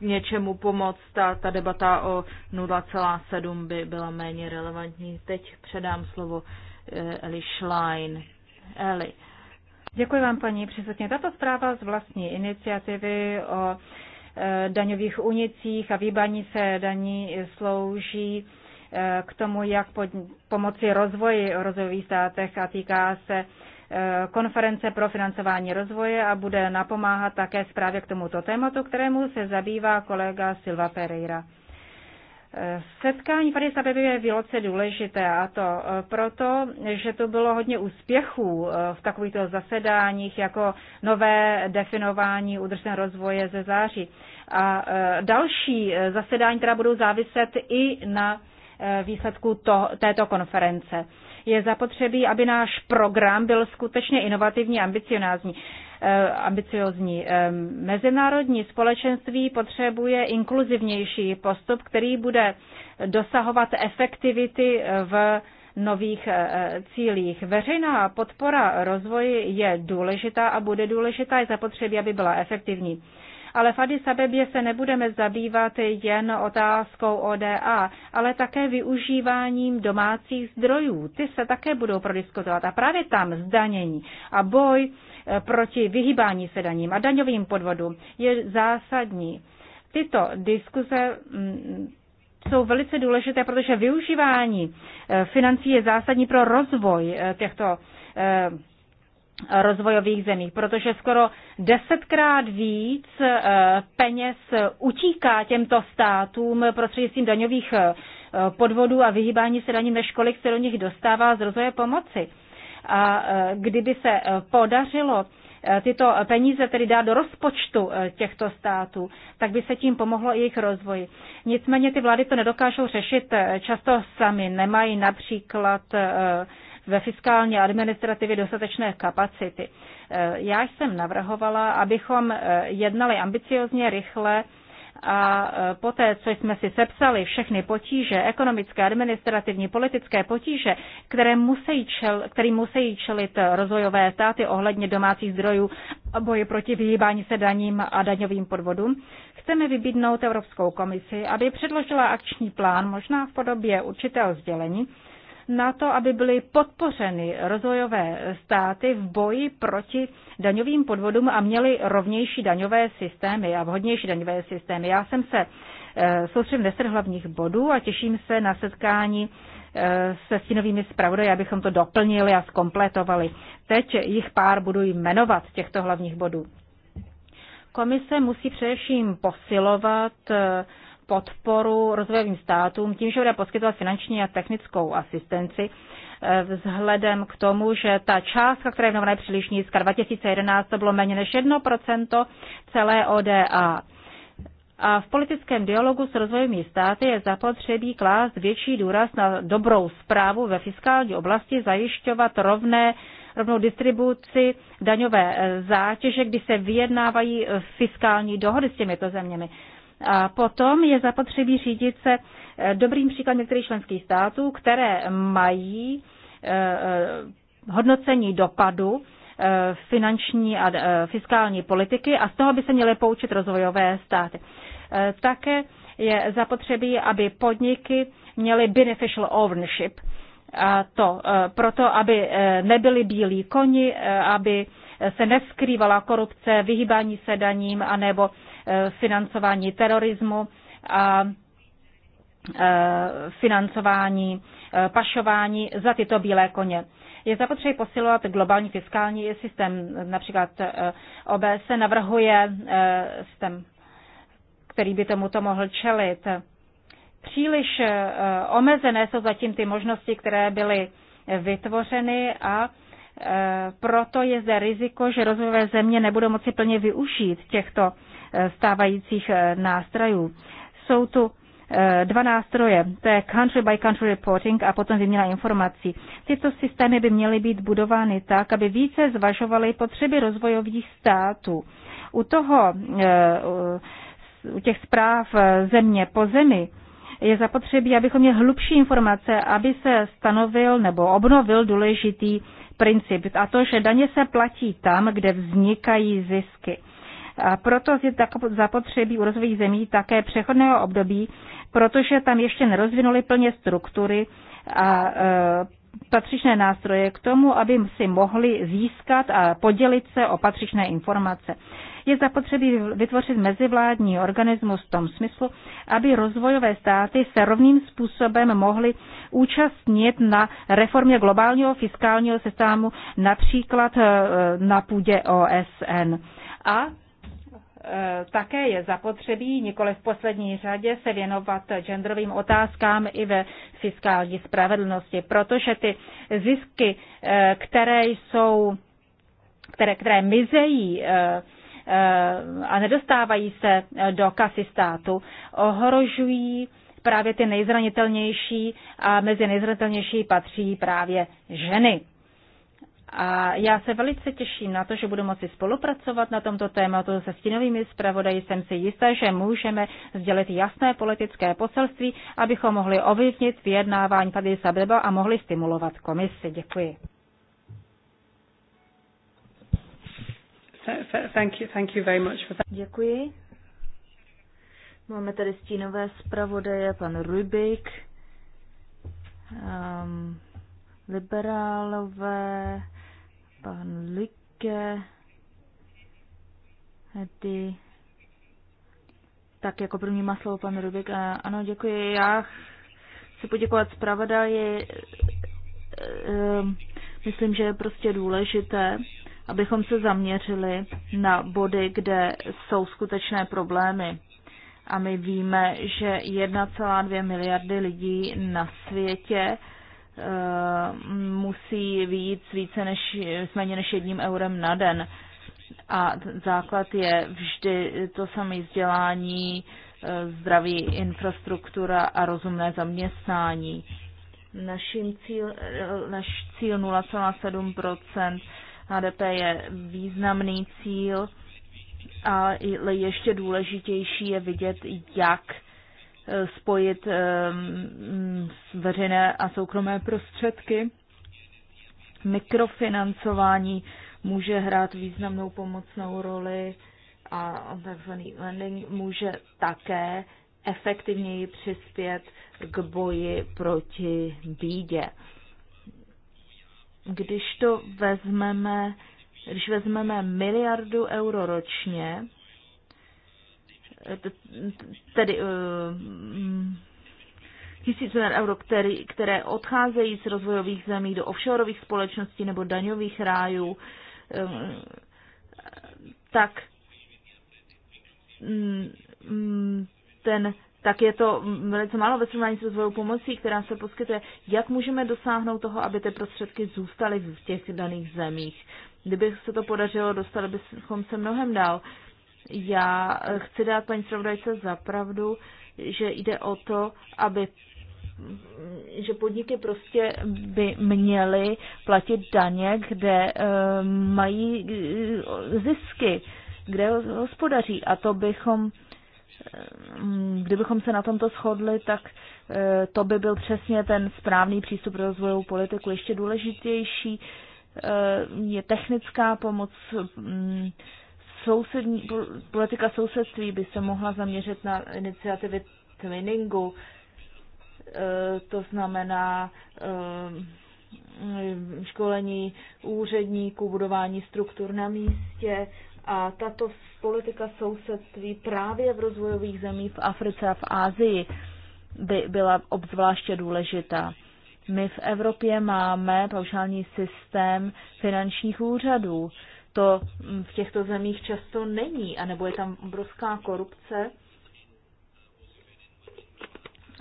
něčemu pomoct. Ta, ta debata o 0,7 by byla méně relevantní. Teď předám slovo Eh, Eli Schlein. Eli. Děkuji vám, paní předsedkyně. Tato zpráva z vlastní iniciativy o eh, daňových unicích a výbaní se daní slouží eh, k tomu, jak pod, pomoci rozvoji v rozvojových státech a týká se konference pro financování rozvoje a bude napomáhat také zprávě k tomuto tématu, kterému se zabývá kolega Silva Pereira. Setkání v Addis Abebě je velice důležité a to e, proto, že to bylo hodně úspěchů e, v takovýchto zasedáních jako nové definování udržitelného rozvoje ze září. A e, další zasedání, která budou záviset i na výsledku to, této konference. Je zapotřebí, aby náš program byl skutečně inovativní a ambicionázní. Eh, ambiciozní. Eh, mezinárodní společenství potřebuje inkluzivnější postup, který bude dosahovat efektivity eh, v nových cílích. Veřejná podpora rozvoji je důležitá a bude důležitá i zapotřebí, aby byla efektivní. Ale v Addis Abebě se nebudeme zabývat jen otázkou ODA, ale také využíváním domácích zdrojů. Ty se také budou prodiskutovat. A právě tam zdanění a boj Eh, proti vyhýbání se daním a daňovým podvodům je zásadní. Tyto diskuze mm, jsou velice důležité, protože využívání eh, financí je zásadní pro rozvoj eh, těchto rozvojových zemí, protože skoro desetkrát víc peněz utíká těmto státům prostřednictvím daňových podvodů a vyhýbání se daním, než kolik se do nich dostává z rozvoje pomoci. A e, kdyby se e, podařilo e, tyto peníze tedy dát do rozpočtu těchto států, tak by se tím pomohlo i jejich rozvoji. Nicméně ty vlády to nedokážou řešit často sami, nemají například ve fiskální administrativě dostatečné kapacity. Já jsem navrhovala, abychom jednali ambiciozně, rychle a e, poté, co jsme si sepsali všechny potíže, ekonomické, administrativní, politické potíže, které musí čel, který musí čelit rozvojové státy ohledně domácích zdrojů a boje proti vyhýbání se daním a daňovým podvodům, chceme vybídnout Evropskou komisi, aby předložila akční plán, možná v podobě určitého sdělení, na to, aby byly podpořeny rozvojové státy v boji proti daňovým podvodům a měly rovnější daňové systémy a vhodnější daňové systémy. Já jsem se eh, soustředím 10 hlavních bodů a těším se na setkání eh, se stínovými zpravodaji, abychom to doplnili a zkompletovali. Teď jich pár budu jmenovat těchto hlavních bodů. Komise musí především posilovat eh, podporu rozvojovým státům tím, že bude poskytovat finanční a technickou asistenci eh, vzhledem k tomu, že ta částka, která je v je příliš nízká, 2011 to bylo méně než 1% celé ODA. A v politickém dialogu s rozvojovými státy je zapotřebí klást větší důraz na dobrou zprávu ve fiskální oblasti, zajišťovat rovné rovnou distribuci daňové eh, zátěže, kdy se vyjednávají eh, fiskální dohody s těmito zeměmi. A potom je zapotřebí řídit se eh, dobrým příkladem některých členských států, které mají eh, eh, hodnocení dopadu finanční a fiskální politiky a z toho by se měly poučit rozvojové státy. Také je zapotřebí, aby podniky měly beneficial ownership, a to proto, aby nebyly bílí koni, aby se neskrývala korupce, vyhýbání se daním anebo Eh, financování terorismu a eh, financování, eh, pašování za tyto bílé koně. Je zapotřebí posilovat globální fiskální systém. Například OBS navrhuje systém, který by tomuto mohl čelit. Příliš omezené jsou zatím ty možnosti, které byly vytvořeny a proto je zde riziko, že rozvojové země nebudou moci plně využít těchto stávajících eh, nástrojů. Jsou tu eh, dva nástroje, to je country by country reporting a potom vyměna informací. Tyto systémy by měly být budovány tak, aby více zvažovaly potřeby rozvojových států. U toho, eh, u těch zpráv země po zemi, je zapotřebí, abychom měli hlubší informace, aby se stanovil nebo obnovil důležitý princip, a to, že daně se platí tam, kde vznikají zisky. A proto je zapotřebí u rozvojových zemí také přechodného období, protože tam ještě nerozvinuli plně struktury a e, patřičné nástroje k tomu, aby si mohli získat a podělit se o patřičné informace. Je zapotřebí vytvořit mezivládní organismus v tom smyslu, aby rozvojové státy se rovným způsobem mohly účastnit na reformě globálního fiskálního systému, například e, na půdě OSN. A Eh, také je zapotřebí nikoli v poslední řadě se věnovat genderovým otázkám i ve fiskální spravedlnosti, protože ty zisky, eh, které jsou, které, které mizejí eh, a nedostávají se do kasy státu, ohrožují právě ty nejzranitelnější a mezi nejzranitelnější patří právě ženy. A já se velice těším na to, že budu moci spolupracovat na tomto tématu se stínovými zpravodaji. Jsem si jistá, že můžeme sdělit jasné politické poselství, abychom mohli ovlivnit vyjednávání tady Sabeba a mohli stimulovat komisi. Děkuji. Thank you, thank you very much for that. Děkuji. Máme tady stínové zpravodaje, pan Rubik. Um, liberálové, pan Like, Hedy, tak jako první má slovo pan Rubik. Ano, děkuji. Já chci poděkovat zpravodaji. Ehm, myslím, že je prostě důležité, abychom se zaměřili na body, kde jsou skutečné problémy. A my víme, že 1,2 miliardy lidí na světě Eh, musí výjít s více než, s méně než jedním eurem na den. A základ je vždy to samé vzdělání, eh, zdraví, infrastruktura a rozumné zaměstnání. Naším cíl, eh, naš cíl 0,7 HDP je významný cíl, ale ještě důležitější je vidět, jak spojit eh, veřejné a soukromé prostředky. Mikrofinancování může hrát významnou pomocnou roli a tzv. lending může také efektivněji přispět k boji proti bídě. Když to vezmeme, když vezmeme miliardu euro ročně, tedy eh, tisíce euro, který, které odcházejí z rozvojových zemí do offshoreových společností nebo daňových rájů, eh, tak mm, ten, tak je to velice málo ve srovnání s rozvojovou pomocí, která se poskytuje. Jak můžeme dosáhnout toho, aby ty prostředky zůstaly v těch daných zemích? Kdyby se to podařilo, dostali bychom se mnohem dál. Uh, já eh, chci dát paní zpravodajce za pravdu, že jde o to, aby že podniky prostě by měly platit daně, kde eh, mají eh, zisky, kde hospodaří. A to bychom, kdybychom se na tomto shodli, tak to by byl přesně ten správný přístup pro rozvojovou politiku. Ještě důležitější je technická pomoc mm, sousední, politika sousedství by se mohla zaměřit na iniciativy twinningu, e, to znamená e, školení úředníků, budování struktur na místě a tato politika sousedství právě v rozvojových zemích v Africe a v Ázii by byla obzvláště důležitá. My v Evropě máme paušální systém finančních úřadů, to mm, v těchto zemích často není, anebo je tam obrovská korupce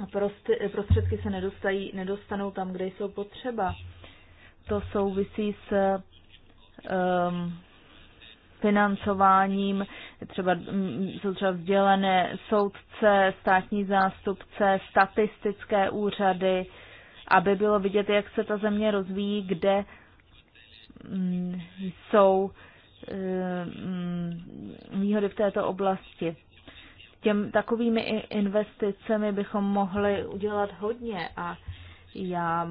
a prostě, prostředky se nedostají, nedostanou tam, kde jsou potřeba. To souvisí s um, financováním, třeba, mm, jsou třeba vzdělené soudce, státní zástupce, statistické úřady, aby bylo vidět, jak se ta země rozvíjí, kde Mm, jsou eh, mm, výhody v této oblasti. Těm takovými investicemi bychom mohli udělat hodně a já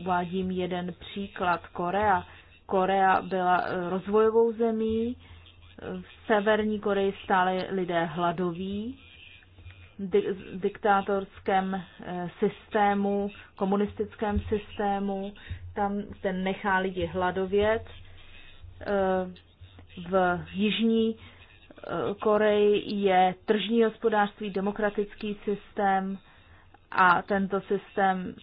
uvádím jeden příklad. Korea. Korea byla eh, rozvojovou zemí, v severní Koreji stále lidé hladoví, di- diktátorském eh, systému, komunistickém systému tam se nechá lidi hladovět. Eh, v Jižní eh, Koreji je tržní hospodářství, demokratický systém a tento systém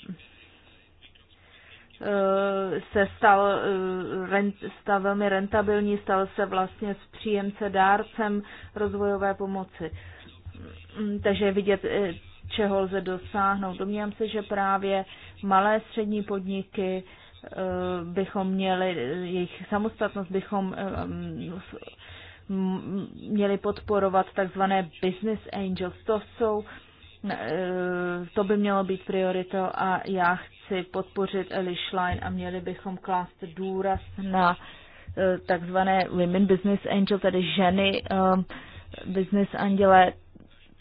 eh, se stal, stal velmi rentabilní, stal se vlastně s příjemce dárcem rozvojové pomoci. Mm, takže vidět, čeho lze dosáhnout. Domnívám se, že právě malé střední podniky Eh, bychom měli, jejich samostatnost bychom eh, měli podporovat takzvané business angels. To jsou eh, to by mělo být prioritou a já chci podpořit Eli Schlein a měli bychom klást důraz na takzvané women business angel, tedy ženy business angele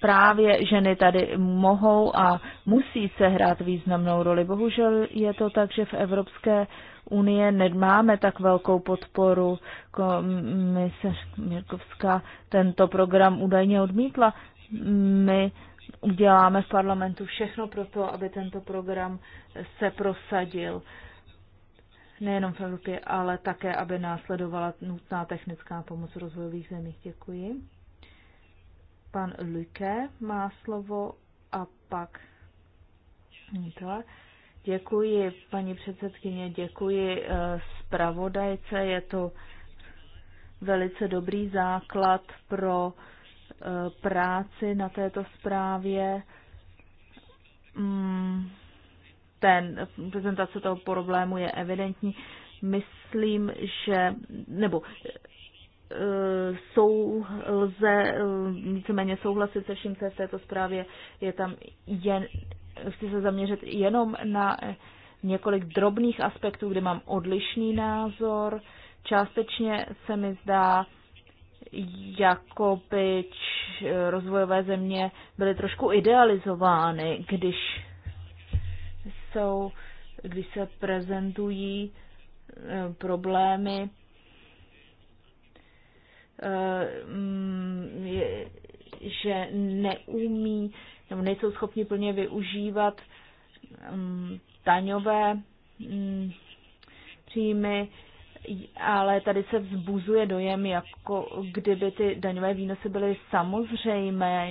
právě ženy tady mohou a musí se hrát významnou roli. Bohužel je to tak, že v Evropské unie nemáme tak velkou podporu. se Mirkovská tento program údajně odmítla. My uděláme v parlamentu všechno pro to, aby tento program se prosadil nejenom v Evropě, ale také, aby následovala nutná technická pomoc rozvojových zemích. Děkuji. Pan Luke má slovo a pak to. Děkuji, paní předsedkyně, děkuji eh, zpravodajce. Je to velice dobrý základ pro eh, práci na této zprávě. Mm, ten prezentace toho problému je evidentní. Myslím, že, nebo jsou, lze eh, víceméně souhlasit se vším, co v této zprávě. Je tam jen, chci se zaměřit jenom na několik drobných aspektů, kde mám odlišný názor. Částečně se mi zdá, jako by eh, rozvojové země byly trošku idealizovány, když jsou, když se prezentují eh, problémy Eh, mm, že neumí nebo nejsou schopni plně využívat mm, daňové mm, příjmy, ale tady se vzbuzuje dojem, jako kdyby ty daňové výnosy byly samozřejmé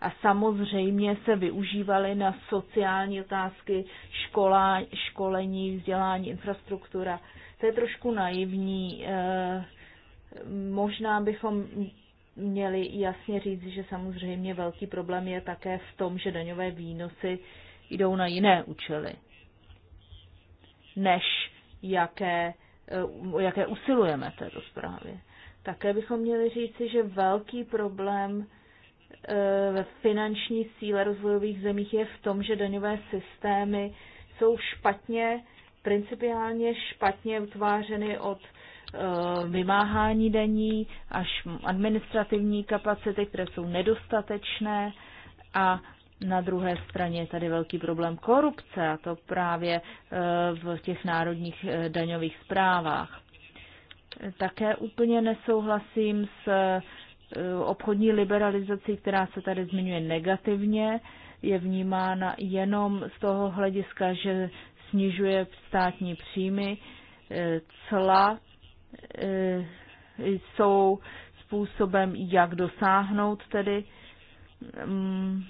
a samozřejmě se využívaly na sociální otázky, škola, školení, vzdělání, infrastruktura. To je trošku naivní. Eh, Možná bychom měli jasně říct, že samozřejmě velký problém je také v tom, že daňové výnosy jdou na jiné účely, než jaké, eh, jaké usilujeme této zprávě. Také bychom měli říci, že velký problém eh, ve finanční síle rozvojových zemích je v tom, že daňové systémy jsou špatně, principiálně špatně utvářeny od Eh, vymáhání daní až administrativní kapacity, které jsou nedostatečné a na druhé straně je tady velký problém korupce a to právě eh, v těch národních eh, daňových zprávách. Také úplně nesouhlasím s obchodní liberalizací, která se tady zmiňuje negativně, je vnímána jenom z toho hlediska, že snižuje státní příjmy, cla Eh, jsou způsobem, jak dosáhnout tedy mm,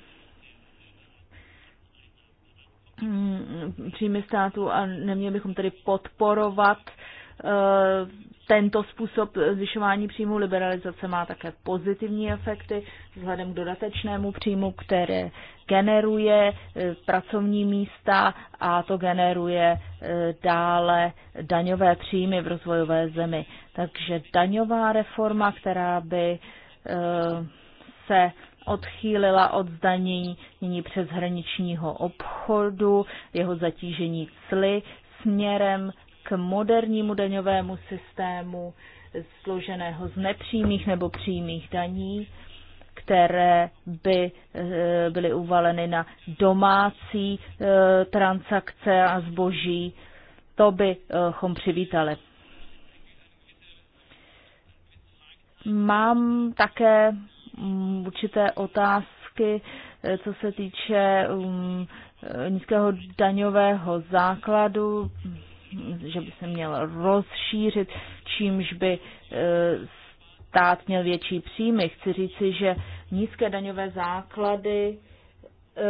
mm, příjmy státu a neměli bychom tedy podporovat eh, tento způsob zvyšování příjmu liberalizace má také pozitivní efekty vzhledem k dodatečnému příjmu, které generuje e, pracovní místa a to generuje e, dále daňové příjmy v rozvojové zemi. Takže daňová reforma, která by e, se odchýlila od zdanění přeshraničního obchodu, jeho zatížení cly směrem k modernímu daňovému systému složeného z nepřímých nebo přímých daní, které by eh, byly uvaleny na domácí eh, transakce a zboží. To bychom eh, přivítali. Mám také mm, určité otázky, co se týče mm, nízkého daňového základu, že by se měl rozšířit, čímž by e, stát měl větší příjmy. Chci říci, že nízké daňové základy e,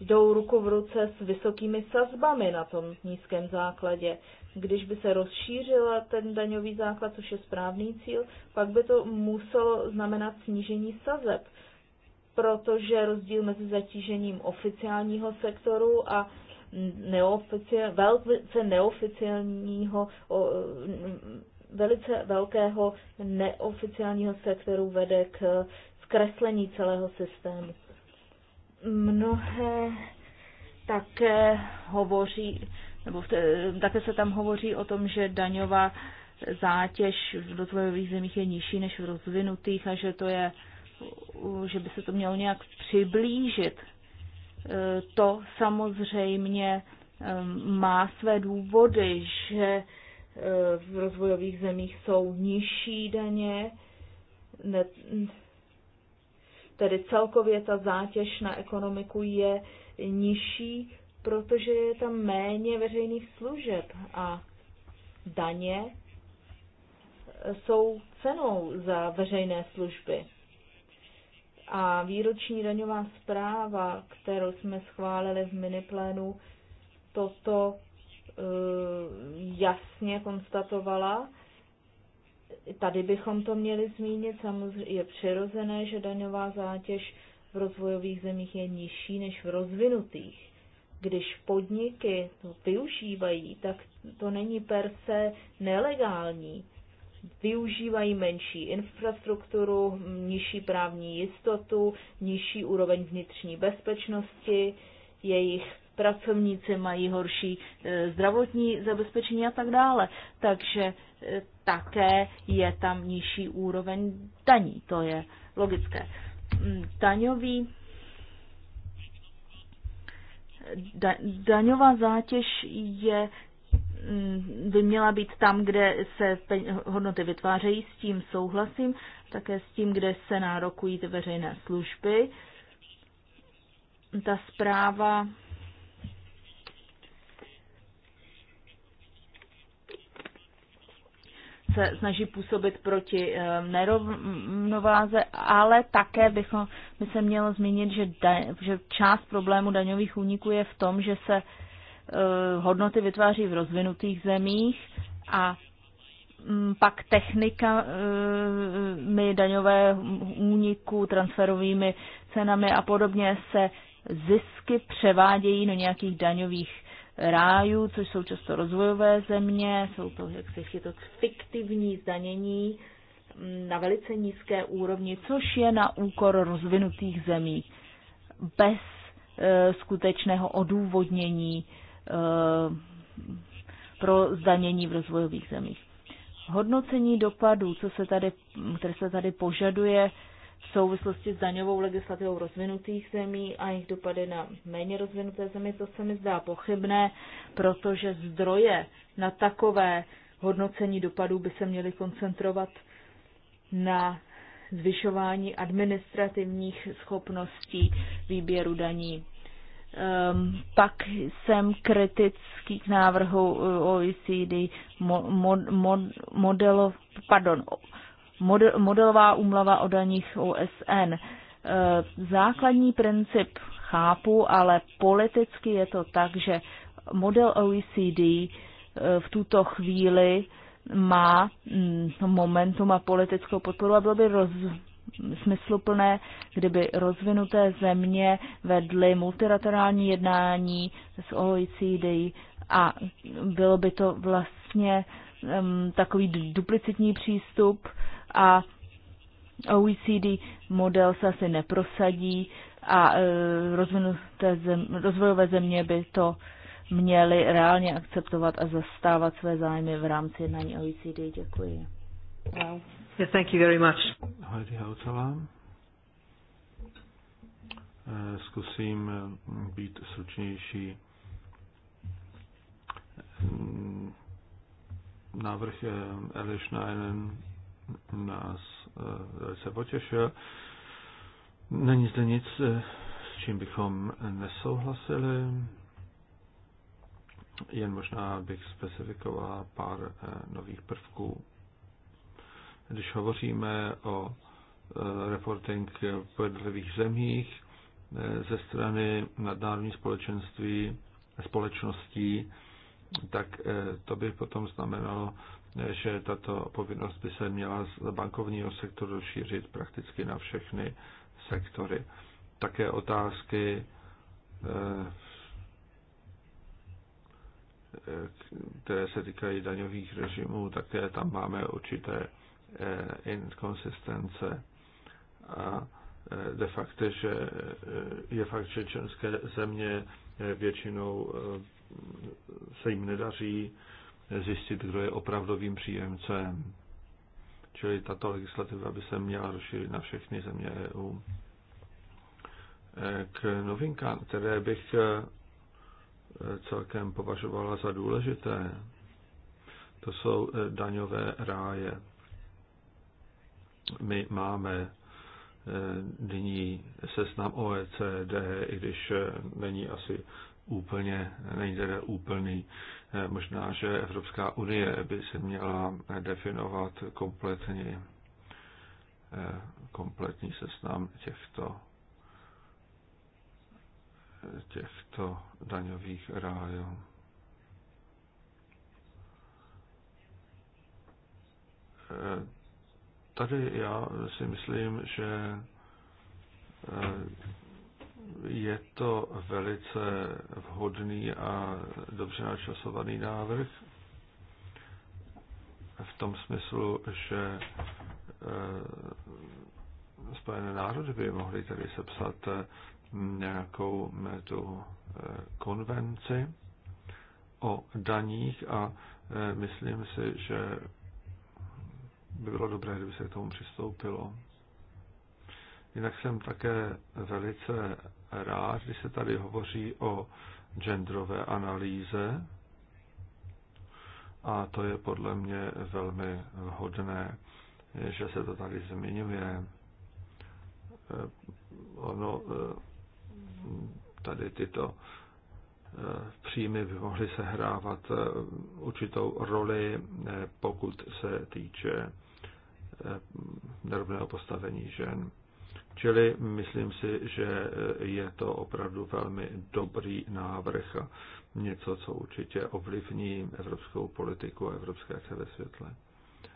jdou ruku v ruce s vysokými sazbami na tom nízkém základě. Když by se rozšířila ten daňový základ, což je správný cíl, pak by to muselo znamenat snížení sazeb, protože rozdíl mezi zatížením oficiálního sektoru a neoficiál, velice neoficiálního, velice velkého neoficiálního sektoru vede k zkreslení celého systému. Mnohé také hovoří, nebo také se tam hovoří o tom, že daňová zátěž v rozvojových zemích je nižší než v rozvinutých a že to je, že by se to mělo nějak přiblížit to samozřejmě má své důvody, že v rozvojových zemích jsou nižší daně, tedy celkově ta zátěž na ekonomiku je nižší, protože je tam méně veřejných služeb a daně jsou cenou za veřejné služby. A výroční daňová zpráva, kterou jsme schválili v miniplénu, toto eh, jasně konstatovala. Tady bychom to měli zmínit. Samozřejmě je přirozené, že daňová zátěž v rozvojových zemích je nižší než v rozvinutých. Když podniky to využívají, tak to není per se nelegální využívají menší infrastrukturu, nižší právní jistotu, nižší úroveň vnitřní bezpečnosti, jejich pracovníci mají horší e, zdravotní zabezpečení a tak dále. Takže e, také je tam nižší úroveň daní, to je logické. Mm, daňový da, daňová zátěž je Mm, by měla být tam, kde se hodnoty vytvářejí, s tím souhlasím, také s tím, kde se nárokují ty veřejné služby. Ta zpráva se snaží působit proti eh, nerovnováze, ale také bychom, by se mělo zmínit, že, da, že část problému daňových úniků je v tom, že se Eh, hodnoty vytváří v rozvinutých zemích a mm, pak eh, my daňové úniku, transferovými cenami a podobně se zisky převádějí do nějakých daňových rájů, což jsou často rozvojové země, jsou to je to fiktivní zdanění mm, na velice nízké úrovni, což je na úkor rozvinutých zemí bez eh, skutečného odůvodnění Eh, pro zdanění v rozvojových zemích. Hodnocení dopadů, co se tady, které se tady požaduje v souvislosti s daňovou legislativou rozvinutých zemí a jejich dopady na méně rozvinuté zemi, to se mi zdá pochybné, protože zdroje na takové hodnocení dopadů by se měly koncentrovat na zvyšování administrativních schopností výběru daní Um, pak jsem kritický k návrhu eh, OECD mo, mo, mo, modelo, pardon, model, modelová úmlava o daních OSN. Uh, ehm, základní princip chápu, ale politicky je to tak, že model OECD eh, v tuto chvíli má mm, momentum a politickou podporu a bylo by roz, smysluplné, kdyby rozvinuté země vedly multilaterální jednání s OECD a bylo by to vlastně um, takový duplicitní přístup a OECD model se asi neprosadí a uh, rozvinuté zem, rozvojové země by to měly reálně akceptovat a zastávat své zájmy v rámci jednání OECD. Děkuji. Wow. Yes, thank you very much. Heidi Hautala. Eh, zkusím eh, být slučnější. Mm, návrh eh, Eliš Schneiden nás velice potěšil. Není zde nic, s čím bychom nesouhlasili. Jen možná bych specifikoval pár nových prvků. Když hovoříme o e, reporting v jednotlivých zemích e, ze strany nadnárodní společenství, společností, tak e, to by potom znamenalo, že tato povinnost by se měla z bankovního sektoru šířit prakticky na všechny sektory. Také otázky které se týkají daňových režimů, také tam máme určité Eh, inkonsistence a eh, de facto, že eh, je fakt, že členské země většinou se jim nedaří zjistit, kdo je opravdovým příjemcem. Čili tato legislativa by se měla rozšířit na všechny země EU. K novinkám, které bych celkem považovala za důležité, to jsou daňové ráje. My máme eh, nyní seznam OECD, i když eh, není asi úplně, není tedy úplný. Eh, možná, že Evropská unie by se měla definovat kompletní, kompletní seznam těchto těchto daňových rájů tady já si myslím, že eh, je to velice vhodný a dobře načasovaný návrh v tom smyslu, že eh, Spojené národy by mohly tedy sepsat eh, nějakou tu konvenci o daních a myslím si, že by bylo dobré, kdyby se k tomu přistoupilo. Jinak jsem také velice rád, když se tady hovoří o genderové analýze a to je podle mě velmi vhodné, že se to tady zmiňuje. Eh, ono eh, tady tyto eh, příjmy by mohly sehrávat určitou roli, pokud se týče Eh, nerovného postavení žen. Čili myslím si, že je to opravdu velmi dobrý návrh a něco, co určitě ovlivní evropskou politiku a evropské akce ve, světle,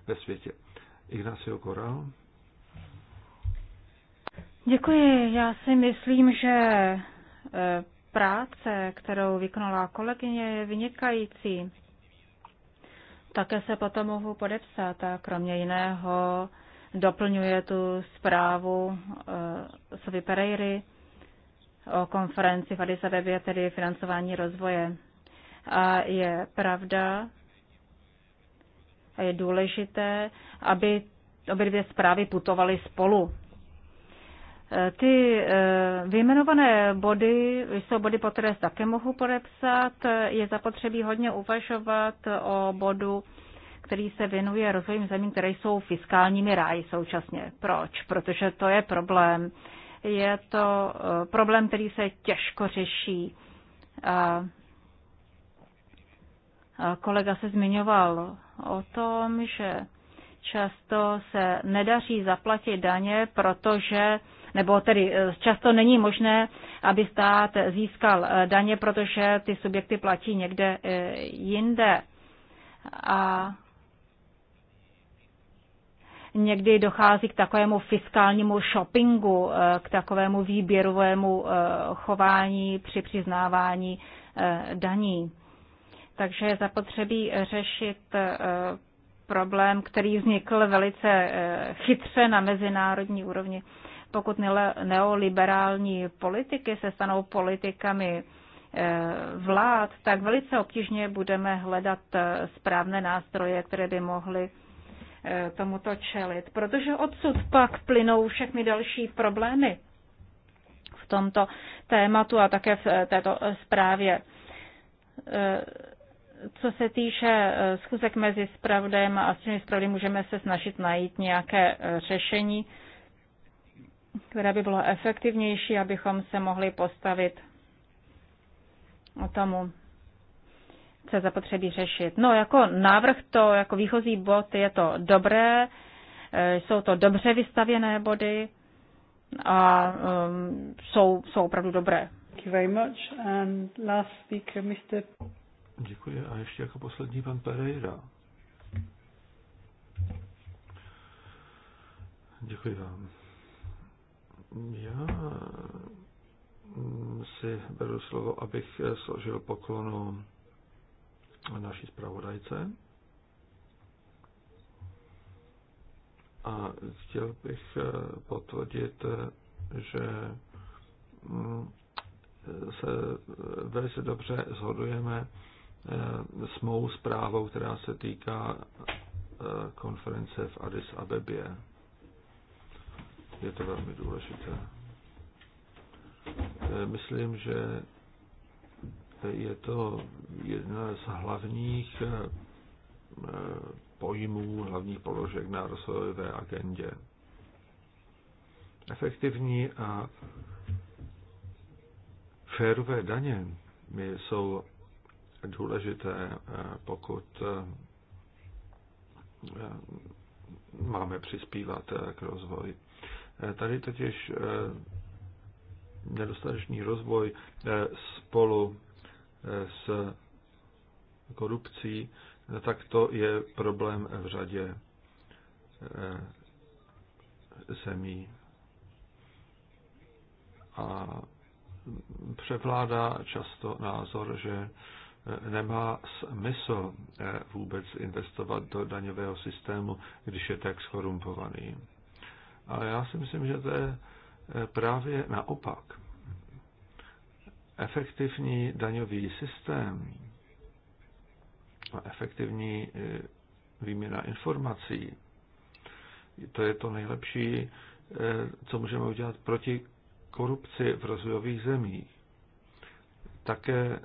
ve světě. Ignacio Koral. Děkuji. Já si myslím, že eh, práce, kterou vykonala kolegyně, je vynikající. Také se potom mohu podepsat a kromě jiného doplňuje tu zprávu uh, eh, Sovy Pereiry o konferenci v Addis Abebe, tedy financování rozvoje. A je pravda a je důležité, aby obě dvě zprávy putovaly spolu ty eh, vyjmenované body jsou body, po které také mohu podepsat. Je zapotřebí hodně uvažovat o bodu, který se věnuje rozvojím zemí, které jsou fiskálními ráji současně. Proč? Protože to je problém. Je to eh, problém, který se těžko řeší. A kolega se zmiňoval o tom, že často se nedaří zaplatit daně, protože nebo tedy eh, často není možné, aby stát získal eh, daně, protože ty subjekty platí někde eh, jinde. A někdy dochází k takovému fiskálnímu shoppingu, k takovému výběrovému chování při přiznávání daní. Takže je zapotřebí řešit problém, který vznikl velice chytře na mezinárodní úrovni pokud neoliberální politiky se stanou politikami eh, vlád, tak velice obtížně budeme hledat eh, správné nástroje, které by mohly eh, tomuto čelit, protože odsud pak plynou všechny další problémy v tomto tématu a také v této zprávě. Co se týče schůzek mezi spravdem a střední spravdy, můžeme se snažit najít nějaké řešení které by bylo efektivnější, abychom se mohli postavit o tomu, co je zapotřebí řešit. No, jako návrh to, jako výchozí bod je to dobré, e, jsou to dobře vystavěné body a um, jsou, jsou opravdu dobré. Děkuji. A ještě jako poslední pan Pereira. Děkuji vám. Já mm, si beru slovo, abych eh, složil poklonu naší zpravodajce. A chtěl bych eh, potvrdit, eh, že mm, se velice dobře shodujeme s mou zprávou, která se týká konference v Addis Abebě. Je to velmi důležité. E, myslím, že je to jedna z hlavních e, pojmů, hlavních položek na rozvojové agendě. Efektivní a férové daně jsou důležité, e, pokud máme přispívat k rozvoji. Eh, tady totiž eh, nedostatečný rozvoj eh, spolu s korupcí, tak to je problém v řadě zemí. A převládá často názor, že nemá smysl vůbec investovat do daňového systému, když je tak skorumpovaný. Ale já si myslím, že to je eh, právě naopak. Efektivní daňový systém a efektivní eh, výměna informací, to je to nejlepší, eh, co můžeme udělat proti korupci v rozvojových zemích. Také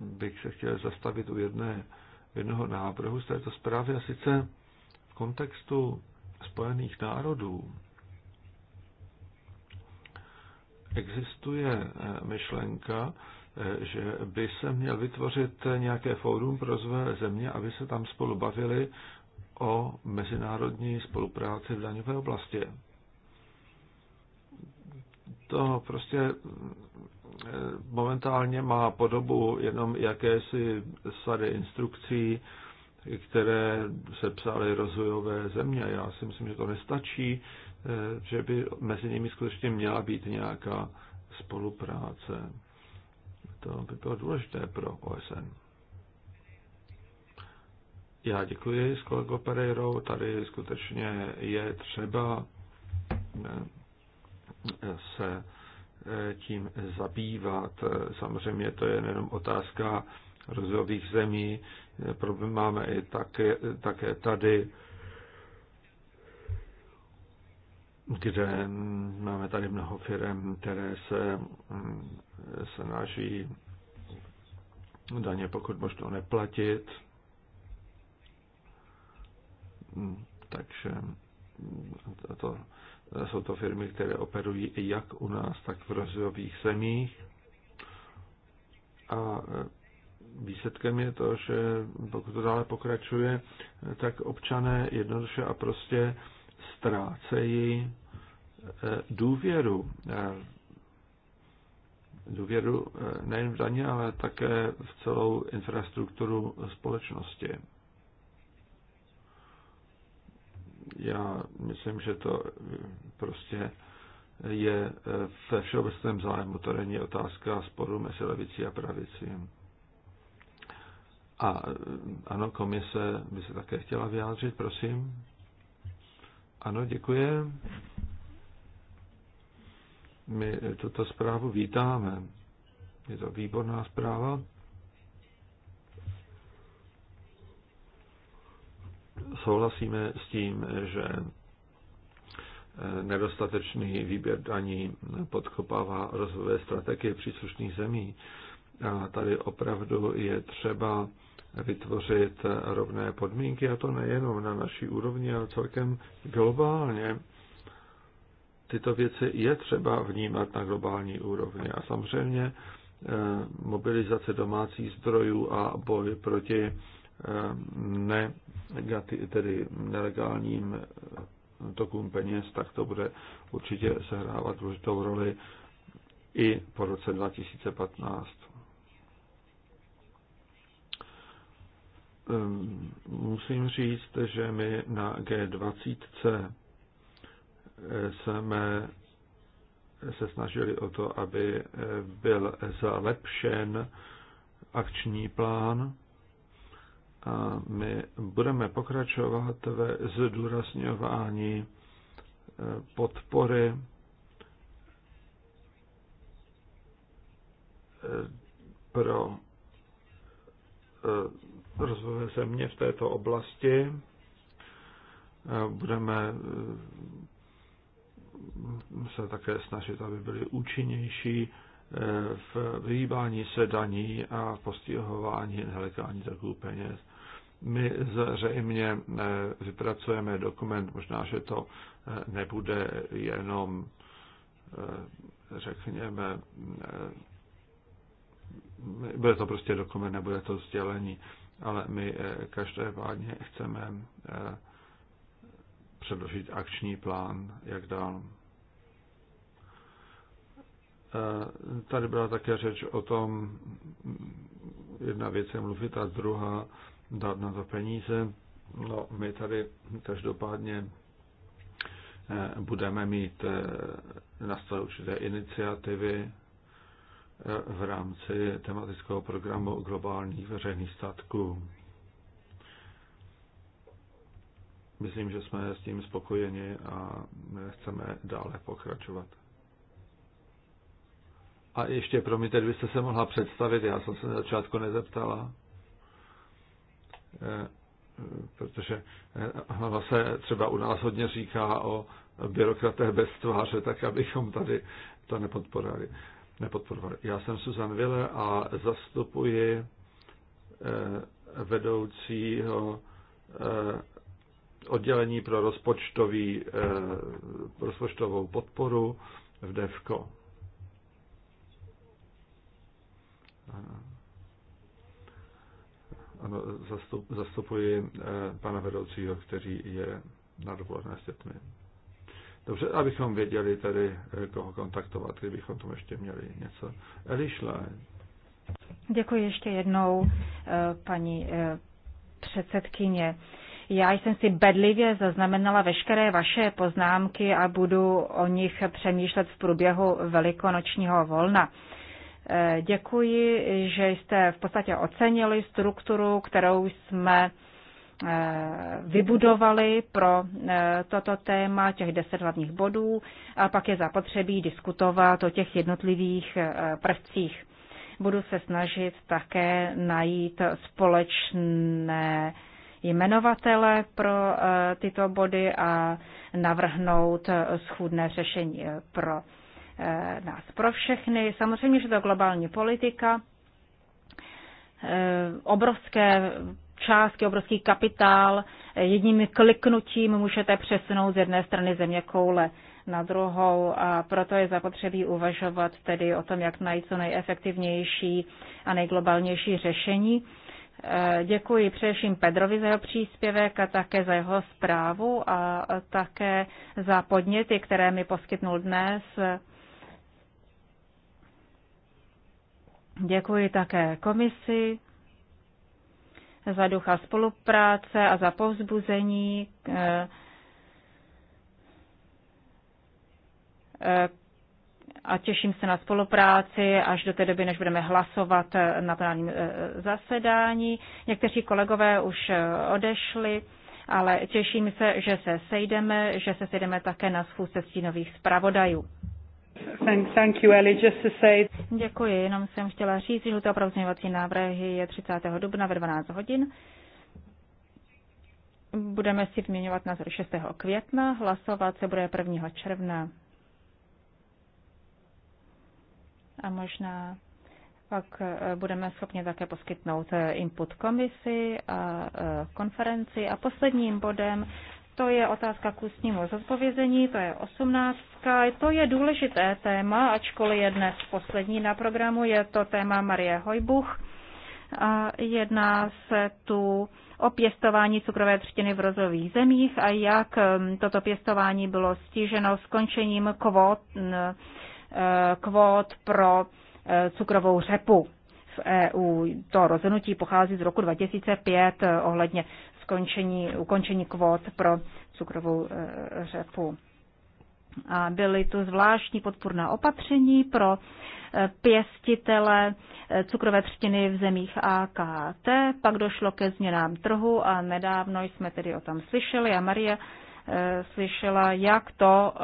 bych se chtěl zastavit u jedné, jednoho návrhu z této zprávy a sice v kontextu Spojených národů existuje eh, myšlenka, eh, že by se měl vytvořit eh, nějaké fórum pro rozvojové země, aby se tam spolu bavili o mezinárodní spolupráci v daňové oblasti. To prostě momentálně má podobu jenom jakési sady instrukcí které se psaly rozvojové země. Já si myslím, že to nestačí, eh, že by mezi nimi skutečně měla být nějaká spolupráce. To by bylo důležité pro OSN. Já děkuji s kolegou Pereirou. Tady skutečně je třeba eh, se eh, tím zabývat. Samozřejmě to je jenom otázka rozvojových zemí, Problém máme i také, také tady, kde máme tady mnoho firm, které se snaží daně pokud možno neplatit. Takže to, jsou to firmy, které operují jak u nás, tak v rozvojových zemích. A výsledkem je to, že pokud to dále pokračuje, tak občané jednoduše a prostě ztrácejí eh, důvěru. Eh, důvěru eh, nejen v daně, ale také v celou infrastrukturu společnosti. Já myslím, že to prostě je ve všeobecném zájmu. To není otázka sporu mezi levicí a pravicí. A ano, komise by se také chtěla vyjádřit, prosím. Ano, děkuji. My tuto zprávu vítáme. Je to výborná zpráva. Souhlasíme s tím, že eh, nedostatečný výběr daní podkopává rozvojové strategie příslušných zemí. A tady opravdu je třeba vytvořit rovné podmínky, a to nejenom na naší úrovni, ale celkem globálně. Tyto věci je třeba vnímat na globální úrovni. A samozřejmě eh, mobilizace domácích zdrojů a boj proti eh, ne, tedy nelegálním eh, tokům peněz, tak to bude určitě sehrávat důležitou roli i po roce 2015. Ehm, musím říct, že my na G20 jsme se snažili o to, aby byl zalepšen akční plán. A my budeme pokračovat ve zdůrazňování eh, podpory eh, pro eh, rozvoje země v této oblasti. Budeme eh, se také snažit, aby byli účinnější eh, v vyhýbání se daní a postihování nelegální trhů peněz. My zřejmě eh, vypracujeme dokument, možná, že to nebude jenom, řekněme, bude to prostě dokument, nebude to sdělení ale my eh, vládně chceme eh, předložit akční plán, jak dál. Eh, tady byla také řeč o tom, jedna věc je mluvit a druhá dát na to peníze. No, my tady každopádně budeme mít na stole určité iniciativy, v rámci tematického programu globálních veřejných statků. Myslím, že jsme s tím spokojeni a chceme dále pokračovat. A ještě, promiňte, byste se mohla představit, já jsem se na začátku nezeptala, eh, protože eh, ono se třeba u nás hodně říká o byrokratech bez tváře, tak abychom tady to nepodporali nepodporoval. Já jsem Susan Ville a zastupuji eh, vedoucího eh, oddělení pro rozpočtový, eh, rozpočtovou podporu v DEVKO. Ano, zastup, zastupuji pana vedoucího, který je na dovolené s dětmi. Dobře, abychom věděli tedy, eh, koho kontaktovat, kdybychom tomu ještě měli něco. Elišle. Děkuji ještě jednou, eh, paní eh, předsedkyně. Já jsem si bedlivě zaznamenala veškeré vaše poznámky a budu o nich přemýšlet v průběhu velikonočního volna. Děkuji, že jste v podstatě ocenili strukturu, kterou jsme Eh, vybudovali pro eh, toto téma těch deset hlavních bodů a pak je zapotřebí diskutovat o těch jednotlivých eh, prvcích. Budu se snažit také najít společné jmenovatele pro tyto body a navrhnout schůdné řešení pro nás, pro všechny. Samozřejmě, že to globální politika, obrovské částky, obrovský kapitál. Jedním kliknutím můžete přesunout z jedné strany země koule na druhou a proto je zapotřebí uvažovat tedy o tom, jak najít co nejefektivnější a nejglobálnější řešení. Eh, děkuji především Pedrovi za jeho příspěvek a také za jeho zprávu a také za podněty, které mi poskytnul dnes. Děkuji také komisi za ducha spolupráce a za povzbuzení eh, eh, a těším se na spolupráci až do té doby, než budeme hlasovat eh, na plenárním zasedání. Někteří kolegové už odešli, ale těším se, že se sejdeme, že se sejdeme také na schůzce stínových zpravodajů. Thank, you, Ellie. Just to say... Děkuji, jenom jsem chtěla říct, že to opravdu návrhy je 30. dubna ve 12 hodin. Budeme si vyměňovat názor 6. května, hlasovat se bude 1. června. A možná pak eh, budeme schopni také poskytnout eh, input komisi a eh, konferenci. A posledním bodem to je otázka k ústnímu zodpovězení, to je osmnáctka. To je důležité téma, ačkoliv je dnes poslední na programu, je to téma Marie Hojbuch. A jedná se tu o pěstování cukrové třtiny v rozových zemích a jak um, toto pěstování bylo stíženo skončením kvót, e, kvót pro e, cukrovou řepu v EU. To rozhodnutí pochází z roku 2005 eh, ohledně skončení, ukončení kvót pro cukrovou eh, řepu. A byly tu zvláštní podpůrná opatření pro eh, pěstitele eh, cukrové třtiny v zemích AKT. Pak došlo ke změnám trhu a nedávno jsme tedy o tom slyšeli a Marie slyšela, jak to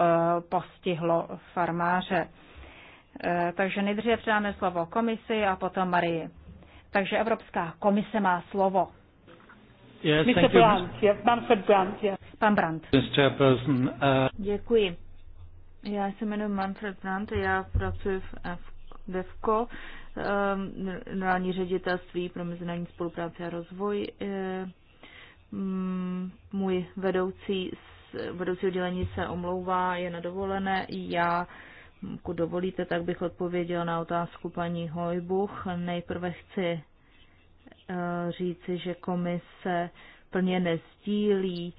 postihlo farmáře. Takže nejdříve předáme slovo komisi a potom Marie. Takže Evropská komise má slovo. Pan Brandt. Uh, Děkuji. Já se jmenuji Manfred Brandt, já pracuji v DEFCO, um, generální ředitelství pro mezinárodní spolupráci a rozvoj. Uh, mm, můj vedoucí, vedoucí oddělení se omlouvá, je na dovolené. Já, pokud dovolíte, tak bych odpověděl na otázku paní Hojbuch. Nejprve chci Eh, říci, že komise plně nezdílí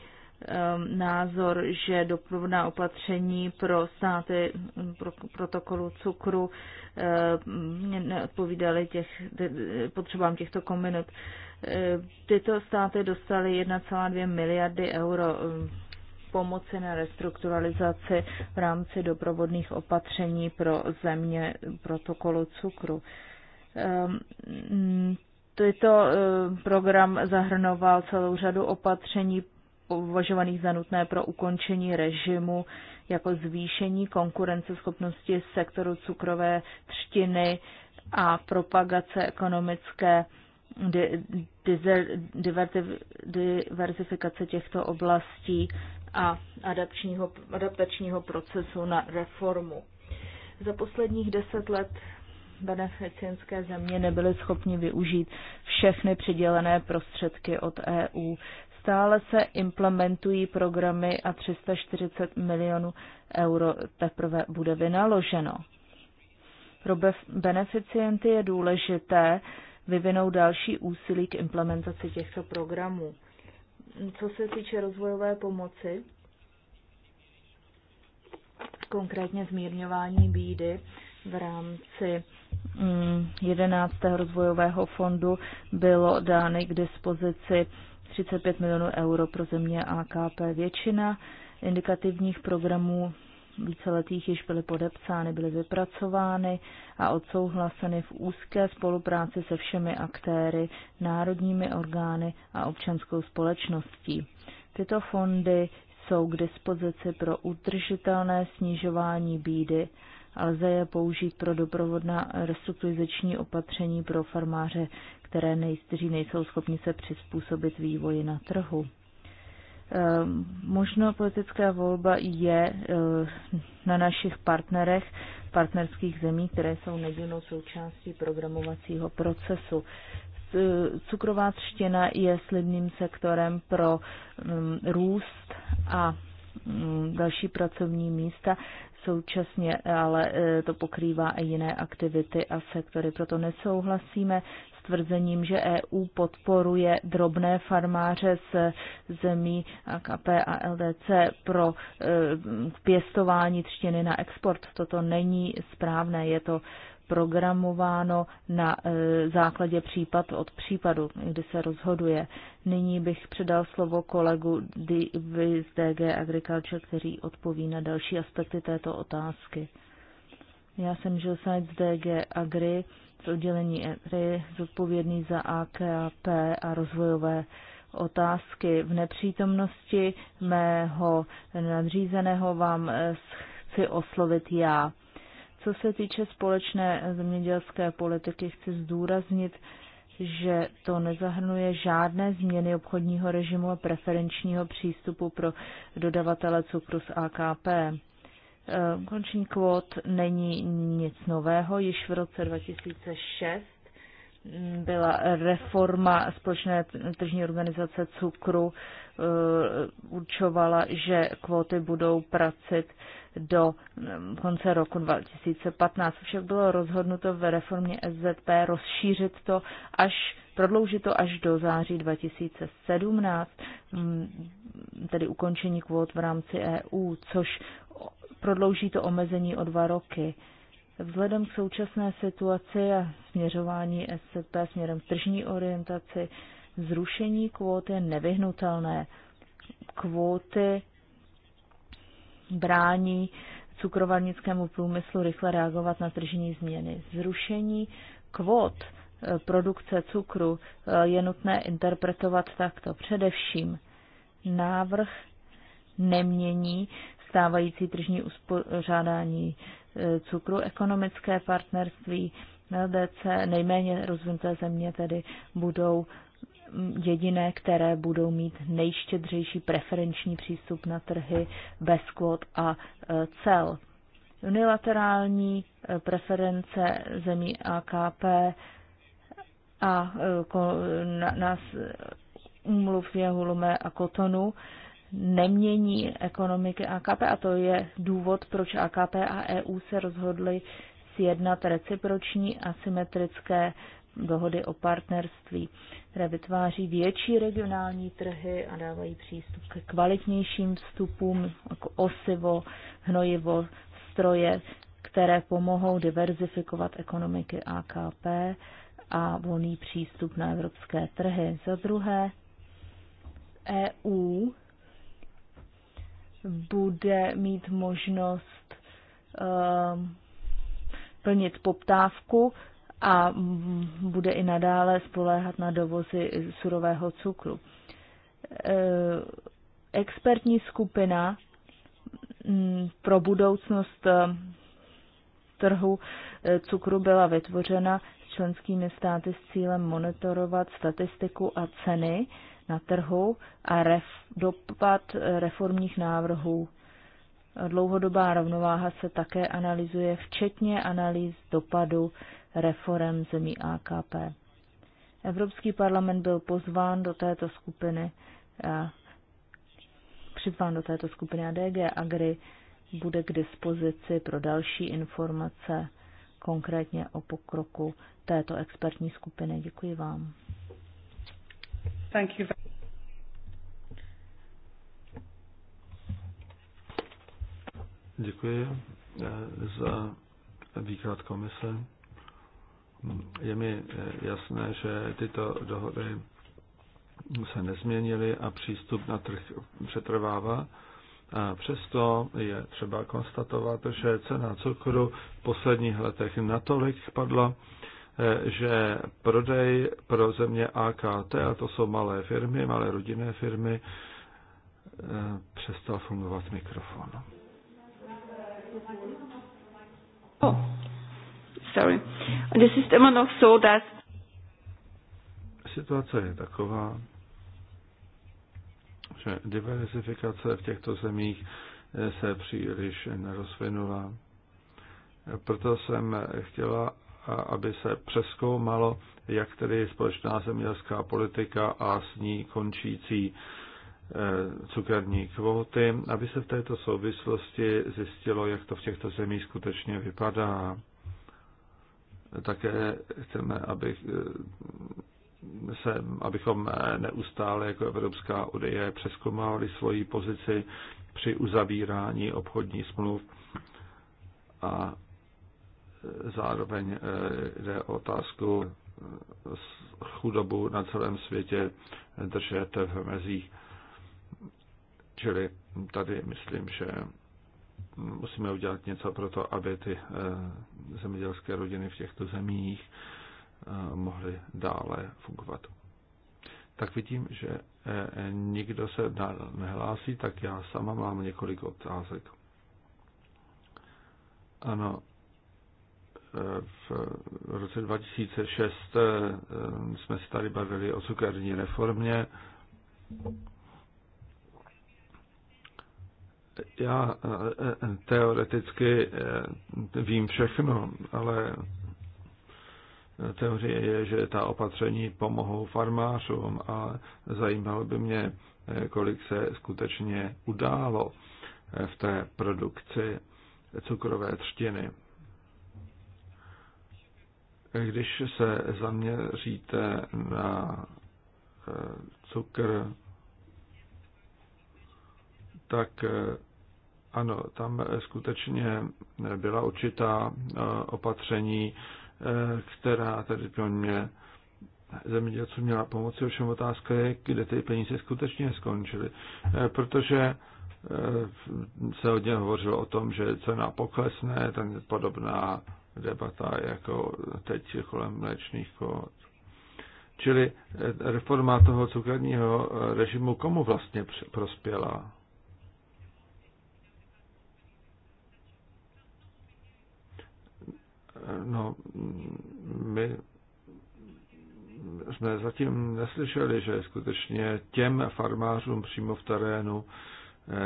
eh, názor, že doprovodná opatření pro státy mm, pro protokolu cukru eh, mm, neodpovídaly těch, potřebám těchto kombinut. Tyto státy dostaly 1,2 miliardy euro pomoci na restrukturalizaci v rámci doprovodných opatření pro země protokolu cukru mm, Tyto eh, program zahrnoval celou řadu opatření považovaných za nutné pro ukončení režimu jako zvýšení konkurenceschopnosti sektoru cukrové třtiny a propagace ekonomické diversifikace těchto oblastí a adaptačního, adaptačního procesu na reformu. Za posledních deset let beneficinské země nebyly schopni využít všechny přidělené prostředky od EU. Stále se implementují programy a 340 milionů euro teprve bude vynaloženo. Pro beneficienty je důležité vyvinout další úsilí k implementaci těchto programů. Co se týče rozvojové pomoci, konkrétně zmírňování bídy v rámci 11. rozvojového fondu bylo dány k dispozici 35 milionů euro pro země AKP. Většina indikativních programů víceletých již byly podepsány, byly vypracovány a odsouhlaseny v úzké spolupráci se všemi aktéry, národními orgány a občanskou společností. Tyto fondy jsou k dispozici pro udržitelné snižování bídy a lze je použít pro doprovodná restrukturizační opatření pro farmáře, které nej, kteří nejsou schopni se přizpůsobit vývoji na trhu. Eh, Možná politická volba je eh, na našich partnerech, partnerských zemí, které jsou nedílnou součástí programovacího procesu. Cukrová třština je slibným sektorem pro mm, růst a mm, další pracovní místa. Současně ale e, to pokrývá i jiné aktivity a sektory. Proto nesouhlasíme s tvrzením, že EU podporuje drobné farmáře z zemí AKP a LDC pro e, pěstování třtiny na export. Toto není správné, je to programováno na e, základě případ od případu, kdy se rozhoduje. Nyní bych předal slovo kolegu z DG Agriculture, který odpoví na další aspekty této otázky. Já jsem Jill Sides DG Agri z oddělení ETRI, zodpovědný za AKP a rozvojové otázky. V nepřítomnosti mého nadřízeného vám e, chci oslovit já. Co se týče společné zemědělské politiky, chci zdůraznit, že to nezahrnuje žádné změny obchodního režimu a preferenčního přístupu pro dodavatele cukru z AKP. E, Konční kvót není nic nového. Již v roce 2006 byla reforma společné tržní organizace cukru, e, určovala, že kvóty budou pracit do mm, konce roku 2015. Však bylo rozhodnuto ve reformě SZP rozšířit to až prodloužit to až do září 2017, mm, tedy ukončení kvót v rámci EU, což prodlouží to omezení o dva roky. Vzhledem k současné situaci a směřování SCP směrem k tržní orientaci, zrušení kvót je nevyhnutelné. Kvóty brání cukrovarnickému průmyslu rychle reagovat na tržní změny. Zrušení kvot e, produkce cukru e, je nutné interpretovat takto. Především návrh nemění stávající tržní uspořádání e, cukru, ekonomické partnerství, LDC, nejméně rozvinuté země tedy budou jediné, které budou mít nejštědřejší preferenční přístup na trhy bez kvot a e, cel. Unilaterální e, preference zemí AKP a e, nás úmluv Jehulume a Kotonu nemění ekonomiky AKP a to je důvod, proč AKP a EU se rozhodly sjednat reciproční asymetrické dohody o partnerství, které vytváří větší regionální trhy a dávají přístup ke kvalitnějším vstupům, jako osivo, hnojivo, stroje, které pomohou diverzifikovat ekonomiky AKP a volný přístup na evropské trhy. Za druhé, EU bude mít možnost um, plnit poptávku a bude i nadále spoléhat na dovozy surového cukru. E, expertní skupina pro budoucnost e, trhu e, cukru byla vytvořena s členskými státy s cílem monitorovat statistiku a ceny na trhu a ref, dopad reformních návrhů. Dlouhodobá rovnováha se také analyzuje, včetně analýz dopadu reform zemí AKP. Evropský parlament byl pozván do této skupiny, přizván do této skupiny a DG Agri bude k dispozici pro další informace konkrétně o pokroku této expertní skupiny. Děkuji vám. Thank you. Děkuji eh, za výklad komise. Je mi eh, jasné, že tyto dohody se nezměnily a přístup na trh přetrvává. A přesto je třeba konstatovat, že cena cukru v posledních letech natolik padla, eh, že prodej pro země AKT, a to jsou malé firmy, malé rodinné firmy, eh, přestal fungovat mikrofon sorry. Und es ist immer noch so, dass Situace je taková, že diversifikace v těchto zemích eh, se příliš nerozvinula. Proto jsem chtěla, aby se přeskoumalo, jak tedy společná zemědělská politika a s ní končící eh, cukerní kvóty, aby se v této souvislosti zjistilo, jak to v těchto zemích skutečně vypadá. Také chceme, aby eh, se, abychom neustále jako Evropská unie přeskomávali svoji pozici při uzavírání obchodních smluv a eh, zároveň eh, jde o otázku chudobu na celém světě držet v mezích. Čili tady myslím, že musíme udělat něco pro to, aby ty eh, zemědělské rodiny v těchto zemích eh, mohly dále fungovat. Tak vidím, že eh, nikdo se nehlásí, tak já sama mám několik otázek. Ano, v roce 2006 jsme se tady bavili o cukerní reformě já eh, eh, teoreticky eh, vím všechno, ale teorie je, že ta opatření pomohou farmářům a zajímalo by mě, kolik se skutečně událo v té produkci cukrové třtiny. Když se zaměříte na cukr, tak ano, tam eh, skutečně eh, byla určitá eh, opatření, která tedy pro mě zemědělcům měla pomoci, ovšem otázka je, kde ty peníze skutečně skončily. Protože se hodně hovořilo o tom, že cena poklesne, tam je podobná debata jako teď kolem mléčných kód, Čili reforma toho cukerního režimu komu vlastně prospěla? No, my jsme zatím neslyšeli, že skutečně těm farmářům přímo v terénu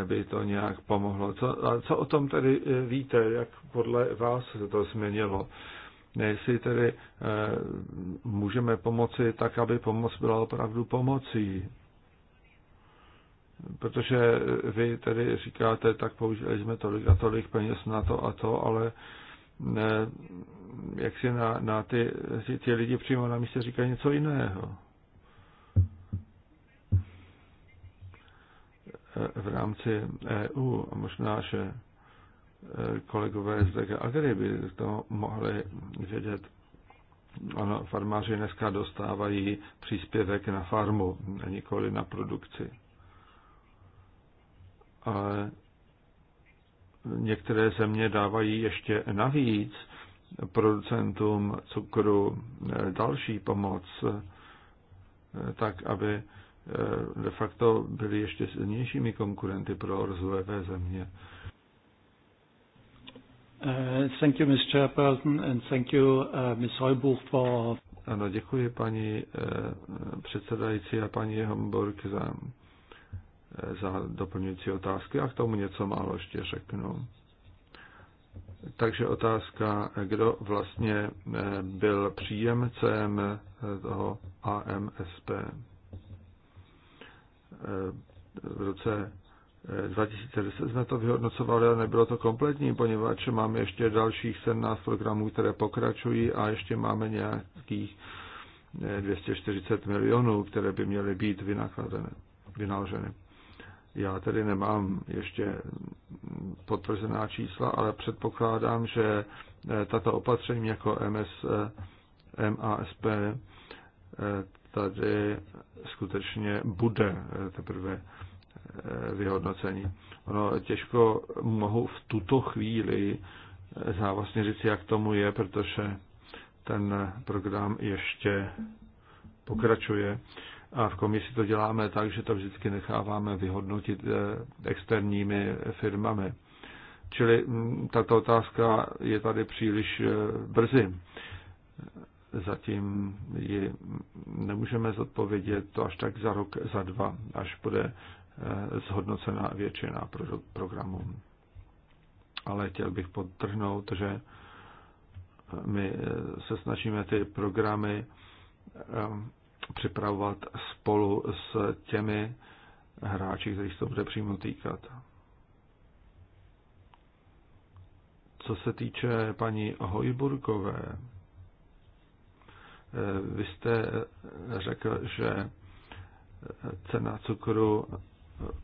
eh, by to nějak pomohlo. Co, a co o tom tedy eh, víte, jak podle vás se to změnilo? Jestli tedy eh, můžeme pomoci tak, aby pomoc byla opravdu pomocí. Protože vy tedy říkáte, tak použili jsme tolik a tolik peněz na to a to, ale jak si na, na ty, ty, ty lidi přímo na místě říkají něco jiného. V rámci EU a možná, že e, kolegové z DG Agri by to mohli vědět. Ano, farmáři dneska dostávají příspěvek na farmu, nikoli na produkci. Ale některé země dávají ještě navíc producentům cukru eh, další pomoc, eh, tak aby eh, de facto byly ještě silnějšími konkurenty pro rozvojové země. Uh, thank you, Ms. Chairperson, and thank you, uh, Ms. Heubuch, for... Ano, děkuji paní uh, předsedající a paní Homburg za Eh, za doplňující otázky a k tomu něco málo ještě řeknu. Takže otázka, kdo vlastně eh, byl příjemcem eh, toho AMSP. V roce 2010 jsme to vyhodnocovali, ale nebylo to kompletní, poněvadž máme ještě dalších 17 programů, které pokračují a ještě máme nějakých 240 milionů, které by měly být vynaloženy. Já tedy nemám ještě potvrzená čísla, ale předpokládám, že eh, tato opatření jako MS, eh, MASP eh, tady skutečně bude teprve vyhodnocení. Ono těžko mohu v tuto chvíli závazně říct, jak tomu je, protože ten program ještě pokračuje. A v komisi to děláme tak, že to vždycky necháváme vyhodnotit eh, externími firmami. Čili mm, tato otázka je tady příliš eh, brzy. Zatím ji nemůžeme zodpovědět to až tak za rok, za dva, až bude eh, zhodnocena většina programů. Ale chtěl bych podtrhnout, že my se snažíme ty programy připravovat spolu s těmi hráči, kterých se to bude přímo týkat. Co se týče paní Hojburkové, eh, vy jste řekl, že cena cukru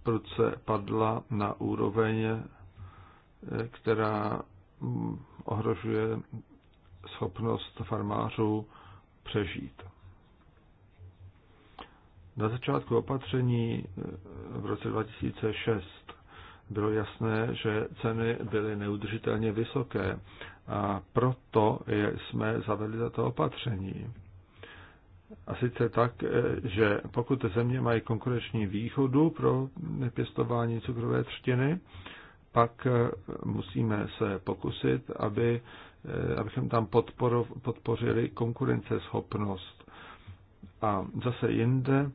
prudce padla na úroveň, eh, která mm, ohrožuje schopnost farmářů přežít. Na začátku opatření eh, v roce 2006 bylo jasné, že ceny byly neudržitelně vysoké a proto jsme zavedli tato opatření. A sice tak, eh, že pokud země mají konkurenční výhodu pro pěstování cukrové třtiny, pak eh, musíme se pokusit, aby, abychom tam podporu, podpořili konkurenceschopnost. A zase jinde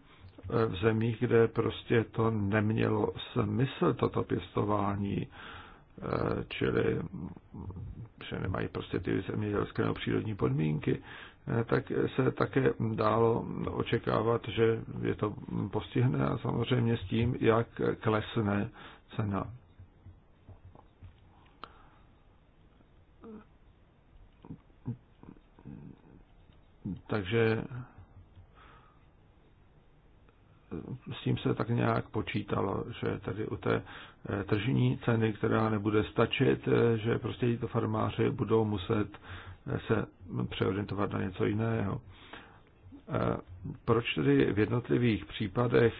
E, v zemích, kde prostě to nemělo smysl, toto pěstování, e, čili že nemají prostě ty zemědělské nebo přírodní podmínky, e, tak se také dálo očekávat, že je to postihne a samozřejmě s tím, jak klesne cena. Takže s tím se tak nějak počítalo, že tady u té eh, tržní ceny, která nebude stačit, eh, že prostě tyto farmáři budou muset eh, se přeorientovat na něco jiného. Proč tedy v jednotlivých případech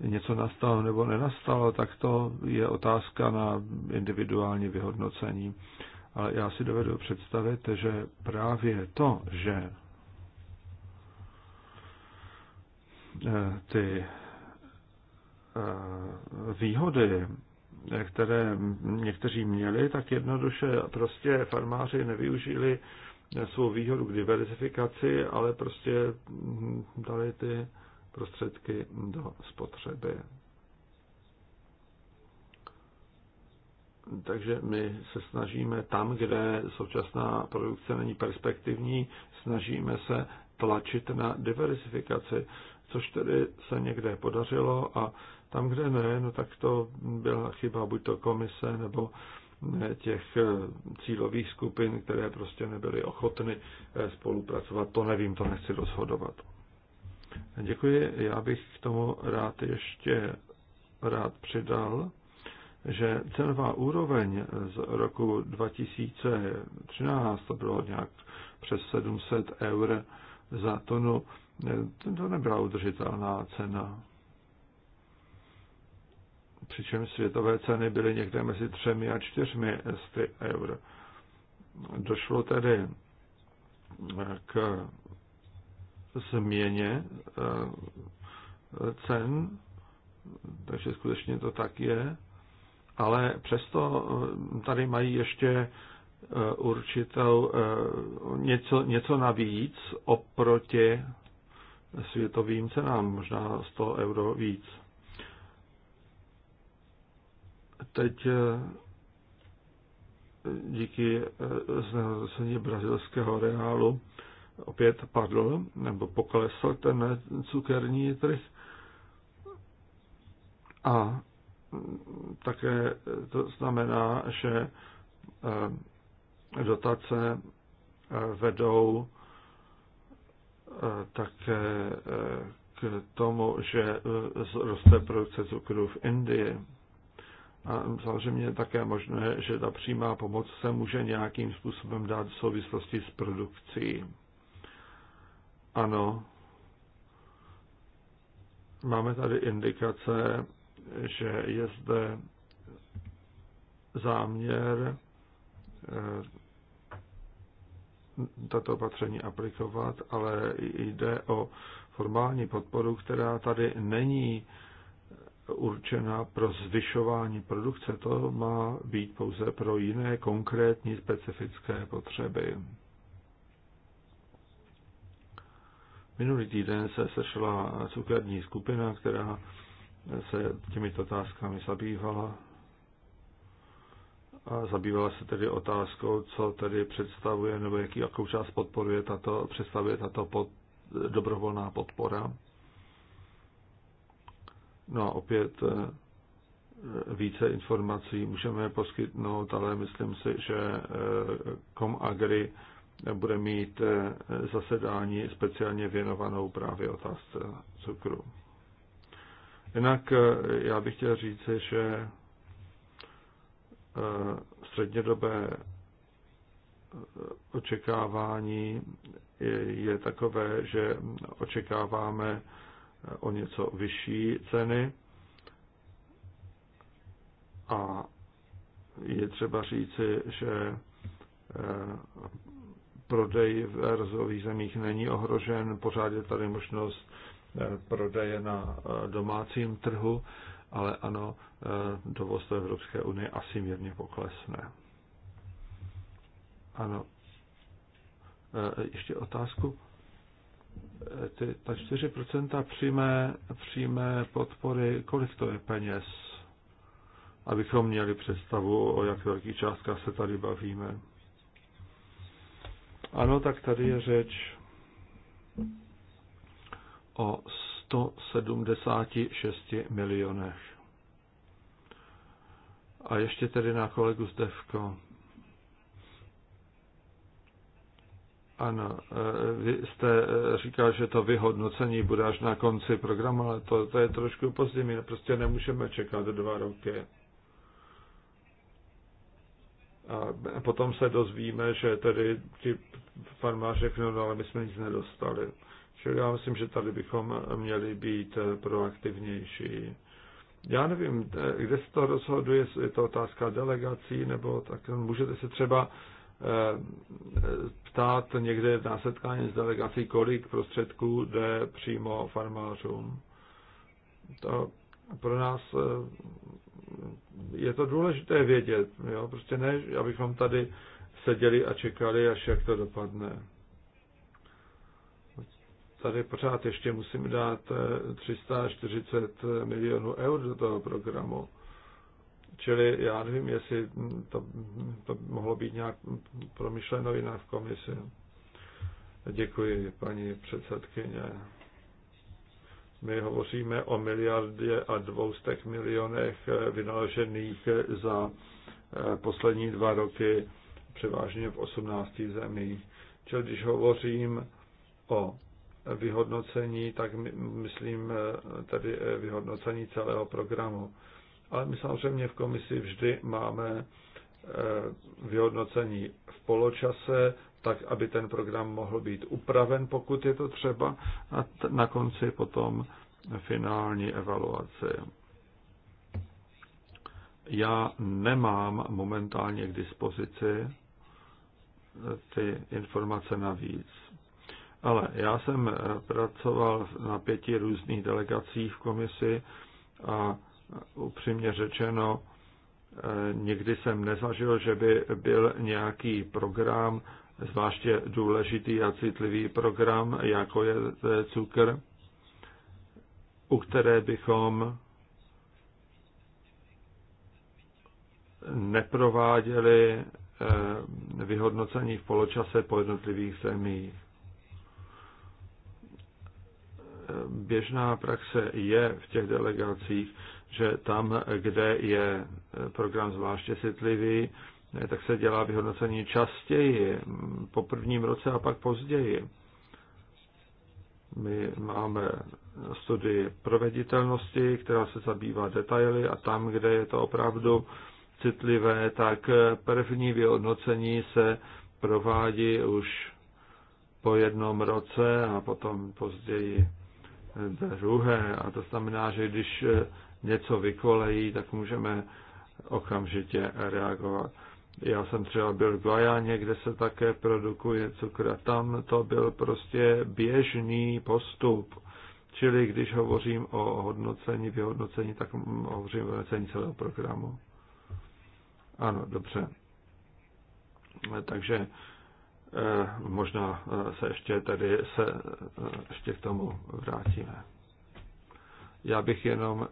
něco nastalo nebo nenastalo, tak to je otázka na individuální vyhodnocení. Ale já si dovedu představit, že právě to, že Eh, ty eh, výhody, které někteří měli, tak jednoduše prostě farmáři nevyužili svou výhodu k diverzifikaci, ale prostě dali ty prostředky do spotřeby. Takže my se snažíme tam, kde současná produkce není perspektivní, snažíme se tlačit na diversifikaci což tedy se někde podařilo a tam, kde ne, no tak to byla chyba buď to komise nebo eh, těch eh, cílových skupin, které prostě nebyly ochotny eh, spolupracovat. To nevím, to nechci rozhodovat. Děkuji. Já bych k tomu rád ještě rád přidal, že cenová úroveň z roku 2013, to bylo nějak přes 700 eur za tonu, to nebyla udržitelná cena. Přičemž světové ceny byly někde mezi třemi a čtyřmi sty eur. Došlo tedy eh, k změně eh, cen, takže skutečně to tak je, ale přesto eh, tady mají ještě určitou něco, něco navíc oproti světovým cenám, možná 100 euro víc. Teď eh, díky eh, znehodnocení brazilského reálu opět padl nebo poklesl ten cukerní trh a mm, také to znamená, že eh, dotace vedou také eh, k tomu, že eh, roste produkce cukru v Indii. A samozřejmě také možné, že ta přímá pomoc se může nějakým způsobem dát v souvislosti s produkcí. Ano, máme tady indikace, že je zde záměr eh, tato opatření aplikovat, ale jde o formální podporu, která tady není určena pro zvyšování produkce. To má být pouze pro jiné konkrétní specifické potřeby. Minulý týden se sešla cukerní skupina, která se těmito otázkami zabývala zabývala se tedy otázkou, co tedy představuje nebo jaký, jakou část podporuje tato, představuje tato pod, dobrovolná podpora. No a opět eh, více informací můžeme poskytnout, ale myslím si, že eh, ComAgri bude mít eh, zasedání speciálně věnovanou právě otázce cukru. Jinak já bych chtěl říct, že Eh, střednědobé eh, očekávání je takové, že očekáváme eh, o něco vyšší ceny a je třeba říci, že prodej v rozvojových zemích není ohrožen, pořád je tady možnost prodeje na domácím trhu ale ano, eh, dovoz do Evropské unie asi mírně poklesne. Ano. Eh, ještě otázku. Eh, ty, ta 4% přímé, přímé podpory, kolik to je peněz? Abychom měli představu, o jak velký částka se tady bavíme. Ano, tak tady je řeč o 176 milionech. A ještě tedy na kolegu Zdevko. Ano, eh, vy jste eh, říkal, že to vyhodnocení bude až na konci programu, ale to, to je trošku pozdě. My prostě nemůžeme čekat dva roky. A potom se dozvíme, že tedy ti farmáři řeknou, no ale my jsme nic nedostali. Čili já myslím, že tady bychom měli být proaktivnější. Já nevím, kde se to rozhoduje, je to otázka delegací, nebo tak můžete se třeba eh, ptát někde na setkání s delegací, kolik prostředků jde přímo farmářům. To pro nás eh, je to důležité vědět, jo? prostě ne, abychom tady seděli a čekali, až jak to dopadne. Tady pořád ještě musím dát 340 eh, milionů eur do toho programu. Čili já nevím, jestli to, to mohlo být nějak promyšleno jinak v komisi. Děkuji, paní předsedkyně. My hovoříme o miliardě a dvoustech milionech eh, vynaložených eh, za poslední dva roky, převážně v 18 zemích. Čili když hovořím o vyhodnocení, tak myslím tedy eh, vyhodnocení celého programu. Ale my samozřejmě v komisi vždy máme eh, vyhodnocení v poločase, tak aby ten program mohl být upraven, pokud je to třeba, a na konci potom finální evaluace. Já nemám momentálně k dispozici eh, ty informace navíc. Ale já jsem eh, pracoval na pěti různých delegacích v komisi a eh, upřímně řečeno, eh, nikdy jsem nezažil, že by byl nějaký program, zvláště důležitý a citlivý program, jako je cukr, u které bychom neprováděli vyhodnocení v poločase po jednotlivých zemích běžná praxe je v těch delegacích, že tam, kde je program zvláště citlivý, tak se dělá vyhodnocení častěji, po prvním roce a pak později. My máme studii proveditelnosti, která se zabývá detaily a tam, kde je to opravdu citlivé, tak první vyhodnocení se provádí už po jednom roce a potom později druhé. A to znamená, že když eh, něco vykolejí, tak můžeme okamžitě reagovat. Já jsem třeba byl v Guajáně, kde se také produkuje cukr a tam to byl prostě běžný postup. Čili když hovořím o hodnocení, vyhodnocení, tak hovořím o hodnocení celého programu. Ano, dobře. Takže Eh, možná eh, se ještě tady se eh, ještě k tomu vrátíme. Já bych jenom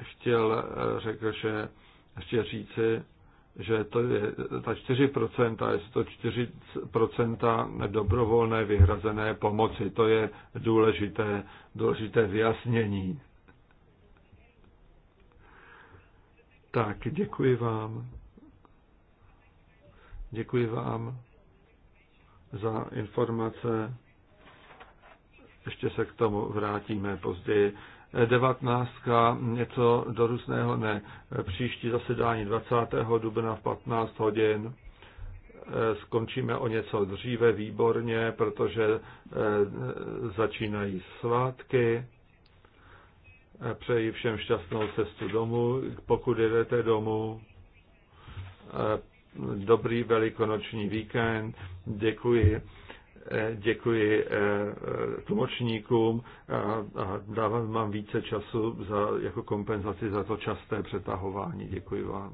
chtěl řekl, že ještě říci, že to je ta 4%, jestli to 4% dobrovolné vyhrazené pomoci, to je důležité, důležité vyjasnění. Tak, děkuji vám. Děkuji vám za informace. Ještě se k tomu vrátíme později. 19. něco do různého ne. Příští zasedání 20. dubna v 15 hodin. Eh, skončíme o něco dříve, výborně, protože eh, začínají svátky. Eh, přeji všem šťastnou cestu domů. Pokud jdete domů, dobrý velikonoční víkend, děkuji, eh, děkuji eh, tlumočníkům a dávám vám více času za, jako kompenzaci za to časté přetahování. Děkuji vám.